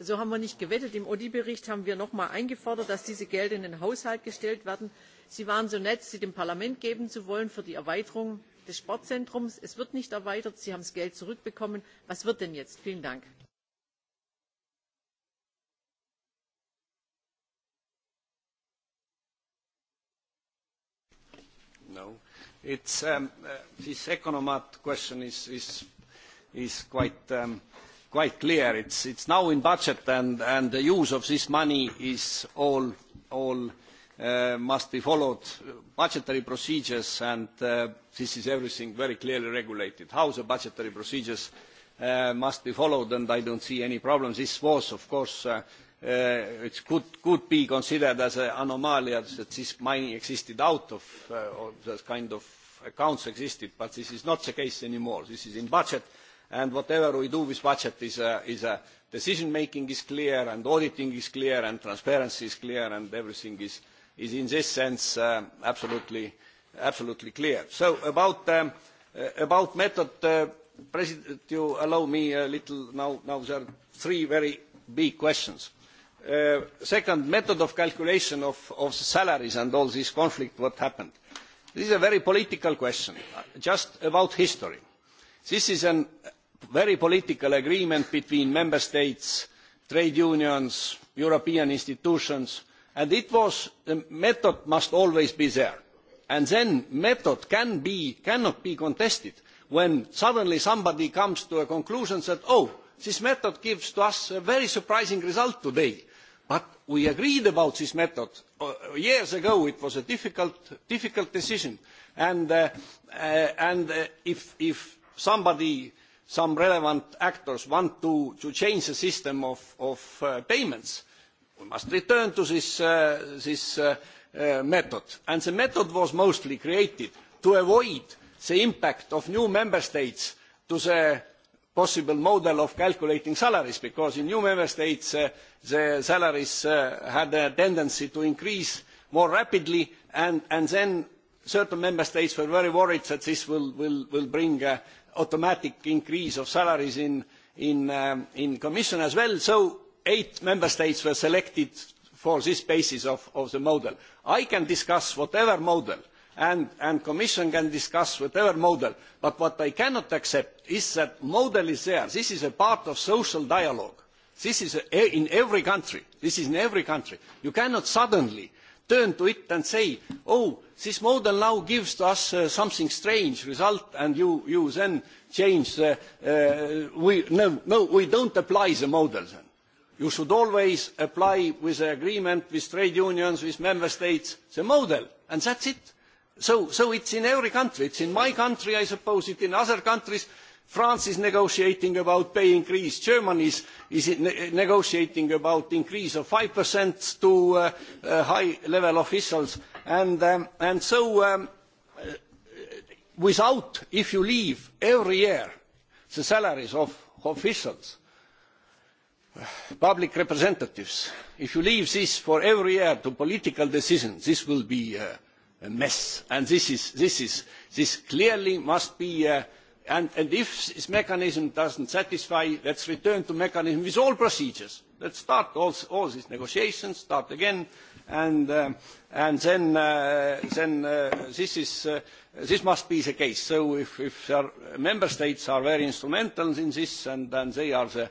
so haben wir nicht gewettet. im audy bericht haben wir noch einmal eingefordert dass diese gelder in den haushalt gestellt werden. sie waren so nett sie dem parlament geben zu wollen für die erweiterung des sportzentrums. es wird nicht erweitert sie haben das geld zurückbekommen. was wird denn jetzt? vielen dank! No. Um, uh, this economat question is, is is quite, um, quite clear. It's, now in budget and, and the use of this money is all, all uh, must be followed budgetary procedures and uh, this is everything very clearly regulated. How the budgetary procedures uh, must be followed and I don't see any problem. This was of course it could, could be considered as an anomaly that this money existed out of or that kind of accounts existed but this is not the case anymore. this is in budget and whatever we do with budget is, a decision making is clear and auditing is clear and transparency is clear and everything is, in this sense uh, absolutely, clear. So about, um, uh, method, uh, President, you allow me a little, now, there are three very big questions. Second, second, method of calculation of, of salaries and all this conflict, what happened. This is a very political question, just about history this is a very political agreement between member states trade unions and european institutions and the method must always be there and then method cannot be contested when suddenly somebody comes to a conclusion that oh this method gives to us a very surprising result today but we agreed about this method uh, years ago it was a difficult, difficult decision and, uh, uh, if, if somebody, some relevant actors want to, to change the system of, of uh, payments, we must return to this, uh, this uh, uh, method. And the method was mostly created to avoid the impact of new member states to the possible model of calculating salaries, because in new member states uh, the salaries uh, had a tendency to increase more rapidly, and, and then certain member states were very worried that this will, will, will bring a, automatic increase of salaries in, in, um, in Commission as well. So eight member states were selected for this basis of, of the model. I can discuss whatever model and, the Commission can discuss whatever model, but what I cannot accept is that the model is there. This is a part of social dialogue. This is a, e, in every country. This is in every country. You cannot suddenly turn to it and say, oh, this model now gives us uh, something strange result and you, you then change the, uh, we, no, no, we don't apply the model then. You should always apply with the agreement with trade unions, with member states, the model, and that's it. So, so it's in every country. It's in my country, I suppose, it's in other countries, France is negotiating about pay increase. Germany is, is ne negotiating about increase of 5% to uh, uh, high-level officials. And, um, and so um, uh, without, if you leave every year, the salaries of officials, uh, public representatives, if you leave this for every year to political decisions, this will be uh, a mess. And this, is, this, is, this clearly must be uh, And, if this mechanism does not satisfy, let us return to the mechanism with all procedures. Let us start all, these negotiations, start again, and, uh, and then, uh, then uh, this, is, uh, this, must be the case. So if, if our member states are very instrumental in this, and, then they are, the,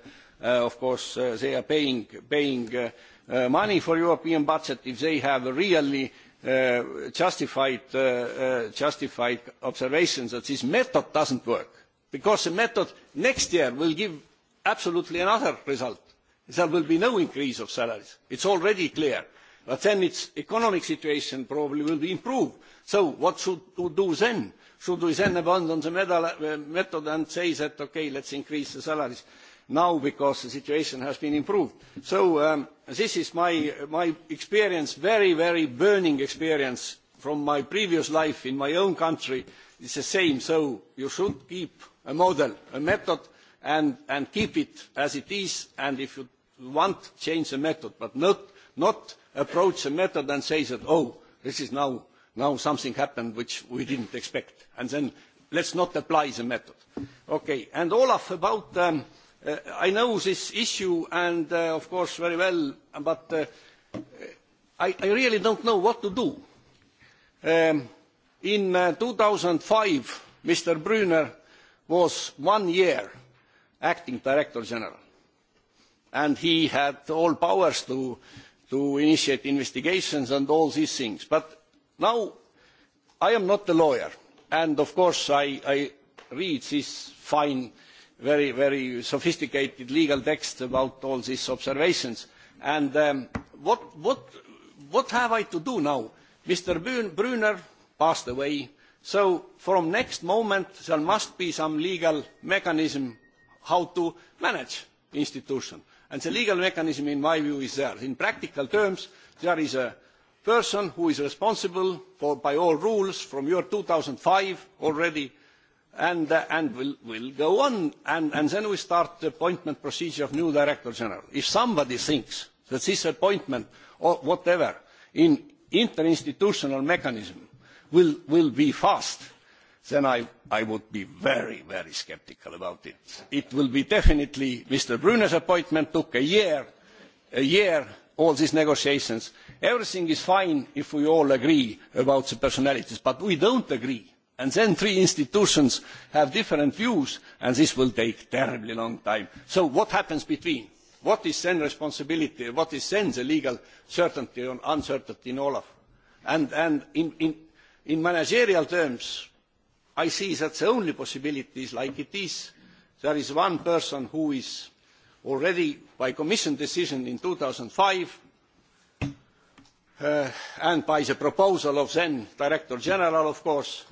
uh, of course, uh, they are paying, paying money for the European budget, if they have a really Uh, justified, uh, uh, justified observations that this method does not work because the method next year will give absolutely another result. There will be no increase of salaries. It is already clear. But then its economic situation probably will be improved. So what should we do then? Should we then abandon the method uh, and say that, okay, let us increase the salaries? now because the situation has been improved. So um, this is my, my experience, very, very burning experience from my previous life in my own country. It's the same, so you should keep a model, a method, and, and keep it as it is, and if you want, change the method, but not, not approach the method and say that, oh, this is now, now something happened which we didn't expect, and then let's not apply the method. Okay, and Olaf, about... Um, Uh, I know this issue and uh, of course very well, but uh, I, I really don't know what to do. Um, in uh, 2005, Mr. Brunner was one year acting director general, and he had all powers to, to initiate investigations and all these things. But now I am not a lawyer, and of course I, I read this fine very, very sophisticated legal text about all these observations. And um, what, what, what have I to do now? Mr. Brunner passed away, so from next moment there must be some legal mechanism how to manage the institution. And the legal mechanism, in my view, is there. In practical terms, there is a person who is responsible for, by all rules from year two thousand five already and, uh, and will, go on. And, and then we start the appointment procedure of new director general. If somebody thinks that this appointment or whatever in interinstitutional mechanism will, will be fast, then I, I would be very, very sceptical about it. It will be definitely Mr. Brunner's appointment took a year, a year, all these negotiations. Everything is fine if we all agree about the personalities, but we don't agree and then three institutions have different views and this will take a terribly long time. so what happens between? what is then responsibility? what is then the legal certainty or uncertainty in olaf? and, and in, in, in managerial terms, i see that the only possibility is like it is. there is one person who is already by commission decision in two thousand and five uh, and by the proposal of then director general of course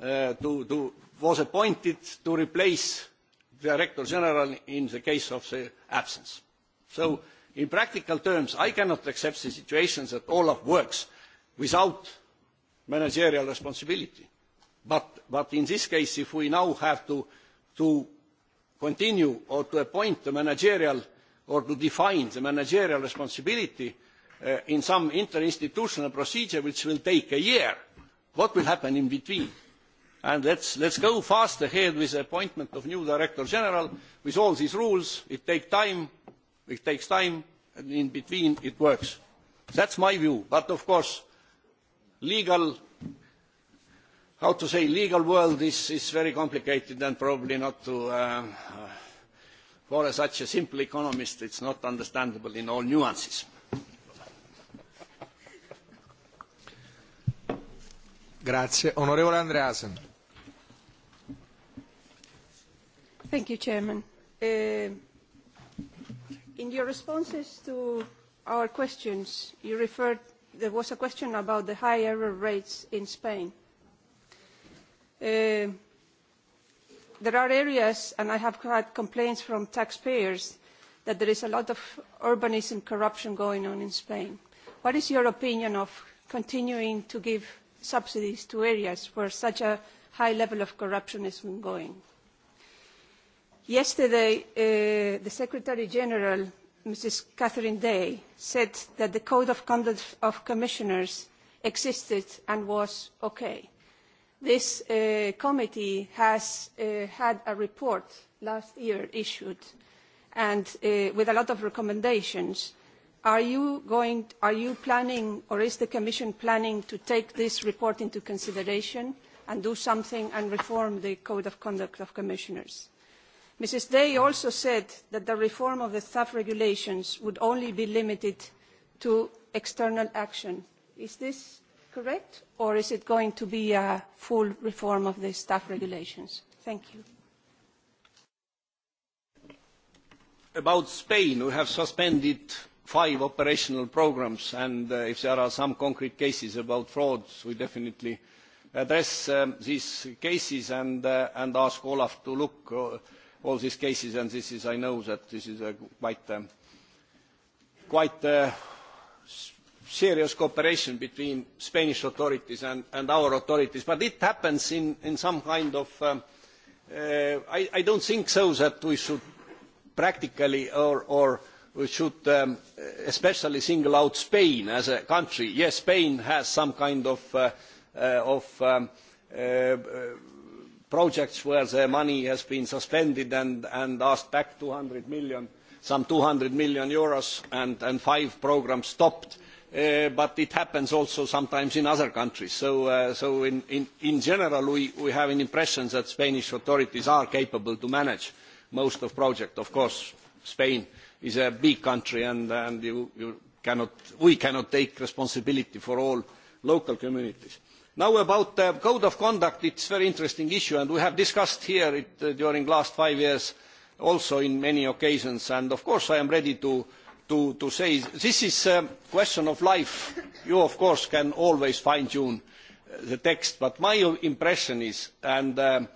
Uh, to, to, was appointed to replace the Director General in the case of the absence. So in practical terms, I cannot accept the situation that Olaf works without managerial responsibility. But, but in this case, if we now have to, to continue or to appoint the managerial or to define the managerial responsibility uh, in some interinstitutional procedure which will take a year, what will happen in between? and let us go fast ahead with the appointment of new director general with all these rules it takes time it takes time and in between it works that is my view but of course legal how to say legal world is, is very complicated and probably not to uh, uh, for a, such a simple economist it's not understandable in all nuances Grazie. Onorevole Andreasen. Thank you, Chairman. Uh, in your responses to our questions, you referred, there was a question about the high error rates in Spain. Uh, there are areas, and I have had complaints from taxpayers, that there is a lot of urbanism corruption going on in Spain. What is your opinion of continuing to give subsidies to areas where such a high level of corruption is ongoing? Yesterday, uh, the Secretary General, Ms Catherine Day, said that the Code of Conduct of Commissioners existed and was okay. This uh, committee has uh, had a report last year issued with a lot of recommendations. Are you, going, are you planning or is the Commission planning to take this report into consideration and do something and reform the Code of Conduct of Commissioners? ms day also said that the reform of the staff regulations would only be limited to external action. is this correct or is it going to be a full reform of the staff regulations? thank you. about spain we have suspended five operational programmes and uh, if there are some concrete cases about fraud we definitely address um, these cases and, uh, and ask olaf to look uh, all these cases, and this is, I know that this is a quite, um, quite uh, serious cooperation between Spanish authorities and, and our authorities, but it happens in, in some kind of, um, uh, I, I don't think so that we should practically or, or we should um, especially single out Spain as a country. Yes, Spain has some kind of, uh, uh, of um, uh, projects where the money has been suspended and, asked back 200 million, some 200 million euros, and, five programs stopped. Uh, but it happens also sometimes in other countries. So, uh, in, general, we, have an impression that Spanish authorities are capable to manage most of projects. Of course, Spain is a big country, and, we cannot take responsibility for all local communities now about the code of conduct it is a very interesting issue and we have discussed here it, here uh, during the last five years also on many occasions and of course i am ready to, to, to say this is a question of life you of course can always fine tune uh, the text but my impression is and um,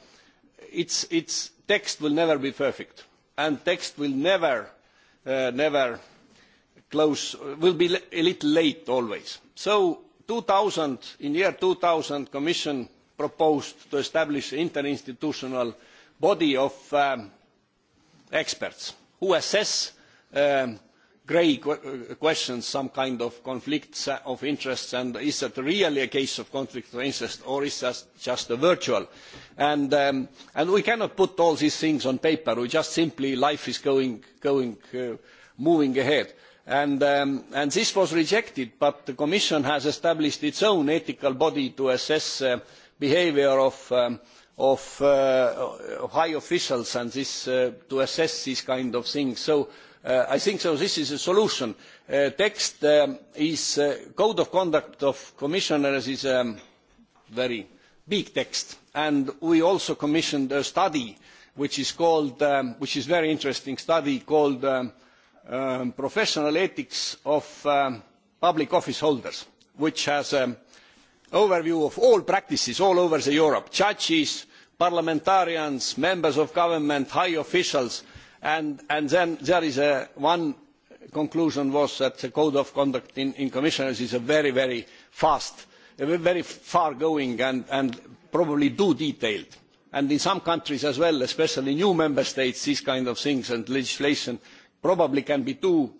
its, its text will never be perfect and text will never uh, never close will be a little late always so In the year the Commission proposed to establish an interinstitutional body of um, experts who assess um, grey uh, questions, some kind of conflicts uh, of interests, and is it really a case of conflict of interest or is it just a virtual? And, um, and we cannot put all these things on paper. We just simply, life is going, uh, moving ahead. Um, and, this was rejected but the commission has established its own ethical body to assess the uh, behaviour um, uh, of, high officials and uh, to assess these kind of things. so i think this is a solution. the text um, is the code of conduct of commissioners is a very big text and we also commissioned a study which is, called, which is a very interesting study called Um, professional ethics of um, public office holders, which has an overview of all practices all over Europe, judges, parliamentarians, members of government, high officials, and, then there is one conclusion was that the code of conduct in, commissioners is a very, very fast, very far-going and, and probably too detailed and in some countries as well especially new member states these kinds of things and legislation probably can be too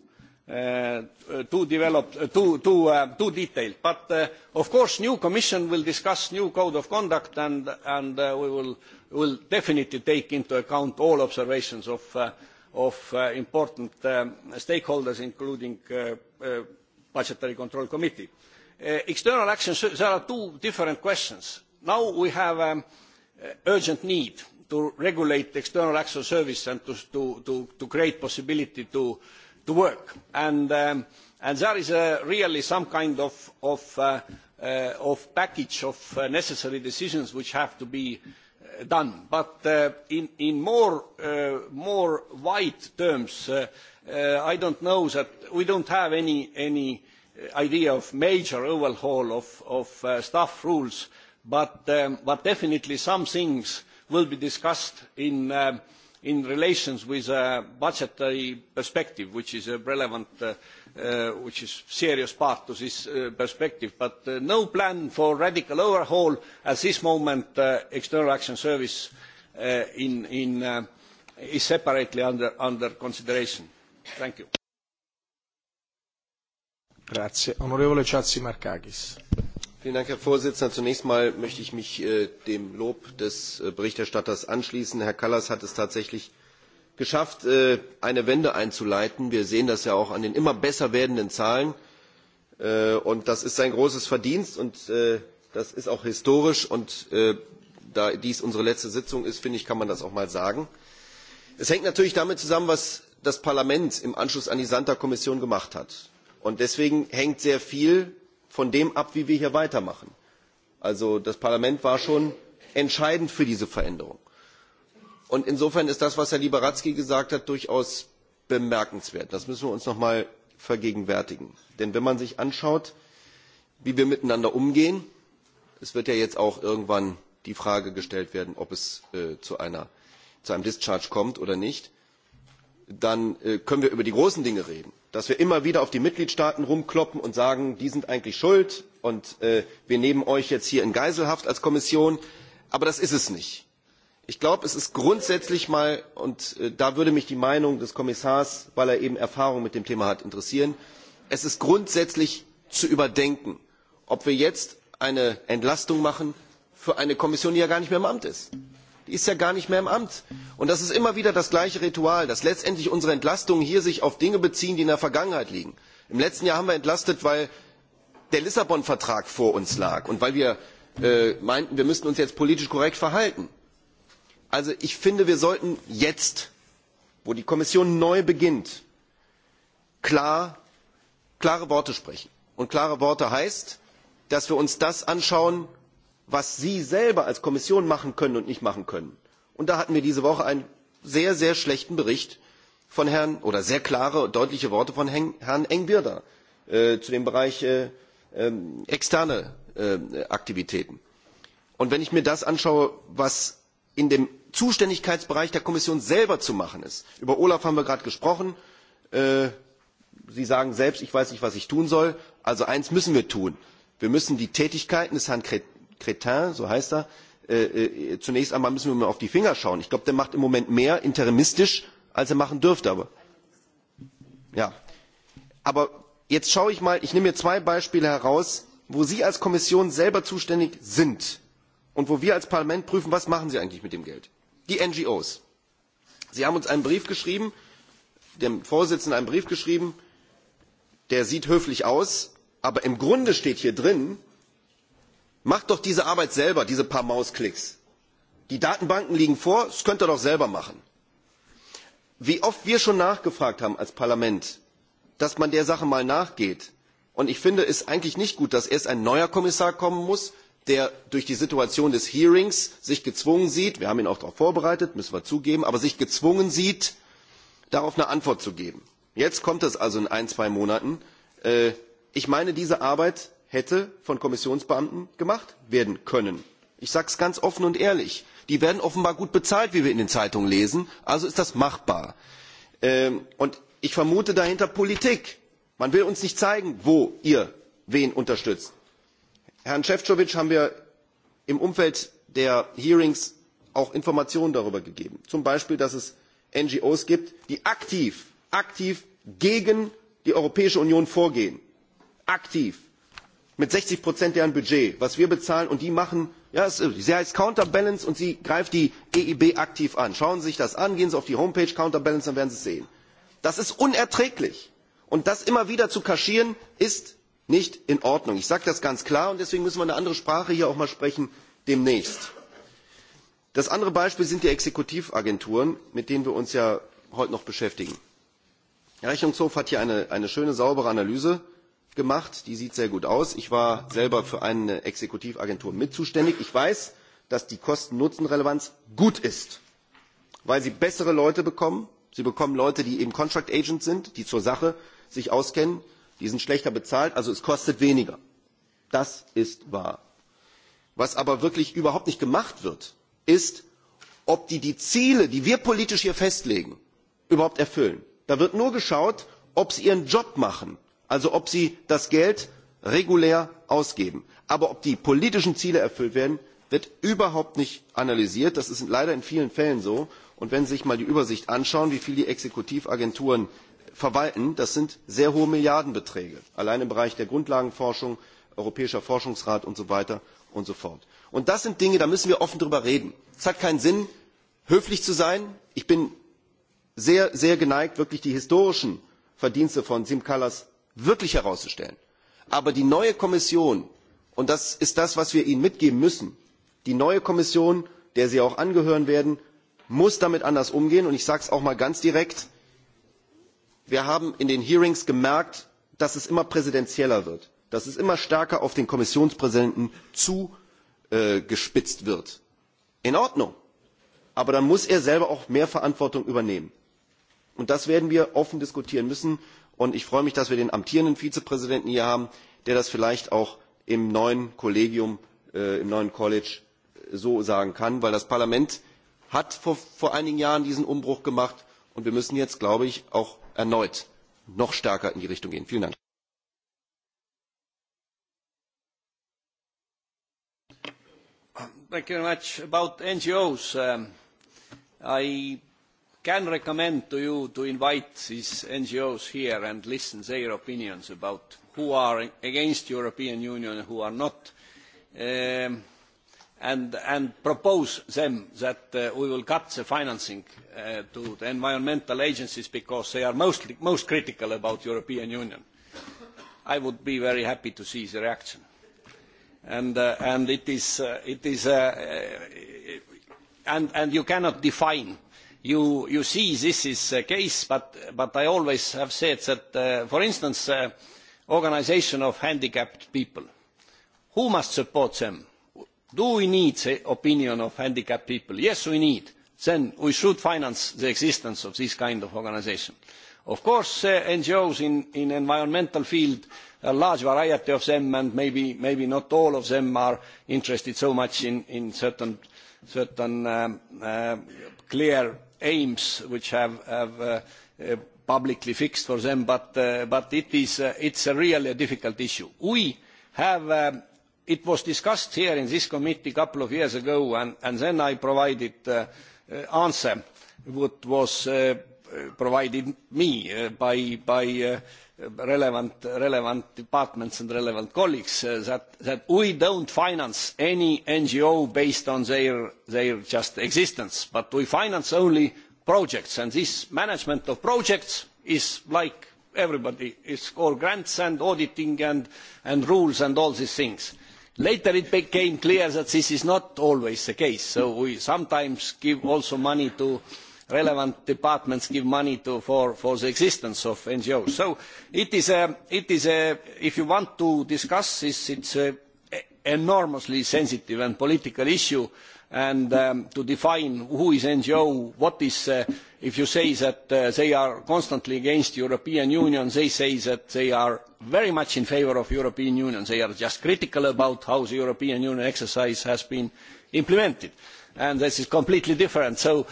uh, uh, too developed uh, too, too, uh, too detailed but of course the new commission will discuss the new code of conduct and, we will, definitely take into account all observations of, important um, stakeholders including the budgetary control committee. external action there are two different questions. now we have an um, urgent need to regulate the external action service and to, to, to, to create possibility to, to work. And, um, and there is a, uh, really some kind of, of, uh, uh, of package of uh, necessary decisions which have to be uh, done. But uh, in, in more, more wide terms, I don't know that we don't have any, any idea of major overhaul of, of staff rules, but, um, but definitely some things will be discussed in, um, relation with a budgetary perspective, which is a relevant, uh, uh, which is serious part to this uh, perspective. But no plan for radical overhaul at this moment. The External Action Service is separately under, consideration. Thank you. Dank, Herr Vorsitzender. Zunächst einmal möchte ich mich äh, dem Lob des äh, Berichterstatters anschließen. Herr Kallas hat es tatsächlich geschafft, äh, eine Wende einzuleiten. Wir sehen das ja auch an den immer besser werdenden Zahlen. Und das ist sein großes Verdienst und das ist auch historisch. Und da dies unsere letzte Sitzung ist, finde ich, kann man das auch mal sagen. Es hängt natürlich damit zusammen, was das Parlament im Anschluss an die Santer-Kommission gemacht hat. Und deswegen hängt sehr viel von dem ab, wie wir hier weitermachen. Also das Parlament war schon entscheidend für diese Veränderung. Und insofern ist das, was Herr Liberadzki gesagt hat, durchaus bemerkenswert. Das müssen wir uns noch mal vergegenwärtigen. Denn wenn man sich anschaut, wie wir miteinander umgehen, es wird ja jetzt auch irgendwann die Frage gestellt werden, ob es äh, zu, einer, zu, einem Discharge kommt oder nicht, dann äh, können wir über die großen Dinge reden dass wir immer wieder auf die mitgliedstaaten herumkloppen und sagen die sind eigentlich schuld und äh, wir nehmen euch jetzt hier in geiselhaft als kommission aber das ist es nicht. ich glaube es ist grundsätzlich mal und äh, da würde mich die meinung des kommissars weil er eben erfahrung mit dem thema hat interessieren es ist grundsätzlich zu überdenken ob wir jetzt eine entlastung machen für eine kommission die ja gar nicht mehr im amt ist die ist ja gar nicht mehr im amt. und das ist immer wieder das gleiche ritual dass letztendlich unsere entlastungen hier sich auf dinge beziehen die in der vergangenheit liegen. im letzten jahr haben wir entlastet weil der lissabon vertrag vor uns lag und weil wir äh, meinten wir müssten uns jetzt politisch korrekt verhalten. also ich finde wir sollten jetzt wo die kommission neu beginnt klar, klare worte sprechen. und klare worte heißt dass wir uns das anschauen was sie selber als kommission machen können und nicht machen können. und da hatten wir diese woche einen sehr sehr schlechten bericht von herrn oder sehr klare und deutliche worte von herrn engwirda äh, zu dem bereich äh, ähm, externe äh, aktivitäten. und wenn ich mir das anschaue was in dem zuständigkeitsbereich der kommission selber zu machen ist über olaf haben wir gerade gesprochen sie sagen selbst ich weiß nicht was ich tun soll also eines müssen wir tun wir müssen die tätigkeiten des herrn Cretin, so heißt er, äh, äh, zunächst einmal müssen wir mal auf die Finger schauen. Ich glaube, der macht im Moment mehr interimistisch, als er machen dürfte. Aber, ja. aber jetzt schaue ich mal, ich nehme mir zwei Beispiele heraus, wo Sie als Kommission selber zuständig sind und wo wir als Parlament prüfen, was machen Sie eigentlich mit dem Geld? Die NGOs. Sie haben uns einen Brief geschrieben, dem Vorsitzenden einen Brief geschrieben, der sieht höflich aus, aber im Grunde steht hier drin, macht doch diese arbeit selber diese paar mausklicks! die datenbanken liegen vor das könnt ihr doch selber machen! wie oft wir schon nachgefragt haben als parlament dass man der sache mal nachgeht und ich finde es eigentlich nicht gut dass erst ein neuer kommissar kommen muss der sich durch die situation des hearings gezwungen sieht wir haben ihn auch darauf vorbereitet müssen wir zugeben aber sich gezwungen sieht darauf eine antwort zu geben. jetzt kommt es also in ein zwei monaten. Äh, ich meine diese arbeit hätte von kommissionsbeamten gemacht werden können. ich sage es ganz offen und ehrlich die werden offenbar gut bezahlt wie wir in den zeitungen lesen also ist das machbar. Ähm, und ich vermute dahinter politik. man will uns nicht zeigen wo ihr wen unterstützt. herrn efovi haben wir im umfeld der hearings auch informationen darüber gegeben zum beispiel dass es ngos gibt die aktiv aktiv gegen die europäische union vorgehen aktiv! mit sechzig deren budget was wir bezahlen und die machen ja, äh, sie heißt counterbalance und sie greift die eib aktiv an. schauen sie sich das an gehen sie auf die homepage counterbalance dann werden sie es sehen. das ist unerträglich und das immer wieder zu kaschieren ist nicht in ordnung. ich sage das ganz klar und deswegen müssen wir eine andere sprache hier auch mal sprechen demnächst. das andere beispiel sind die exekutivagenturen mit denen wir uns ja heute noch beschäftigen. der rechnungshof hat hier eine, eine schöne saubere analyse gemacht. Die sieht sehr gut aus. Ich war selber für eine Exekutivagentur mit zuständig. Ich weiß, dass die Kosten-Nutzen-Relevanz gut ist, weil sie bessere Leute bekommen. Sie bekommen Leute, die eben Contract Agents sind, die zur Sache sich auskennen. Die sind schlechter bezahlt, also es kostet weniger. Das ist wahr. Was aber wirklich überhaupt nicht gemacht wird, ist, ob die die Ziele, die wir politisch hier festlegen, überhaupt erfüllen. Da wird nur geschaut, ob sie ihren Job machen also ob sie das geld regulär ausgeben. aber ob die politischen ziele erfüllt werden wird überhaupt nicht analysiert. das ist leider in vielen fällen so. und wenn sie sich einmal die übersicht anschauen wie viel die exekutivagenturen verwalten das sind sehr hohe milliardenbeträge allein im bereich der grundlagenforschung europäischer forschungsrat und so weiter und so fort. das sind dinge da müssen wir offen darüber reden. es hat keinen sinn höflich zu sein. ich bin sehr geneigt wirklich die historischen verdienste von siim kallas wirklich herauszustellen. aber die neue kommission und das ist das was wir ihnen mitgeben müssen die neue kommission der sie auch angehören werden muss damit anders umgehen und ich sage es auch mal ganz direkt wir haben in den hearings gemerkt dass es immer präsidentieller wird dass es immer stärker auf den kommissionspräsidenten zugespitzt wird. in ordnung aber dann muss er selber auch mehr verantwortung übernehmen. und das werden wir offen diskutieren müssen. Und ich freue mich, dass wir den amtierenden Vizepräsidenten hier haben, der das vielleicht auch im neuen Kollegium, äh, im neuen College äh, so sagen kann, weil das Parlament hat vor, einigen Jahren diesen Umbruch gemacht und wir müssen jetzt, glaube ich, auch erneut noch stärker in die Richtung gehen. Vielen Dank. Thank you very much. About NGOs, um, I can recommend to you to invite these NGOs here and listen to their opinions about who are against the European Union and who are not, um, and, and, propose them that uh, we will cut the financing uh, to the environmental agencies because they are mostly, most critical about the European Union. I would be very happy to see the reaction. And, uh, and it is, uh, it is uh, uh, and, and you cannot define you, see this is the case, but, but I always have said that, uh, for instance, the uh, organisation of handicapped people, who must support them? Do we need the opinion of handicapped people? Yes, we need. Then we should finance the existence of this kind of organisation. Of course, uh, NGOs in, the environmental field a large variety of them and maybe, maybe not all of them are interested so much in, certain, certain um, clear aims which have, been uh, uh, publicly fixed for them, but, uh, it is it's a really difficult issue. We have, um, it was discussed here in this committee a couple of years ago, and, then I provided uh, answer what was provided me uh, by, by eh, relevant, relevant, departments and relevant colleagues eh, that, that we do not finance any ngo based on their, their just existence but we finance only projects and this management of projects is like everybody is called grants and auditing and, and rules and all these things later it became clear that this is not always the case so we sometimes give also money to relevant departments give money to, for, for the existence of ngos. so it is, a, it is a, if you want to discuss this it is an e, enormously sensitive and political issue and um, to define who is ngo what is uh, if you say that uh, they are constantly against the european union they say that they are very much in favour of the european union they are just critical about how the european union exercise has been implemented and this is completely different. So,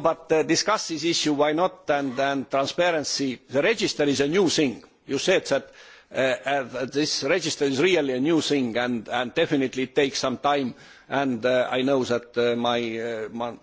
but uh, discuss this issue, why not, and, transparency. The register is a new thing. You said that uh, uh, this register is really a new thing, and, definitely it takes some time. And I know that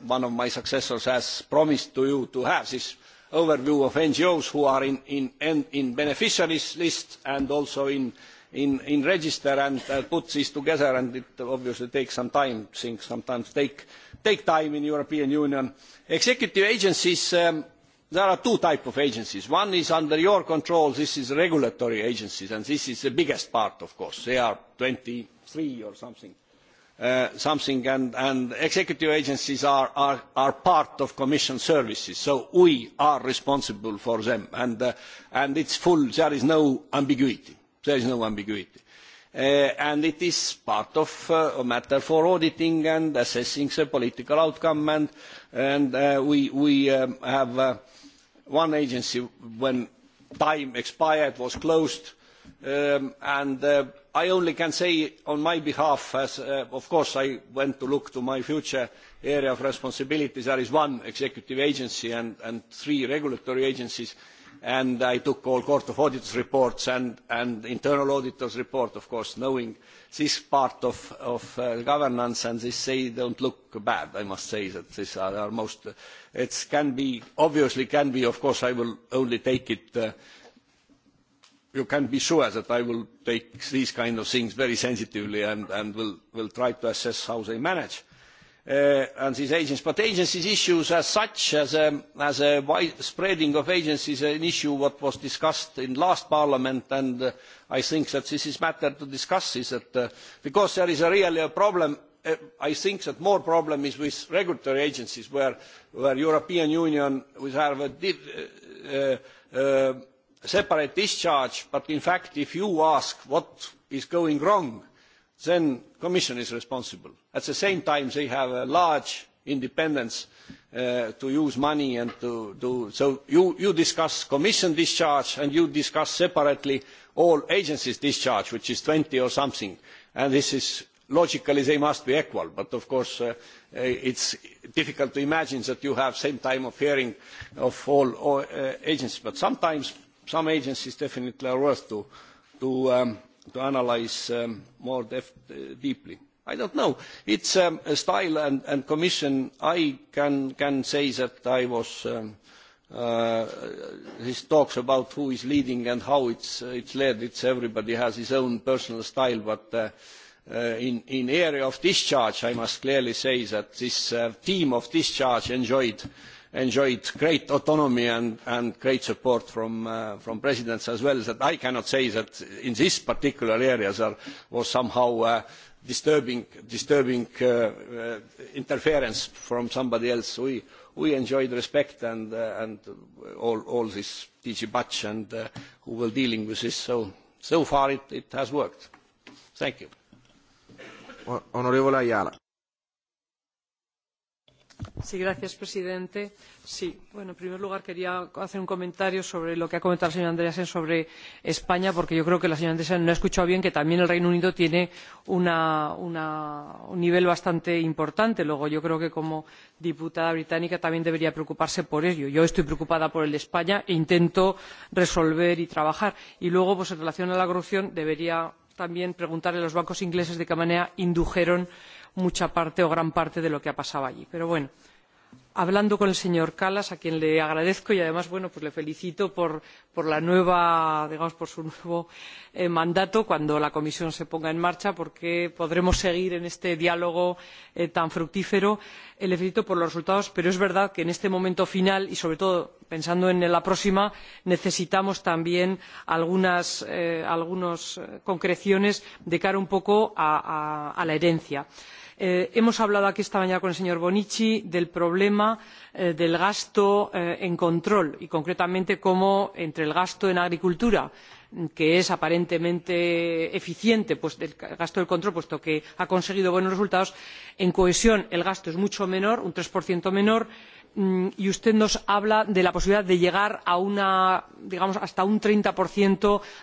one of my successors has promised to you to have this overview of NGOs who are in, the beneficiaries list and also in in, in register and uh, put this together and it obviously takes some time things sometimes take, take time in the european union executive agencies um, there are two types of agencies one is under your control this is regulatory agencies and this is the biggest part of course they are twenty three or something Uh, something and, and executive agencies are, are, are part of commission services so we are responsible for them and, uh, and it is full there is no ambiguity. There is no ambiguity. Uh, and it is part of uh, a matter for auditing and assessing the political outcome. And, and uh, we, we um, have uh, one agency, when time expired, was closed. Um, and uh, I only can say on my behalf, as uh, of course I went to look to my future area of responsibility, there is one executive agency and, and three regulatory agencies and I took all Court of Auditors reports and, and internal auditors report, of course, knowing this part of, of uh, governance and say they don't look bad, I must say that these are, our most, uh, it can be, obviously can be, of course, I will only take it, uh, you can be sure that I will take these kind of things very sensitively and, and will, will try to assess how they manage Uh, and these agencies. But agencies issues as such, as a, as a wide spreading of agencies, an issue what was discussed in last parliament, and uh, I think that this is matter to discuss, is that uh, because there is a really a problem, uh, I think that more problem is with regulatory agencies, where, where European Union will have a uh, uh, uh, separate discharge, but in fact, if you ask what is going wrong, then the Commission is responsible. At the same time, they have a large independence uh, to use money and to do so you, you discuss commission discharge and you discuss separately all agencies discharge which is twenty or something and this is logically they must be equal but of course uh, uh, it is difficult to imagine that you have the same time of hearing of all, agencies but sometimes some agencies definitely are worth to, um, to analyse um, more def uh, deeply. I don't know. It's um, a style and, and commission. I can, can say that I was, um, uh, talks about who is leading and how it's, uh, it's led, it's everybody has his own personal style, but uh, uh, in, in area of discharge, I must clearly say that this uh, team of discharge enjoyed enjoyed great autonomy and, and great support from, uh, from presidents as well that I cannot say that in this particular area there was somehow uh, disturbing, disturbing uh, uh interference from somebody else. We, we enjoyed respect and, uh, and all, all, this DG Batch and uh, who were dealing with this. So, so far it, it has worked. Thank you señor presidente en primer lugar quería hacer un comentario sobre lo que ha comentado la señora andreasen sobre españa porque yo creo que la señora andreasen no ha escuchado bien que también el reino unido tiene un nivel bastante importante. luego yo creo que como diputada británica también debería preocuparse por ello. yo estoy preocupada por el de españa e intento resolver y trabajar. y luego pues, en relación con la corrupción debería también preguntarle a los bancos ingleses de qué manera indujeron a mucha parte o gran parte de lo que ha pasado allí. pero bueno hablando con el señor kallas a quien le agradezco y además le felicito por, su nuevo eh, mandato cuando la comisión se ponga en marcha porque podremos seguir en este diálogo eh, tan fructífero eh, le felicito por los resultados pero es verdad que en este momento final y sobre todo pensando en la próxima necesitamos también algunas, concreciones de cara un poco a, la herencia. Eh, hemos hablado aquí esta mañana con el señor Bonici del problema eh, del gasto eh, en control y concretamente cómo entre el gasto en agricultura que es aparentemente eficiente el gasto del control puesto que ha conseguido buenos resultados en cohesión el gasto es mucho menor un tres menor y Mm, y usted nos habla de la posibilidad de llegar hasta un treinta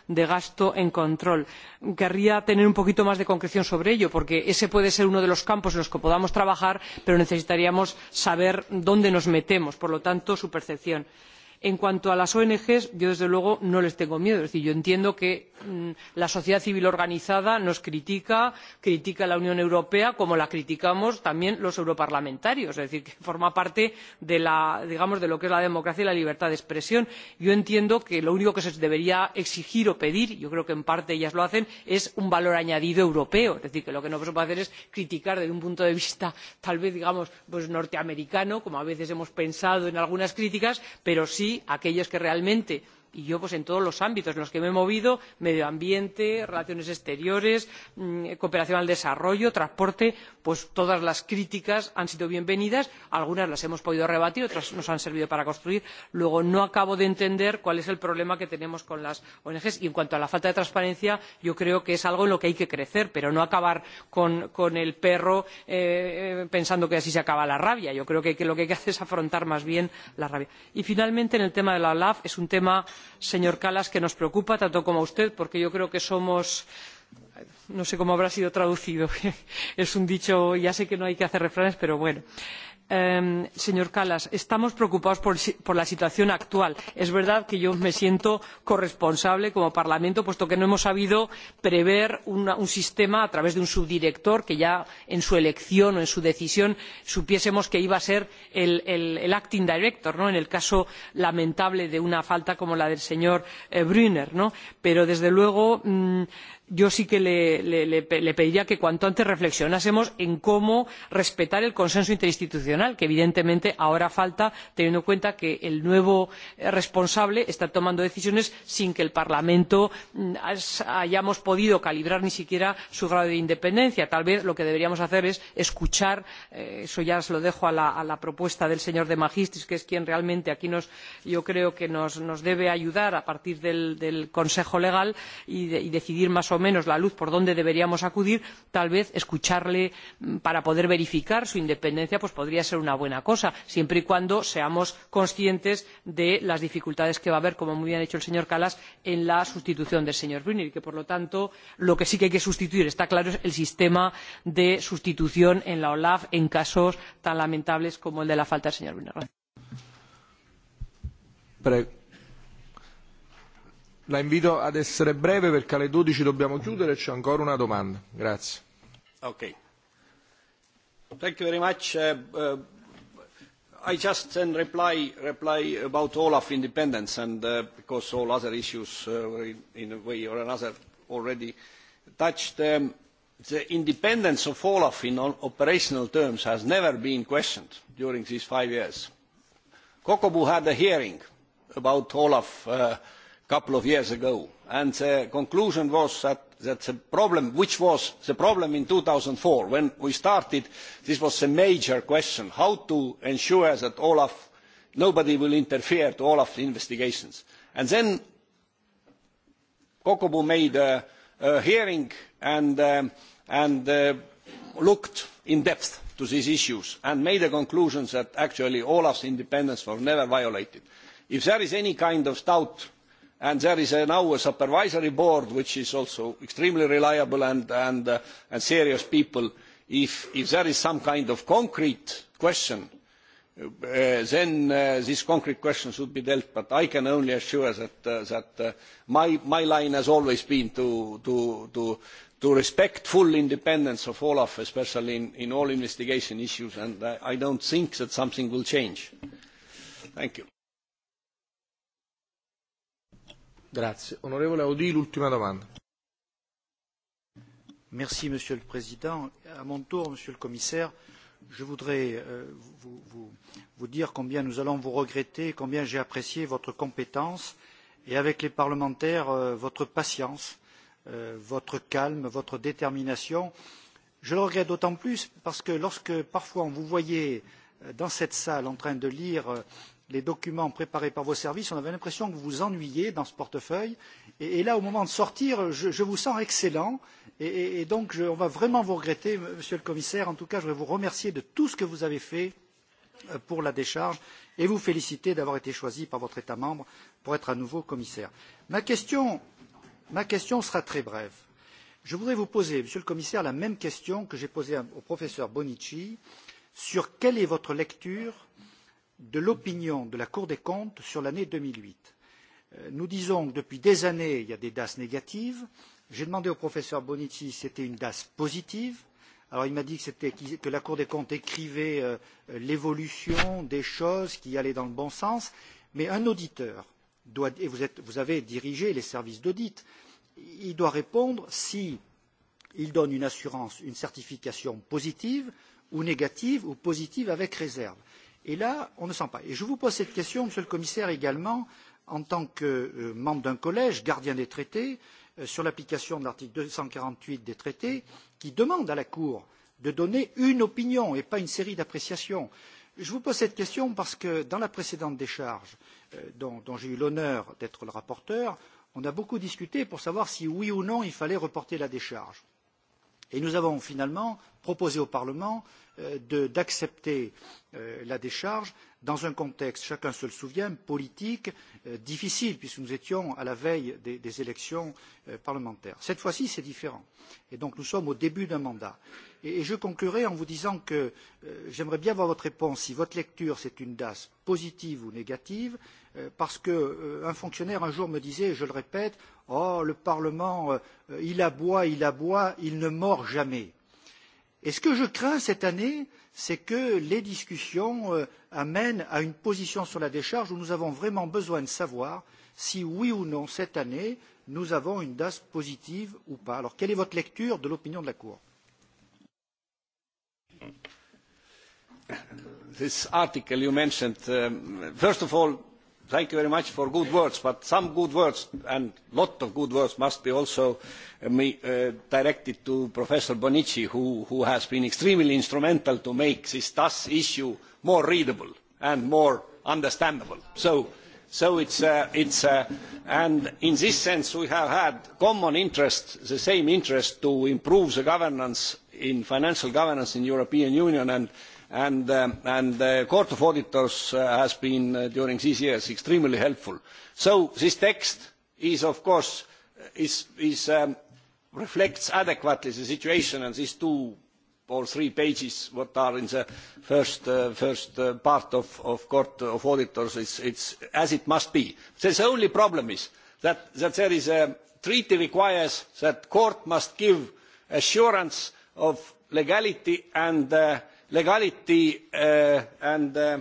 de gasto en control. querría tener un poquito más de concreción sobre ello porque ese puede ser uno de los campos en los que podamos trabajar pero necesitaríamos saber dónde nos metemos por lo tanto su percepción. y en cuanto a las ong yo desde luego no les tengo miedo es decir yo entiendo que mm, la sociedad civil organizada nos critica critica a la unión europea como la criticamos también los europarlamentarios es decir que forma parte de, digamos, de lo que es la democracia y la libertad de expresión. yo entiendo que lo único que se debería exigir o pedir yo creo que en parte ellas lo hacen es un valor añadido europeo es decir que lo que no se puede hacer es criticar desde un punto de vista tal vez digamos norteamericano como a veces hemos pensado en algunas críticas pero sí aquellos que realmente y yo pues, en todos los ámbitos en los que me he movido medio ambiente relaciones exteriores mm, cooperación al desarrollo transporte pues todas las críticas han sido bienvenidas algunas las hemos podido rebatir otras nos han servido para construir. luego no acabo de entender cuál es el problema que tenemos con las ong y en cuanto a la falta de transparencia yo creo que es algo en lo que hay que crecer pero no acabar con, el perro eh, eh, pensando que así se acaba la rabia. yo creo que, que lo que hay que hacer es afrontar más bien la rabia. y finalmente en el tema de la olaf es un tema señor kallas que nos preocupa tanto como a usted porque yo creo que somos no sé cómo habrá sido traducido es un dicho ya sé que no hay que hacer refranes pero bueno señor kallas estamos preocupados por, la situación actual. es verdad que yo me siento corresponsable como parlamento puesto que no hemos sabido prever un sistema a través de un subdirector que ya en su elección o en su decisión supiésemos que iba a ser el, acting director ¿no? en el caso lamentable de una falta como la del señor eh, brunner. ¿no? pero desde luego mm, yo sí que le, pediría que cuanto antes reflexionásemos en cómo respetar el consenso interinstitucional que evidentemente ahora falta teniendo en cuenta que el nuevo eh, responsable está tomando decisiones sin que el parlamento mm, hayamos podido calibrar ni siquiera su grado de independencia. tal vez lo que deberíamos hacer es escuchar eh, eso ya se lo dejo a la, propuesta del señor de magistris que es quien realmente aquí yo creo que nos, debe ayudar a partir del, consejo legal y, decidir más o menos la luz por dónde deberíamos acudir tal vez escucharle mm, para poder verificar su independencia podría ser una buena cosa siempre y cuando seamos conscientes de las dificultades que va a haber como muy bien ha dicho el señor kallas en la sustitución del señor brunner y que por lo tanto lo que sí que hay que sustituir está claro es el sistema de sustitución en la olaf en casos tan lamentables como el de la falta del señor brunner la invito ad essere breve perché alle 12 dobbiamo chiudere e c'è ancora una domanda. Grazie. Okay. Thank you very much. Uh, uh, I just then reply, reply about Olaf independence and uh, because all other issues uh, were in, in a way or another already touched. Um, the independence of Olaf in operational terms has never been questioned during these five years. Kokobu had a hearing about Olaf uh, couple of years ago and the conclusion was that, the problem which was the problem in two thousand and four when we started this was a major question how to ensure that olaf nobody will interfere with olaf investigations then kokobu made a, hearing and, um, uh, looked in depth to these issues and made a conclusion that actually olaf's independence was never violated if there is any kind of doubt and there is now a supervisory board which is also extremely reliable and, uh, serious people if, there is some kind of concrete question uh, then uh, this concrete question should be dealt but i can only assure that, that my, line has always been to, respect the full independence of olaf especially in, all investigation issues and i do not think that something will change. thank you. Grazie. Onorevole Audi, l'ultima domanda. Merci, Monsieur le Président. À mon tour, Monsieur le Commissaire, je voudrais euh, vous, vous, vous dire combien nous allons vous regretter, combien j'ai apprécié votre compétence et avec les parlementaires euh, votre patience, euh, votre calme, votre détermination. Je le regrette d'autant plus parce que lorsque parfois on vous voyait euh, dans cette salle en train de lire euh, les documents préparés par vos services, on avait l'impression que vous vous ennuyiez dans ce portefeuille. Et, et là, au moment de sortir, je, je vous sens excellent. Et, et, et donc, je, on va vraiment vous regretter, monsieur le commissaire. En tout cas, je voudrais vous remercier de tout ce que vous avez fait euh, pour la décharge et vous féliciter d'avoir été choisi par votre État membre pour être à nouveau commissaire. Ma question, ma question sera très brève. Je voudrais vous poser, monsieur le commissaire, la même question que j'ai posée au professeur Bonici sur quelle est votre lecture de l'opinion de la Cour des comptes sur l'année deux mille huit. Euh, nous disons que depuis des années, il y a des DAS négatives. J'ai demandé au professeur Bonici si c'était une DAS positive. Alors il m'a dit que, que la Cour des comptes écrivait euh, euh, l'évolution des choses qui allaient dans le bon sens. Mais un auditeur, doit, et vous, êtes, vous avez dirigé les services d'audit, il doit répondre si il donne une assurance, une certification positive ou négative ou positive avec réserve Et là, on ne sent pas. Et je vous pose cette question, Monsieur le Commissaire, également en tant que euh, membre d'un collège, gardien des traités, euh, sur l'application de l'article deux cent quarante huit des traités, qui demande à la Cour de donner une opinion et pas une série d'appréciations. Je vous pose cette question parce que dans la précédente décharge, euh, dont, dont j'ai eu l'honneur d'être le rapporteur, on a beaucoup discuté pour savoir si oui ou non il fallait reporter la décharge. Et nous avons finalement proposer au Parlement euh, d'accepter euh, la décharge dans un contexte, chacun se le souvient, politique euh, difficile, puisque nous étions à la veille des, des élections parlementaires. Cette fois-ci, c'est différent. Et donc, nous sommes au début d'un mandat. Et, et, je conclurai en vous disant que euh, j'aimerais bien avoir votre réponse, si votre lecture, c'est une DAS positive ou négative, euh, parce qu'un euh, fonctionnaire un jour me disait, et je le répète, Oh, le Parlement, il aboie, il aboie, il ne mord jamais. Et ce que je crains cette année, c'est que les discussions euh, amènent à une position sur la décharge où nous avons vraiment besoin de savoir si, oui ou non, cette année, nous avons une DAS positive ou pas. Alors, quelle est votre lecture de l'opinion de la Cour This article you mentioned, um, first of all, thank you very much for good words, but some good words and a lot of good words must be also uh, uh, directed to Professor Bonici, who, has been extremely instrumental to make this TAS issue more readable and more understandable. So, it's, uh, it's, uh, and in this sense we have had common interest, the same interest to improve the governance in financial governance in the European Union and Um, and, the court of auditors uh, has been uh, during these years extremely helpful. so this text is of course uh, is, is, um, reflects adequately the situation and these two or three pages that are in the first, part of, the court of auditors is as it must be. the only problem is that, the there is a treaty requires that the court must give assurance of legality and legality uh, and uh,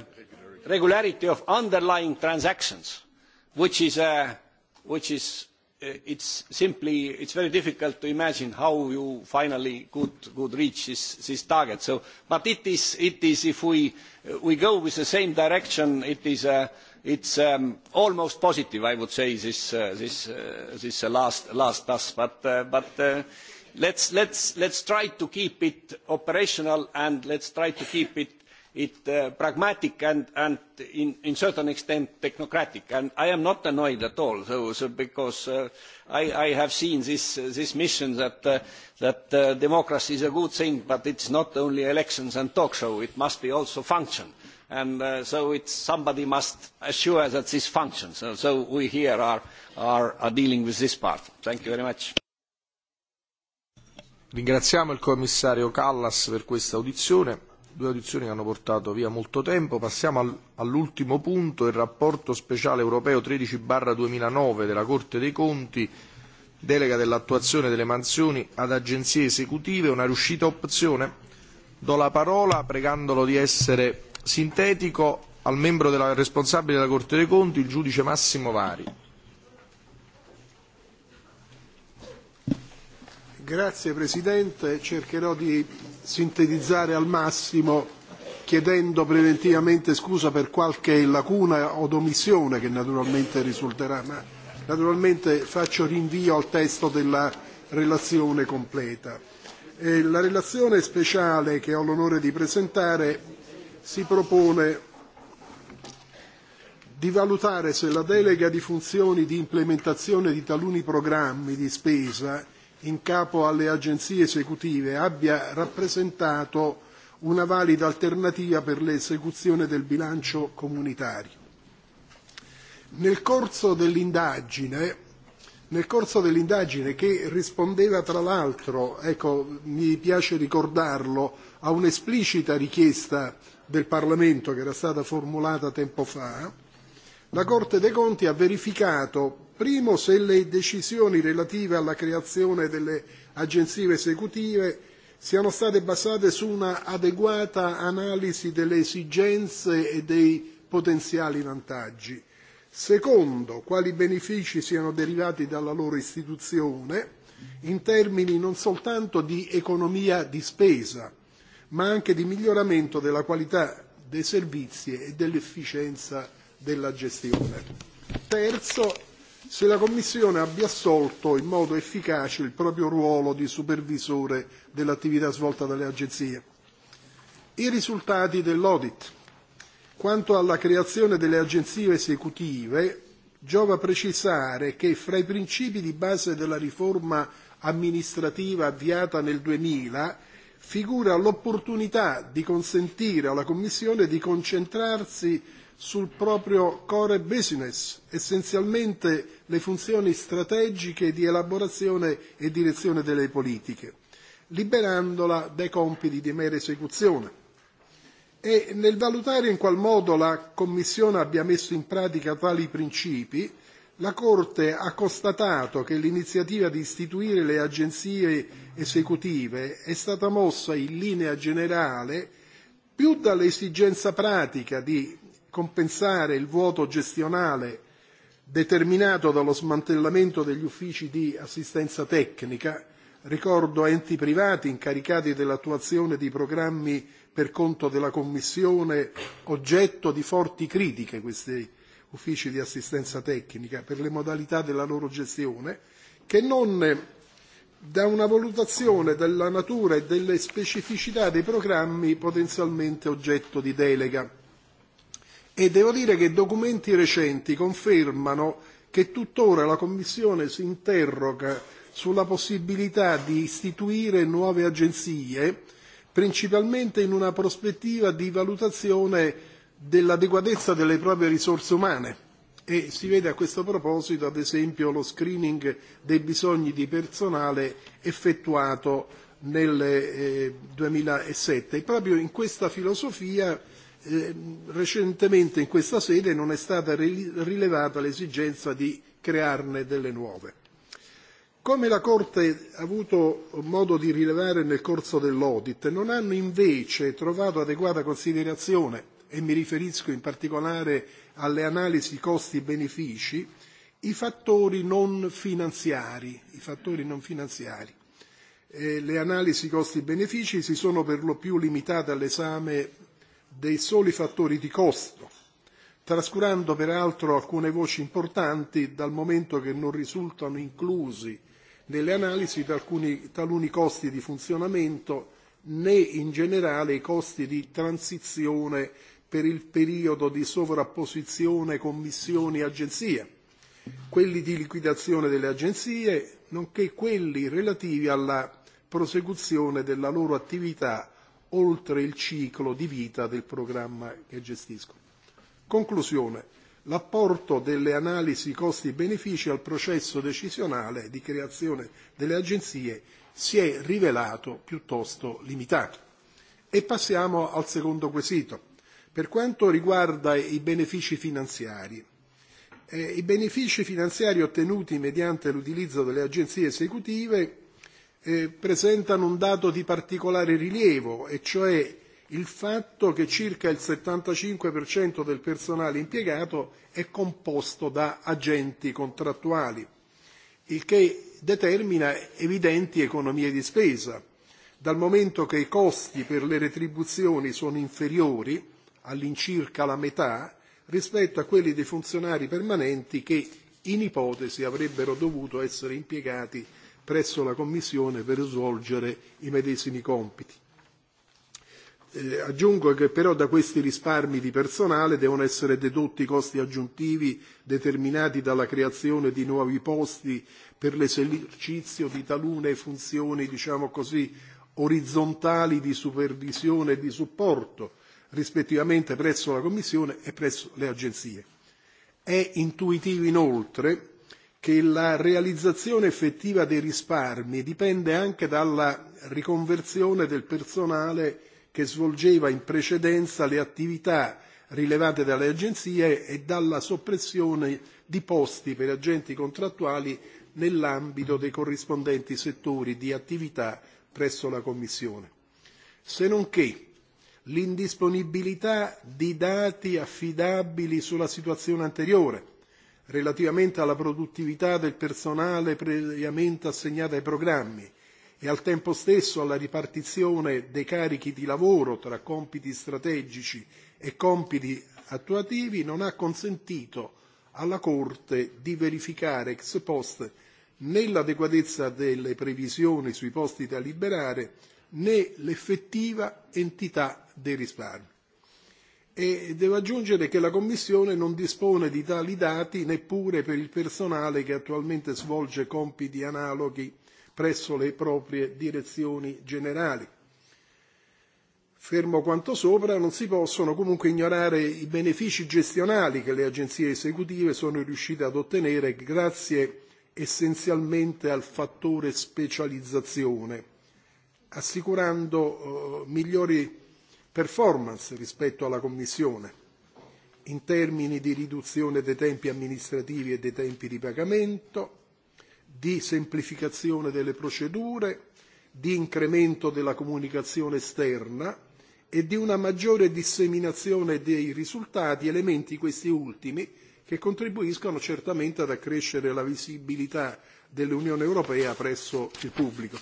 regularity of underlying transactions, which is, uh, which is uh, it's simply it's very difficult to imagine how you finally could, could reach this, this target. So, but it is, it is if we, we go with the same direction, it is uh, it's um, almost positive, I would say, this, uh, this, uh, this last, last task. But, but Let us try to keep it operational and let's try to keep it, uh, pragmatic and, and in, certain extent technocratic. I am not annoyed at all, because uh, I, I have seen this, this mission that, uh, democracy is a good thing, but it's not only elections and talk shows, it must also function and so somebody must assure that this functions. So, so we here are, are, are dealing with this part. Thank you very much. Ringraziamo il commissario Kallas per questa audizione, due audizioni che hanno portato via molto tempo. Passiamo all'ultimo punto, il rapporto speciale europeo 13 2009 della Corte dei Conti, delega dell'attuazione delle mansioni ad agenzie esecutive, una riuscita opzione. Do la parola, pregandolo di essere sintetico, al membro della, responsabile della Corte dei Conti, il giudice Massimo Vari. Grazie Presidente, cercherò di sintetizzare al massimo chiedendo preventivamente scusa per qualche lacuna o omissione che naturalmente risulterà, ma naturalmente faccio rinvio al testo della relazione completa. E la relazione speciale che ho l'onore di presentare si propone di valutare se la delega di funzioni di implementazione di taluni programmi di spesa in capo alle agenzie esecutive abbia rappresentato una valida alternativa per l'esecuzione del bilancio comunitario. Nel corso dell'indagine nel corso dell'indagine che rispondeva tra l'altro, ecco, mi piace ricordarlo, a un'esplicita richiesta del Parlamento che era stata formulata tempo fa, la Corte dei Conti ha verificato Primo, se le decisioni relative alla creazione delle agenzie esecutive siano state basate su una adeguata analisi delle esigenze e dei potenziali vantaggi. Secondo, quali benefici siano derivati dalla loro istituzione in termini non soltanto di economia di spesa, ma anche di miglioramento della qualità dei servizi e dell'efficienza della gestione. Terzo, se la Commissione abbia assolto in modo efficace il proprio ruolo di supervisore dell'attività svolta dalle agenzie. I risultati dell'audit. Quanto alla creazione delle agenzie esecutive, giova precisare che fra i principi di base della riforma amministrativa avviata nel 2000 figura l'opportunità di consentire alla Commissione di concentrarsi sul proprio core business, essenzialmente le funzioni strategiche di elaborazione e direzione delle politiche, liberandola dai compiti di mera esecuzione. E nel valutare in qual modo la Commissione abbia messo in pratica tali principi, la Corte ha constatato che l'iniziativa di istituire le agenzie esecutive è stata mossa in linea generale più dall'esigenza pratica di compensare il vuoto gestionale determinato dallo smantellamento degli uffici di assistenza tecnica, ricordo enti privati incaricati dell'attuazione di programmi per conto della Commissione, oggetto di forti critiche questi uffici di assistenza tecnica per le modalità della loro gestione, che non da una valutazione della natura e delle specificità dei programmi potenzialmente oggetto di delega e devo dire che documenti recenti confermano che tuttora la Commissione si interroga sulla possibilità di istituire nuove agenzie, principalmente in una prospettiva di valutazione dell'adeguatezza delle proprie risorse umane e si vede a questo proposito ad esempio lo screening dei bisogni di personale effettuato nel eh, duemilasette. E proprio in questa filosofia Eh, recentemente in questa sede non è stata rilevata l'esigenza di crearne delle nuove. Come la Corte ha avuto modo di rilevare nel corso dell'audit, non hanno invece trovato adeguata considerazione, e mi riferisco in particolare alle analisi costi-benefici, i fattori non finanziari. I fattori non finanziari. Eh, le analisi costi-benefici si sono per lo più limitate all'esame dei soli fattori di costo, trascurando peraltro alcune voci importanti dal momento che non risultano inclusi nelle analisi taluni costi di funzionamento né in generale i costi di transizione per il periodo di sovrapposizione commissioni e agenzie, quelli di liquidazione delle agenzie, nonché quelli relativi alla prosecuzione della loro attività oltre il ciclo di vita del programma che gestiscono. Conclusione. L'apporto delle analisi costi-benefici al processo decisionale di creazione delle agenzie si è rivelato piuttosto limitato. E passiamo al secondo quesito. Per quanto riguarda i benefici finanziari, eh, i benefici finanziari ottenuti mediante l'utilizzo delle agenzie esecutive eh, presentano un dato di particolare rilievo, e cioè il fatto che circa il 75% del personale impiegato è composto da agenti contrattuali, il che determina evidenti economie di spesa, dal momento che i costi per le retribuzioni sono inferiori all'incirca la metà rispetto a quelli dei funzionari permanenti che in ipotesi avrebbero dovuto essere impiegati presso la Commissione per svolgere i medesimi compiti. Eh, aggiungo che però da questi risparmi di personale devono essere dedotti i costi aggiuntivi determinati dalla creazione di nuovi posti per l'esercizio di talune funzioni, diciamo così, orizzontali di supervisione e di supporto, rispettivamente presso la Commissione e presso le agenzie. È intuitivo inoltre che la realizzazione effettiva dei risparmi dipende anche dalla riconversione del personale che svolgeva in precedenza le attività rilevate dalle agenzie e dalla soppressione di posti per agenti contrattuali nell'ambito dei corrispondenti settori di attività presso la Commissione. Se non che l'indisponibilità di dati affidabili sulla situazione anteriore, relativamente alla produttività del personale previamente assegnato ai programmi e al tempo stesso alla ripartizione dei carichi di lavoro tra compiti strategici e compiti attuativi non ha consentito alla Corte di verificare ex post né l'adeguatezza delle previsioni sui posti da liberare né l'effettiva entità dei risparmi e devo aggiungere che la Commissione non dispone di tali dati neppure per il personale che attualmente svolge compiti analoghi presso le proprie direzioni generali. Fermo quanto sopra, non si possono comunque ignorare i benefici gestionali che le agenzie esecutive sono riuscite ad ottenere grazie essenzialmente al fattore specializzazione, assicurando eh, migliori performance rispetto alla Commissione in termini di riduzione dei tempi amministrativi e dei tempi di pagamento, di semplificazione delle procedure, di incremento della comunicazione esterna e di una maggiore disseminazione dei risultati, elementi questi ultimi che contribuiscono certamente ad accrescere la visibilità dell'Unione Europea presso il pubblico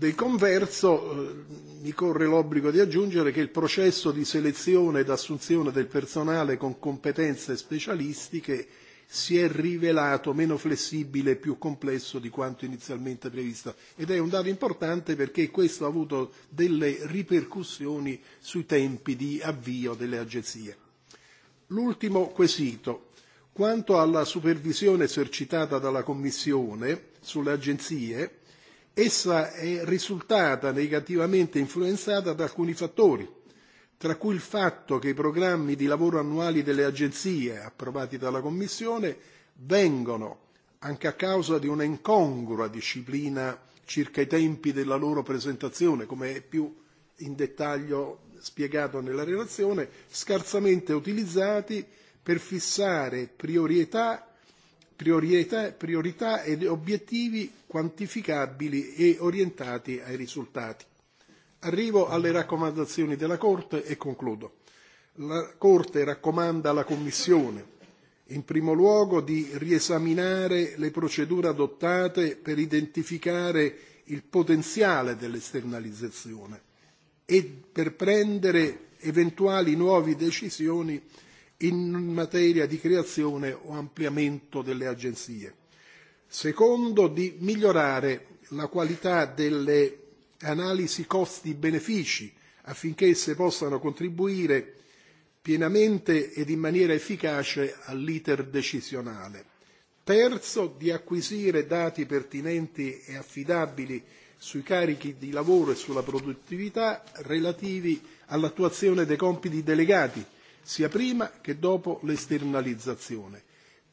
dei converso eh, mi corre l'obbligo di aggiungere che il processo di selezione ed assunzione del personale con competenze specialistiche si è rivelato meno flessibile e più complesso di quanto inizialmente previsto ed è un dato importante perché questo ha avuto delle ripercussioni sui tempi di avvio delle agenzie. L'ultimo quesito. Quanto alla supervisione esercitata dalla Commissione sulle agenzie, Essa è risultata negativamente influenzata da alcuni fattori, tra cui il fatto che i programmi di lavoro annuali delle agenzie approvati dalla Commissione vengono, anche a causa di una incongrua disciplina circa i tempi della loro presentazione, come è più in dettaglio spiegato nella relazione, scarsamente utilizzati per fissare priorità priorità, priorità ed obiettivi quantificabili e orientati ai risultati. Arrivo alle raccomandazioni della Corte e concludo. La Corte raccomanda alla Commissione, in primo luogo, di riesaminare le procedure adottate per identificare il potenziale dell'esternalizzazione e per prendere eventuali nuove decisioni in materia di creazione o ampliamento delle agenzie. Secondo, di migliorare la qualità delle analisi costi-benefici affinché esse possano contribuire pienamente ed in maniera efficace all'iter decisionale. Terzo, di acquisire dati pertinenti e affidabili sui carichi di lavoro e sulla produttività relativi all'attuazione dei compiti delegati sia prima che dopo l'esternalizzazione.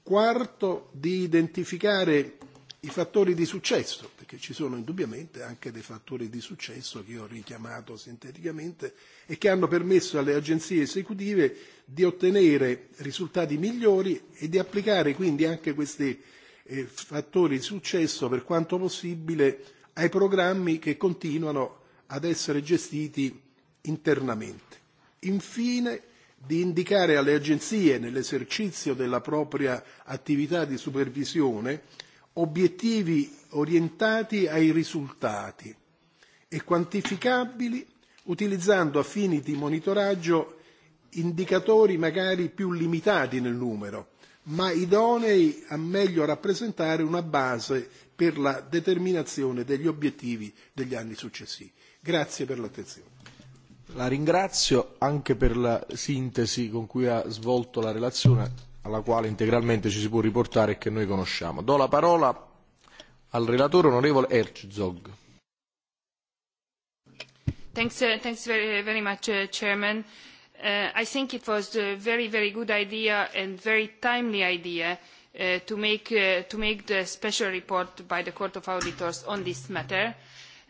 Quarto, di identificare i fattori di successo, perché ci sono indubbiamente anche dei fattori di successo che ho richiamato sinteticamente e che hanno permesso alle agenzie esecutive di ottenere risultati migliori e di applicare quindi anche questi eh, fattori di successo per quanto possibile ai programmi che continuano ad essere gestiti internamente. Infine, di indicare alle agenzie nell'esercizio della propria attività di supervisione obiettivi orientati ai risultati e quantificabili utilizzando a fini di monitoraggio indicatori magari più limitati nel numero, ma idonei a meglio rappresentare una base per la determinazione degli obiettivi degli anni successivi. Grazie per l'attenzione la ringrazio anche per la sintesi con cui ha svolto la relazione, alla quale integralmente ci si può riportare e che noi conosciamo. Do la parola al relatore onorevole Herzog. Thanks, uh, thanks very, very much, uh, Chairman. Uh, I think it was a very, very good idea and very timely idea uh, to, make, uh, to make the special report by the Court of Auditors on this matter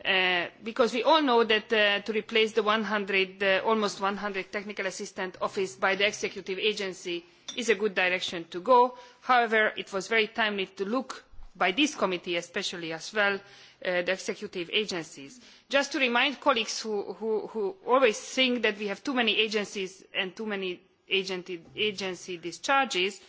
Uh, because we all know that uh, to replace the uh, almost one hundred technical assistance office by the executive agency is a good direction to go. however it was very timely to look by this committee especially as well at the executive agencies. just to remind colleagues who, who always think that we have too many agencies and too many agency discharges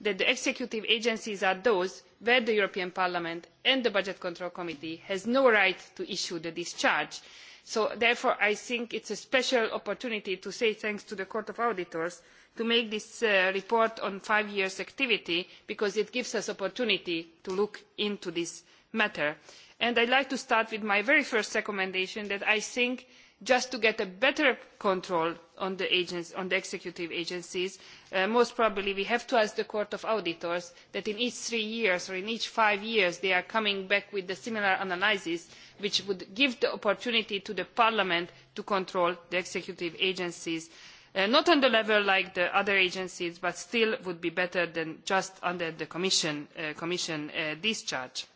that the executive agencies are those where the european parliament and the budget control committee have no right to issue the discharge. so therefore i think it is a special opportunity to say thanks to the court of auditors to make this uh, report on five years' activity because it gives us an opportunity to look into this matter. i would like to start with my very first recommendation that i think just to get better control on the, executive agencies, uh, most probably we have to ask the Court of Auditors that in each three years or in each five years they are coming back with a similar analysis which would give the opportunity to the Parliament to control the executive agencies. Uh, not on the level like the other agencies, but still would be better than just under the commission uh, discharge.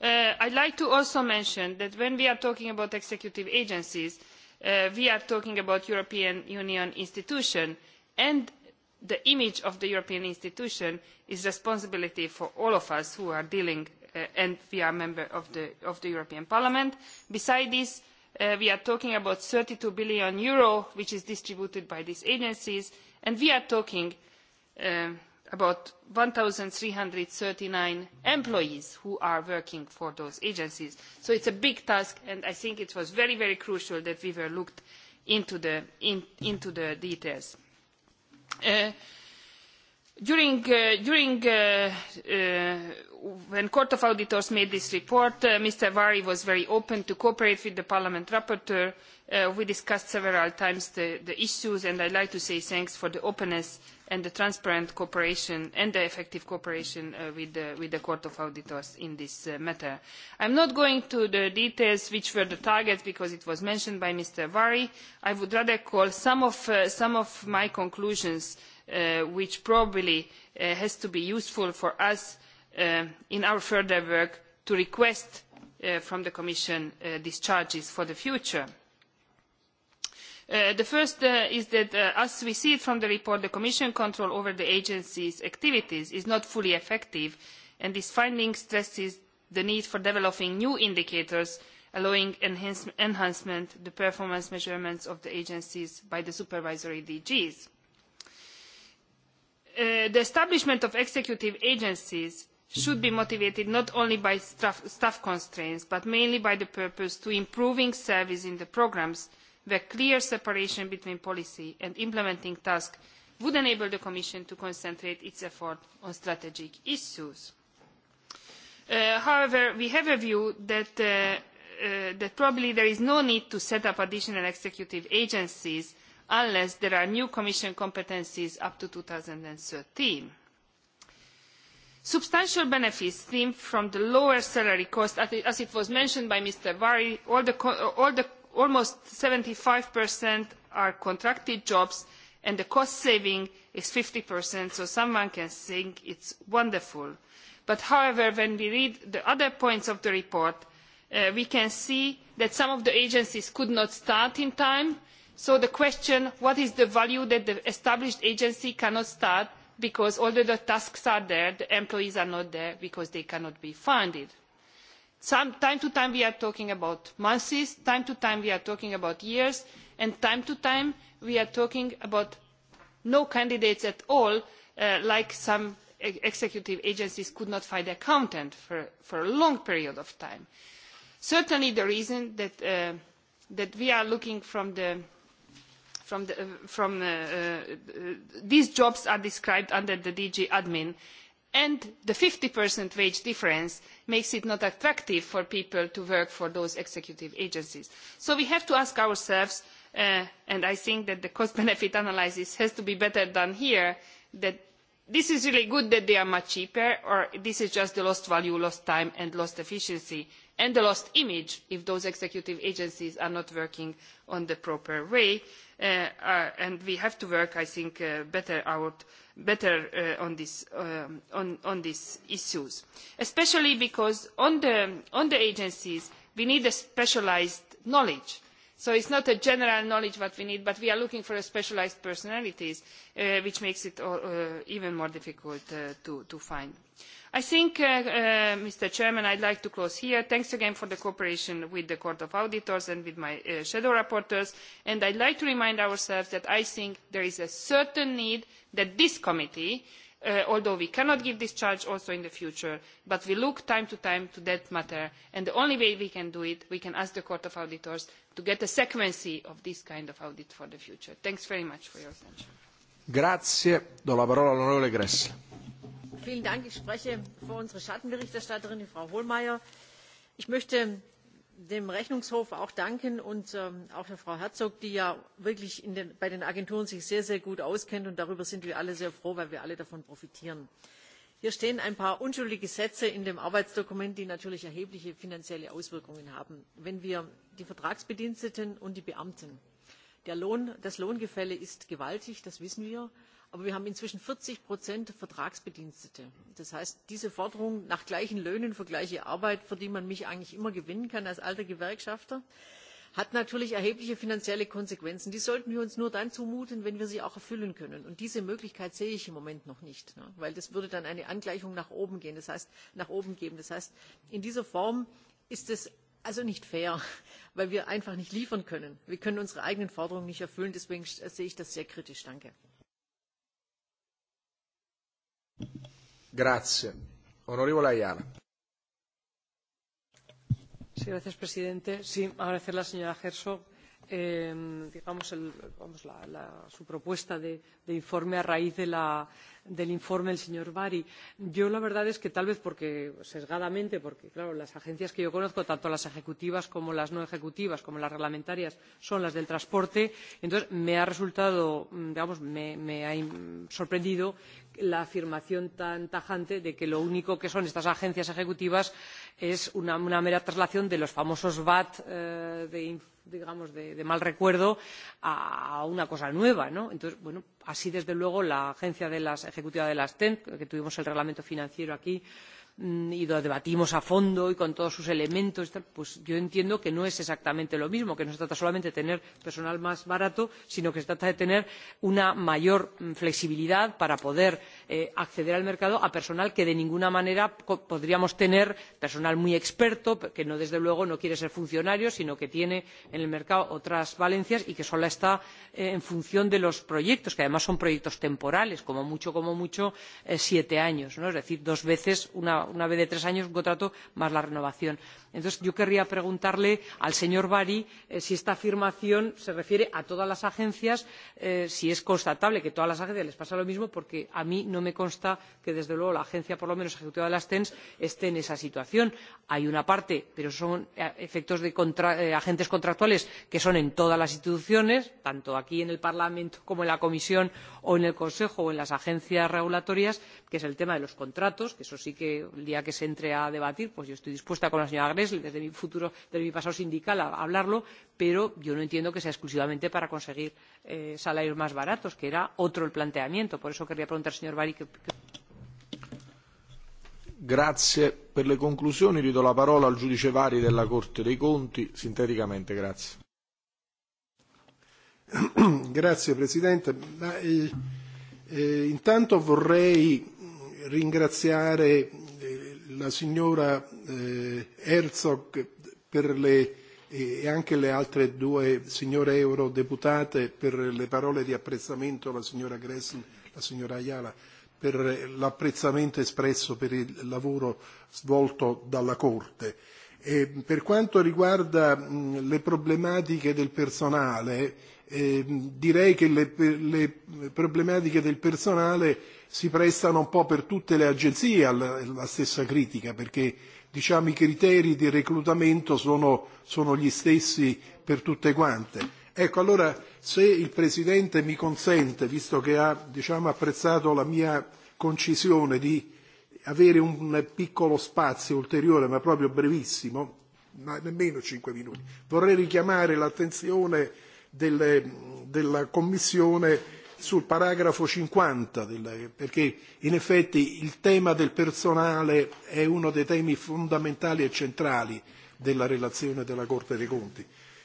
Uh, I would like to also mention that when we are talking about executive agencies, uh, we are talking about European Union institutions and the image of the European institution is responsibility for all of us who are dealing with uh, and we are members of, the, European Parliament. Besides this, we are talking about EUR thirty two billion which is distributed by these agencies, and we are talking um, about one three hundred and thirty nine employees who are working for those agencies so it is a big task and i think it was very crucial that we were looked into the, details. Uh, during, uh, uh, when the court of auditors made this report mr vari was very open to cooperate with the parliament rapporteur Uh, we discussed several times the, the issues and I would like to say thanks for the openness and the transparent cooperation and the effective cooperation uh, with, the, with, the, Court of Auditors in this uh, matter. I am not going to the details which were the targets because it was mentioned by Mr. Vary. I would rather call some of, uh, some of my conclusions uh, which probably has to be useful for us in our further work to request from the Commission discharges for the future. Uh, the first uh, is that uh, as we see from the report the commission control over the agency's activities is not fully effective and this finding stresses the need for developing new indicators allowing enhancement of the performance measurements of the agencies by the supervisory dgs. the establishment of executive agencies should be motivated not only by staff constraints but mainly by the purpose of improving service in the programmes the clear separation between policy and implementing tasks would enable the commission to concentrate its efforts on strategic issues. Uh, however we have a view uh, uh, that, probably there is no need to set up additional executive agencies unless there are new commission competencies up to. two thousand and thirteen substantial benefits stem from the lower salary cost as it was mentioned by mr Vary, all the almost seventy five are contracted jobs and the cost saving is fifty so someone can think it is wonderful. But however, when we read the other points of the report, uh, we can see that some of the agencies could not start in time. So the question, what is the value that the established agency cannot start because although the tasks are there, the employees are not there because they cannot be funded? From time to time we are talking about months time to time we are talking about years and time to time we are talking about no candidates at all uh, like some e-, executive agencies could not find an accountant for, a long period of time. certainly the reason that, uh, we are looking from the from, the, uh, these jobs are described under the dg admin and the fifty wage difference makes it not attractive for people to work for those executive agencies. so we have to ask ourselves uh, and i think that the cost benefit analysis has to be better done here that this is really good that they are much cheaper or this is just lost value lost time and lost efficiency and the lost image if those executive agencies are not working in the proper way uh, and we have to work i think uh, better uh, um, on, these issues especially because on the, agencies we need a specialised knowledge so it is not a general knowledge that we need but we are looking for specialised personalities which makes it even more difficult to find. I think, mr president Mr. Chairman, like to close here. Thanks again for the cooperation with the Court of Auditors and with my uh, shadow rapporteurs. And I would like to remind ourselves that I think there is a certain need that this committee, uh, although we cannot give discharge also in the future, but we look time to time to that matter. And the only way we can do it, we can ask the Court of Auditors to get a sequence of this kind of audit for the future. Thanks very much for your attention. Vielen Dank. Ich spreche für unsere Schattenberichterstatterin, Frau Hohlmeier. Ich möchte dem Rechnungshof auch danken und ähm, auch der Frau Herzog, die ja wirklich den, bei den Agenturen sich sehr, sehr gut auskennt. Und darüber sind wir alle sehr froh, weil wir alle davon profitieren. Hier stehen ein paar unschuldige Sätze in dem Arbeitsdokument, die natürlich erhebliche finanzielle Auswirkungen haben. Wenn wir die Vertragsbediensteten und die Beamten, der Lohn, das Lohngefälle ist gewaltig, das wissen wir aber wir haben inzwischen vierzig vertragsbedienstete. das heißt diese forderung nach gleichen löhnen für gleiche arbeit für die man mich eigentlich immer gewinnen kann als alter gewerkschafter hat natürlich erhebliche finanzielle konsequenzen. die sollten wir uns nur dann zumuten wenn wir sie auch erfüllen können. und diese möglichkeit sehe ich im moment noch nicht weil das würde dann eine angleichung nach oben, gehen, das heißt, nach oben geben. das heißt in dieser form ist es also nicht fair weil wir einfach nicht liefern können. wir können unsere eigenen forderungen nicht erfüllen. deswegen äh, sehe ich das sehr kritisch. danke señor presidente sí agradecerle a la señora herczog la, su propuesta de, informe a raíz del informe del señor Bari. Yo la verdad es que tal vez porque sesgadamente, porque claro, las agencias que yo conozco, tanto las ejecutivas como las no ejecutivas, como las reglamentarias, son las del transporte, entonces me ha resultado, mm, digamos, me, ha sorprendido la afirmación tan tajante de que lo único que son estas agencias ejecutivas es una, mera traslación de los famosos vat eh, de, digamos de, mal recuerdo a, una cosa nueva ¿no? entonces bueno así desde luego la agencia de las, ejecutiva de las ten que tuvimos el reglamento financiero aquí mm, y lo debatimos a fondo y con todos sus elementos pues yo entiendo que no es exactamente lo mismo que no se trata solamente de tener personal más barato sino que se trata de tener una mayor mm, flexibilidad para poder Eh, acceder al mercado a personal que de ninguna manera podríamos tener personal muy experto que no, desde luego no quiere ser funcionario sino que tiene en el mercado otras valencias y que solo está eh, en función de los proyectos que además son proyectos temporales como mucho como mucho eh, siete años ¿no? es decir dos veces una, vez de tres años un contrato más la renovación entonces yo querría preguntarle al señor bari eh, si esta afirmación se refiere a todas las agencias eh, si es constatable que a todas las agencias les pasa lo mismo porque a mí no me consta que desde luego la agencia por lo menos ejecutiva de las ten esté en esa situación. hay una parte pero son eh, efectos de agentes contractuales que son en todas las instituciones tanto aquí en el parlamento como en la comisión o en el consejo o en las agencias regulatorias que es el tema de los contratos que eso sí que el día que se entre a debatir pues yo estoy dispuesta con la señora profesionales desde mi, futuro, de mi pasado sindical a hablarlo pero yo no entiendo que sea exclusivamente para conseguir eh, salarios más baratos que era otro el planteamiento. por eso querría preguntar al señor bari Grazie per le conclusioni. Rido la parola al giudice Vari della Corte dei Conti. Sinteticamente, grazie. grazie Presidente. Ma, eh, eh, intanto vorrei ringraziare la signora eh, Herzog per le, eh, e anche le altre due signore eurodeputate per le parole di apprezzamento, la signora Gressel, e la signora Ayala, per l'apprezzamento espresso per il lavoro svolto dalla Corte. E per quanto riguarda mh, le problematiche del personale, eh, direi che le, le problematiche del personale si prestano un po' per tutte le agenzie alla, stessa critica, perché diciamo, i criteri di reclutamento sono, sono gli stessi per tutte quante. Ecco, allora se il Presidente mi consente, visto che ha diciamo, apprezzato la mia concisione, di avere un piccolo spazio ulteriore, ma proprio brevissimo, ma nemmeno cinque minuti, vorrei richiamare l'attenzione delle, della Commissione sul paragrafo 50, del, perché in effetti il tema del personale è uno dei temi fondamentali e centrali della relazione della Corte dei Conti.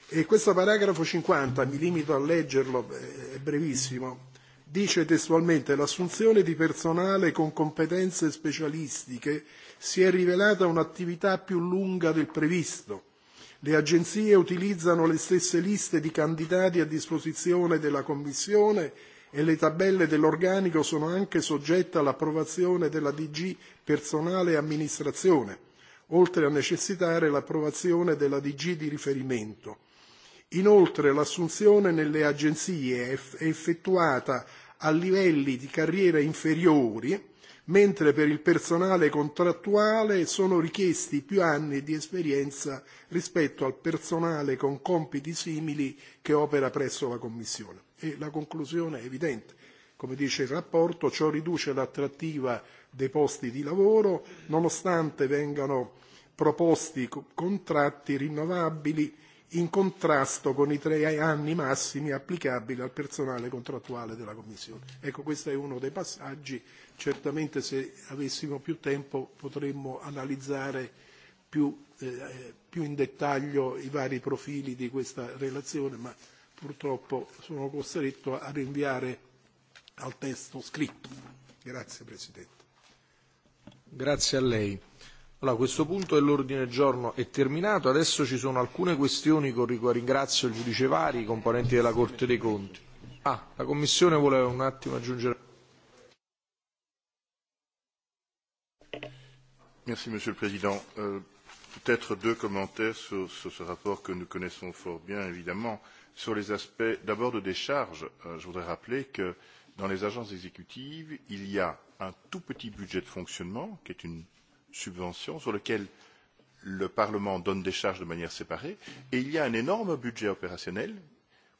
E questo paragrafo 50, mi limito a leggerlo, è brevissimo, dice testualmente l'assunzione di personale con competenze specialistiche si è rivelata un'attività più lunga del previsto. Le agenzie utilizzano le stesse liste di candidati a disposizione della Commissione e le tabelle dell'organico sono anche soggette all'approvazione della DG personale e amministrazione, oltre a necessitare l'approvazione della DG di riferimento. Inoltre l'assunzione nelle agenzie è effettuata a livelli di carriera inferiori mentre per il personale contrattuale sono richiesti più anni di esperienza rispetto al personale con compiti simili che opera presso la Commissione. E la conclusione è evidente. Come dice il rapporto, ciò riduce l'attrattiva dei posti di lavoro, nonostante vengano proposti contratti rinnovabili in contrasto con i tre anni massimi applicabili al personale contrattuale della Commissione. Ecco, questo è uno dei passaggi certamente se avessimo più tempo potremmo analizzare più, eh, più in dettaglio i vari profili di questa relazione, ma purtroppo sono costretto a rinviare al testo scritto. Grazie Presidente. Grazie a lei. Allora, questo punto dell'ordine del giorno è terminato, adesso ci sono alcune questioni con cui ringrazio il giudice Vari, i componenti della Corte dei Conti. Ah, la Commissione voleva un attimo aggiungere. Merci, Monsieur le Président. Euh, Peut-être deux commentaires sur, sur ce rapport que nous connaissons fort bien, évidemment. Sur les aspects d'abord de décharge, euh, je voudrais rappeler que dans les agences exécutives, il y a un tout petit budget de fonctionnement, qui est une subvention, sur lequel le Parlement donne des charges de manière séparée, et il y a un énorme budget opérationnel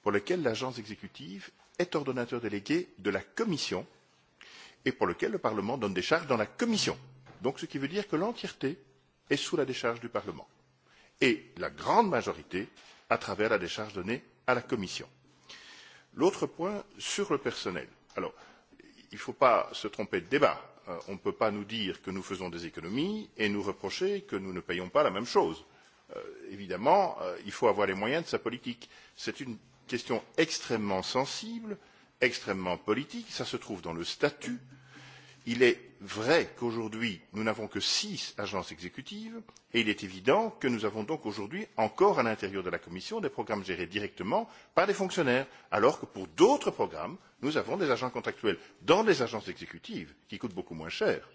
pour lequel l'agence exécutive est ordonnateur délégué de la Commission et pour lequel le Parlement donne des charges dans la Commission. Donc, ce qui veut dire que l'entièreté est sous la décharge du Parlement et la grande majorité à travers la décharge donnée à la Commission. L'autre point sur le personnel. Alors, il ne faut pas se tromper de débat. Euh, on ne peut pas nous dire que nous faisons des économies et nous reprocher que nous ne payons pas la même chose. Euh, évidemment, euh, il faut avoir les moyens de sa politique. C'est une question extrêmement sensible, extrêmement politique. Ça se trouve dans le statut euh, il est vrai qu'aujourd'hui nous n'avons que six agences exécutives et il est évident que nous avons donc aujourd'hui encore à l'intérieur de la commission des programmes gérés directement par des fonctionnaires alors que pour d'autres programmes nous avons des agents contractuels dans des agences exécutives qui coûtent beaucoup moins cher.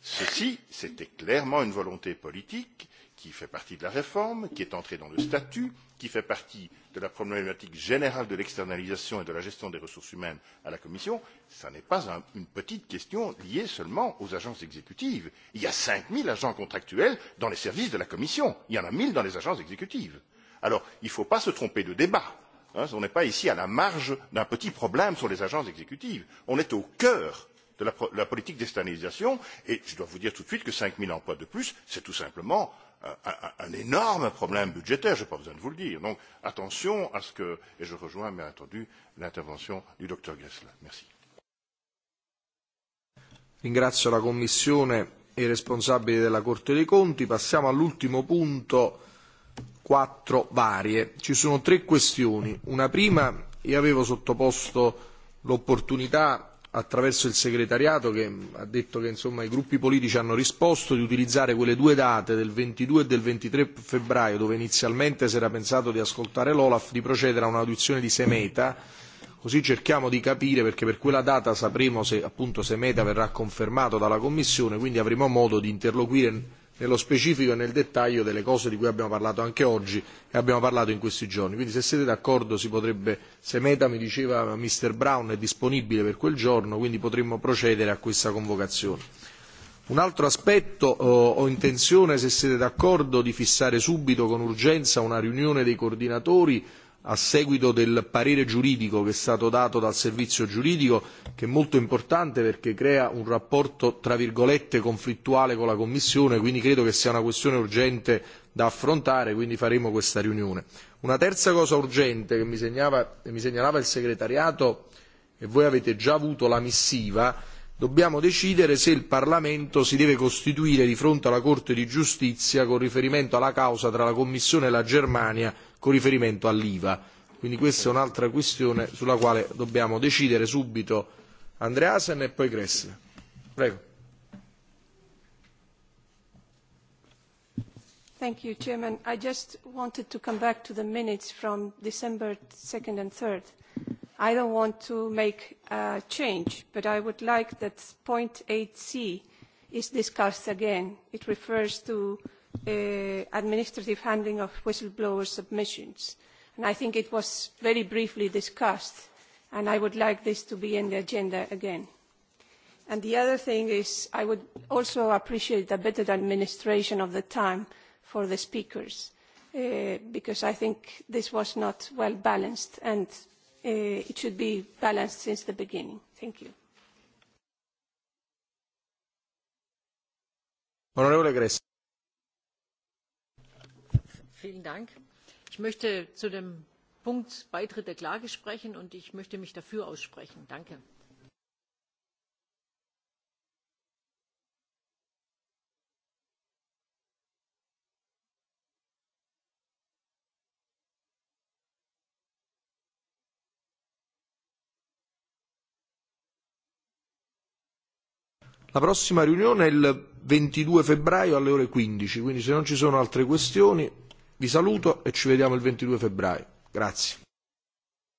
ceci c'était clairement une volonté politique qui fait partie de la réforme, qui est entrée dans le statut, qui fait partie de la problématique générale de l'externalisation et de la gestion des ressources humaines à la Commission, ce n'est pas un, une petite question liée seulement aux agences exécutives. Il y a 5000 agents contractuels dans les services de la Commission. Il y en a mille dans les agences exécutives. Alors, il ne faut pas se tromper de débat. Hein, on n'est pas ici à la marge d'un petit problème sur les agences exécutives. On est au cœur de la, la politique d'externalisation et je dois vous dire tout de suite que 5000 emplois de plus, c'est tout simplement un, un énorme problème budgétaire, je n'ai pas besoin de vous le dire. Donc attention à ce que, et je rejoins bien entendu l'intervention du docteur Gressler. Merci. Ringrazio la Commissione e i responsabili della Corte dei Conti. Passiamo all'ultimo punto, quattro varie. Ci sono tre questioni. Una prima, io avevo sottoposto l'opportunità attraverso il segretariato che ha detto che insomma, i gruppi politici hanno risposto di utilizzare quelle due date del ventidue e del ventitré febbraio dove inizialmente si era pensato di ascoltare l'Olaf di procedere a un'audizione di Semeta così cerchiamo di capire perché per quella data sapremo se appunto Semeta verrà confermato dalla Commissione quindi avremo modo di interloquire nello specifico e nel dettaglio delle cose di cui abbiamo parlato anche oggi e abbiamo parlato in questi giorni. Quindi se siete d'accordo si potrebbe, se Meta mi diceva Mr. Brown è disponibile per quel giorno, quindi potremmo procedere a questa convocazione. Un altro aspetto, eh, ho intenzione, se siete d'accordo, di fissare subito con urgenza una riunione dei coordinatori a seguito del parere giuridico che è stato dato dal servizio giuridico, che è molto importante perché crea un rapporto, tra virgolette, conflittuale con la Commissione, quindi credo che sia una questione urgente da affrontare, quindi faremo questa riunione. Una terza cosa urgente che mi, segnava, mi segnalava il segretariato, e voi avete già avuto la missiva, dobbiamo decidere se il Parlamento si deve costituire di fronte alla Corte di giustizia con riferimento alla causa tra la Commissione e la Germania con riferimento all'IVA. Quindi questa è un'altra questione sulla quale dobbiamo decidere subito Andreasen e poi Gressler. Prego. Thank you, Chairman. I just wanted to come back to the minutes from December 2nd and 3rd. I don't want to make a change, but I would like that point 8C is discussed again. It refers to uh, administrative handling of whistleblower submissions. And I think it was very briefly discussed, and I would like this to be on the agenda again. And the other thing is I would also appreciate a better administration of the time for the speakers, uh, because I think this was not well balanced, and uh, it should be balanced since the beginning. Thank you. Honorable Grace. Ich möchte zu dem Punkt Beitritt der Klage sprechen und ich möchte mich dafür aussprechen. Danke. La prossima riunione è il ventidue febbraio alle ore quindici, quindi se non ci sono altre questioni Vi saluto e ci vediamo il ventidue febbraio. Grazie.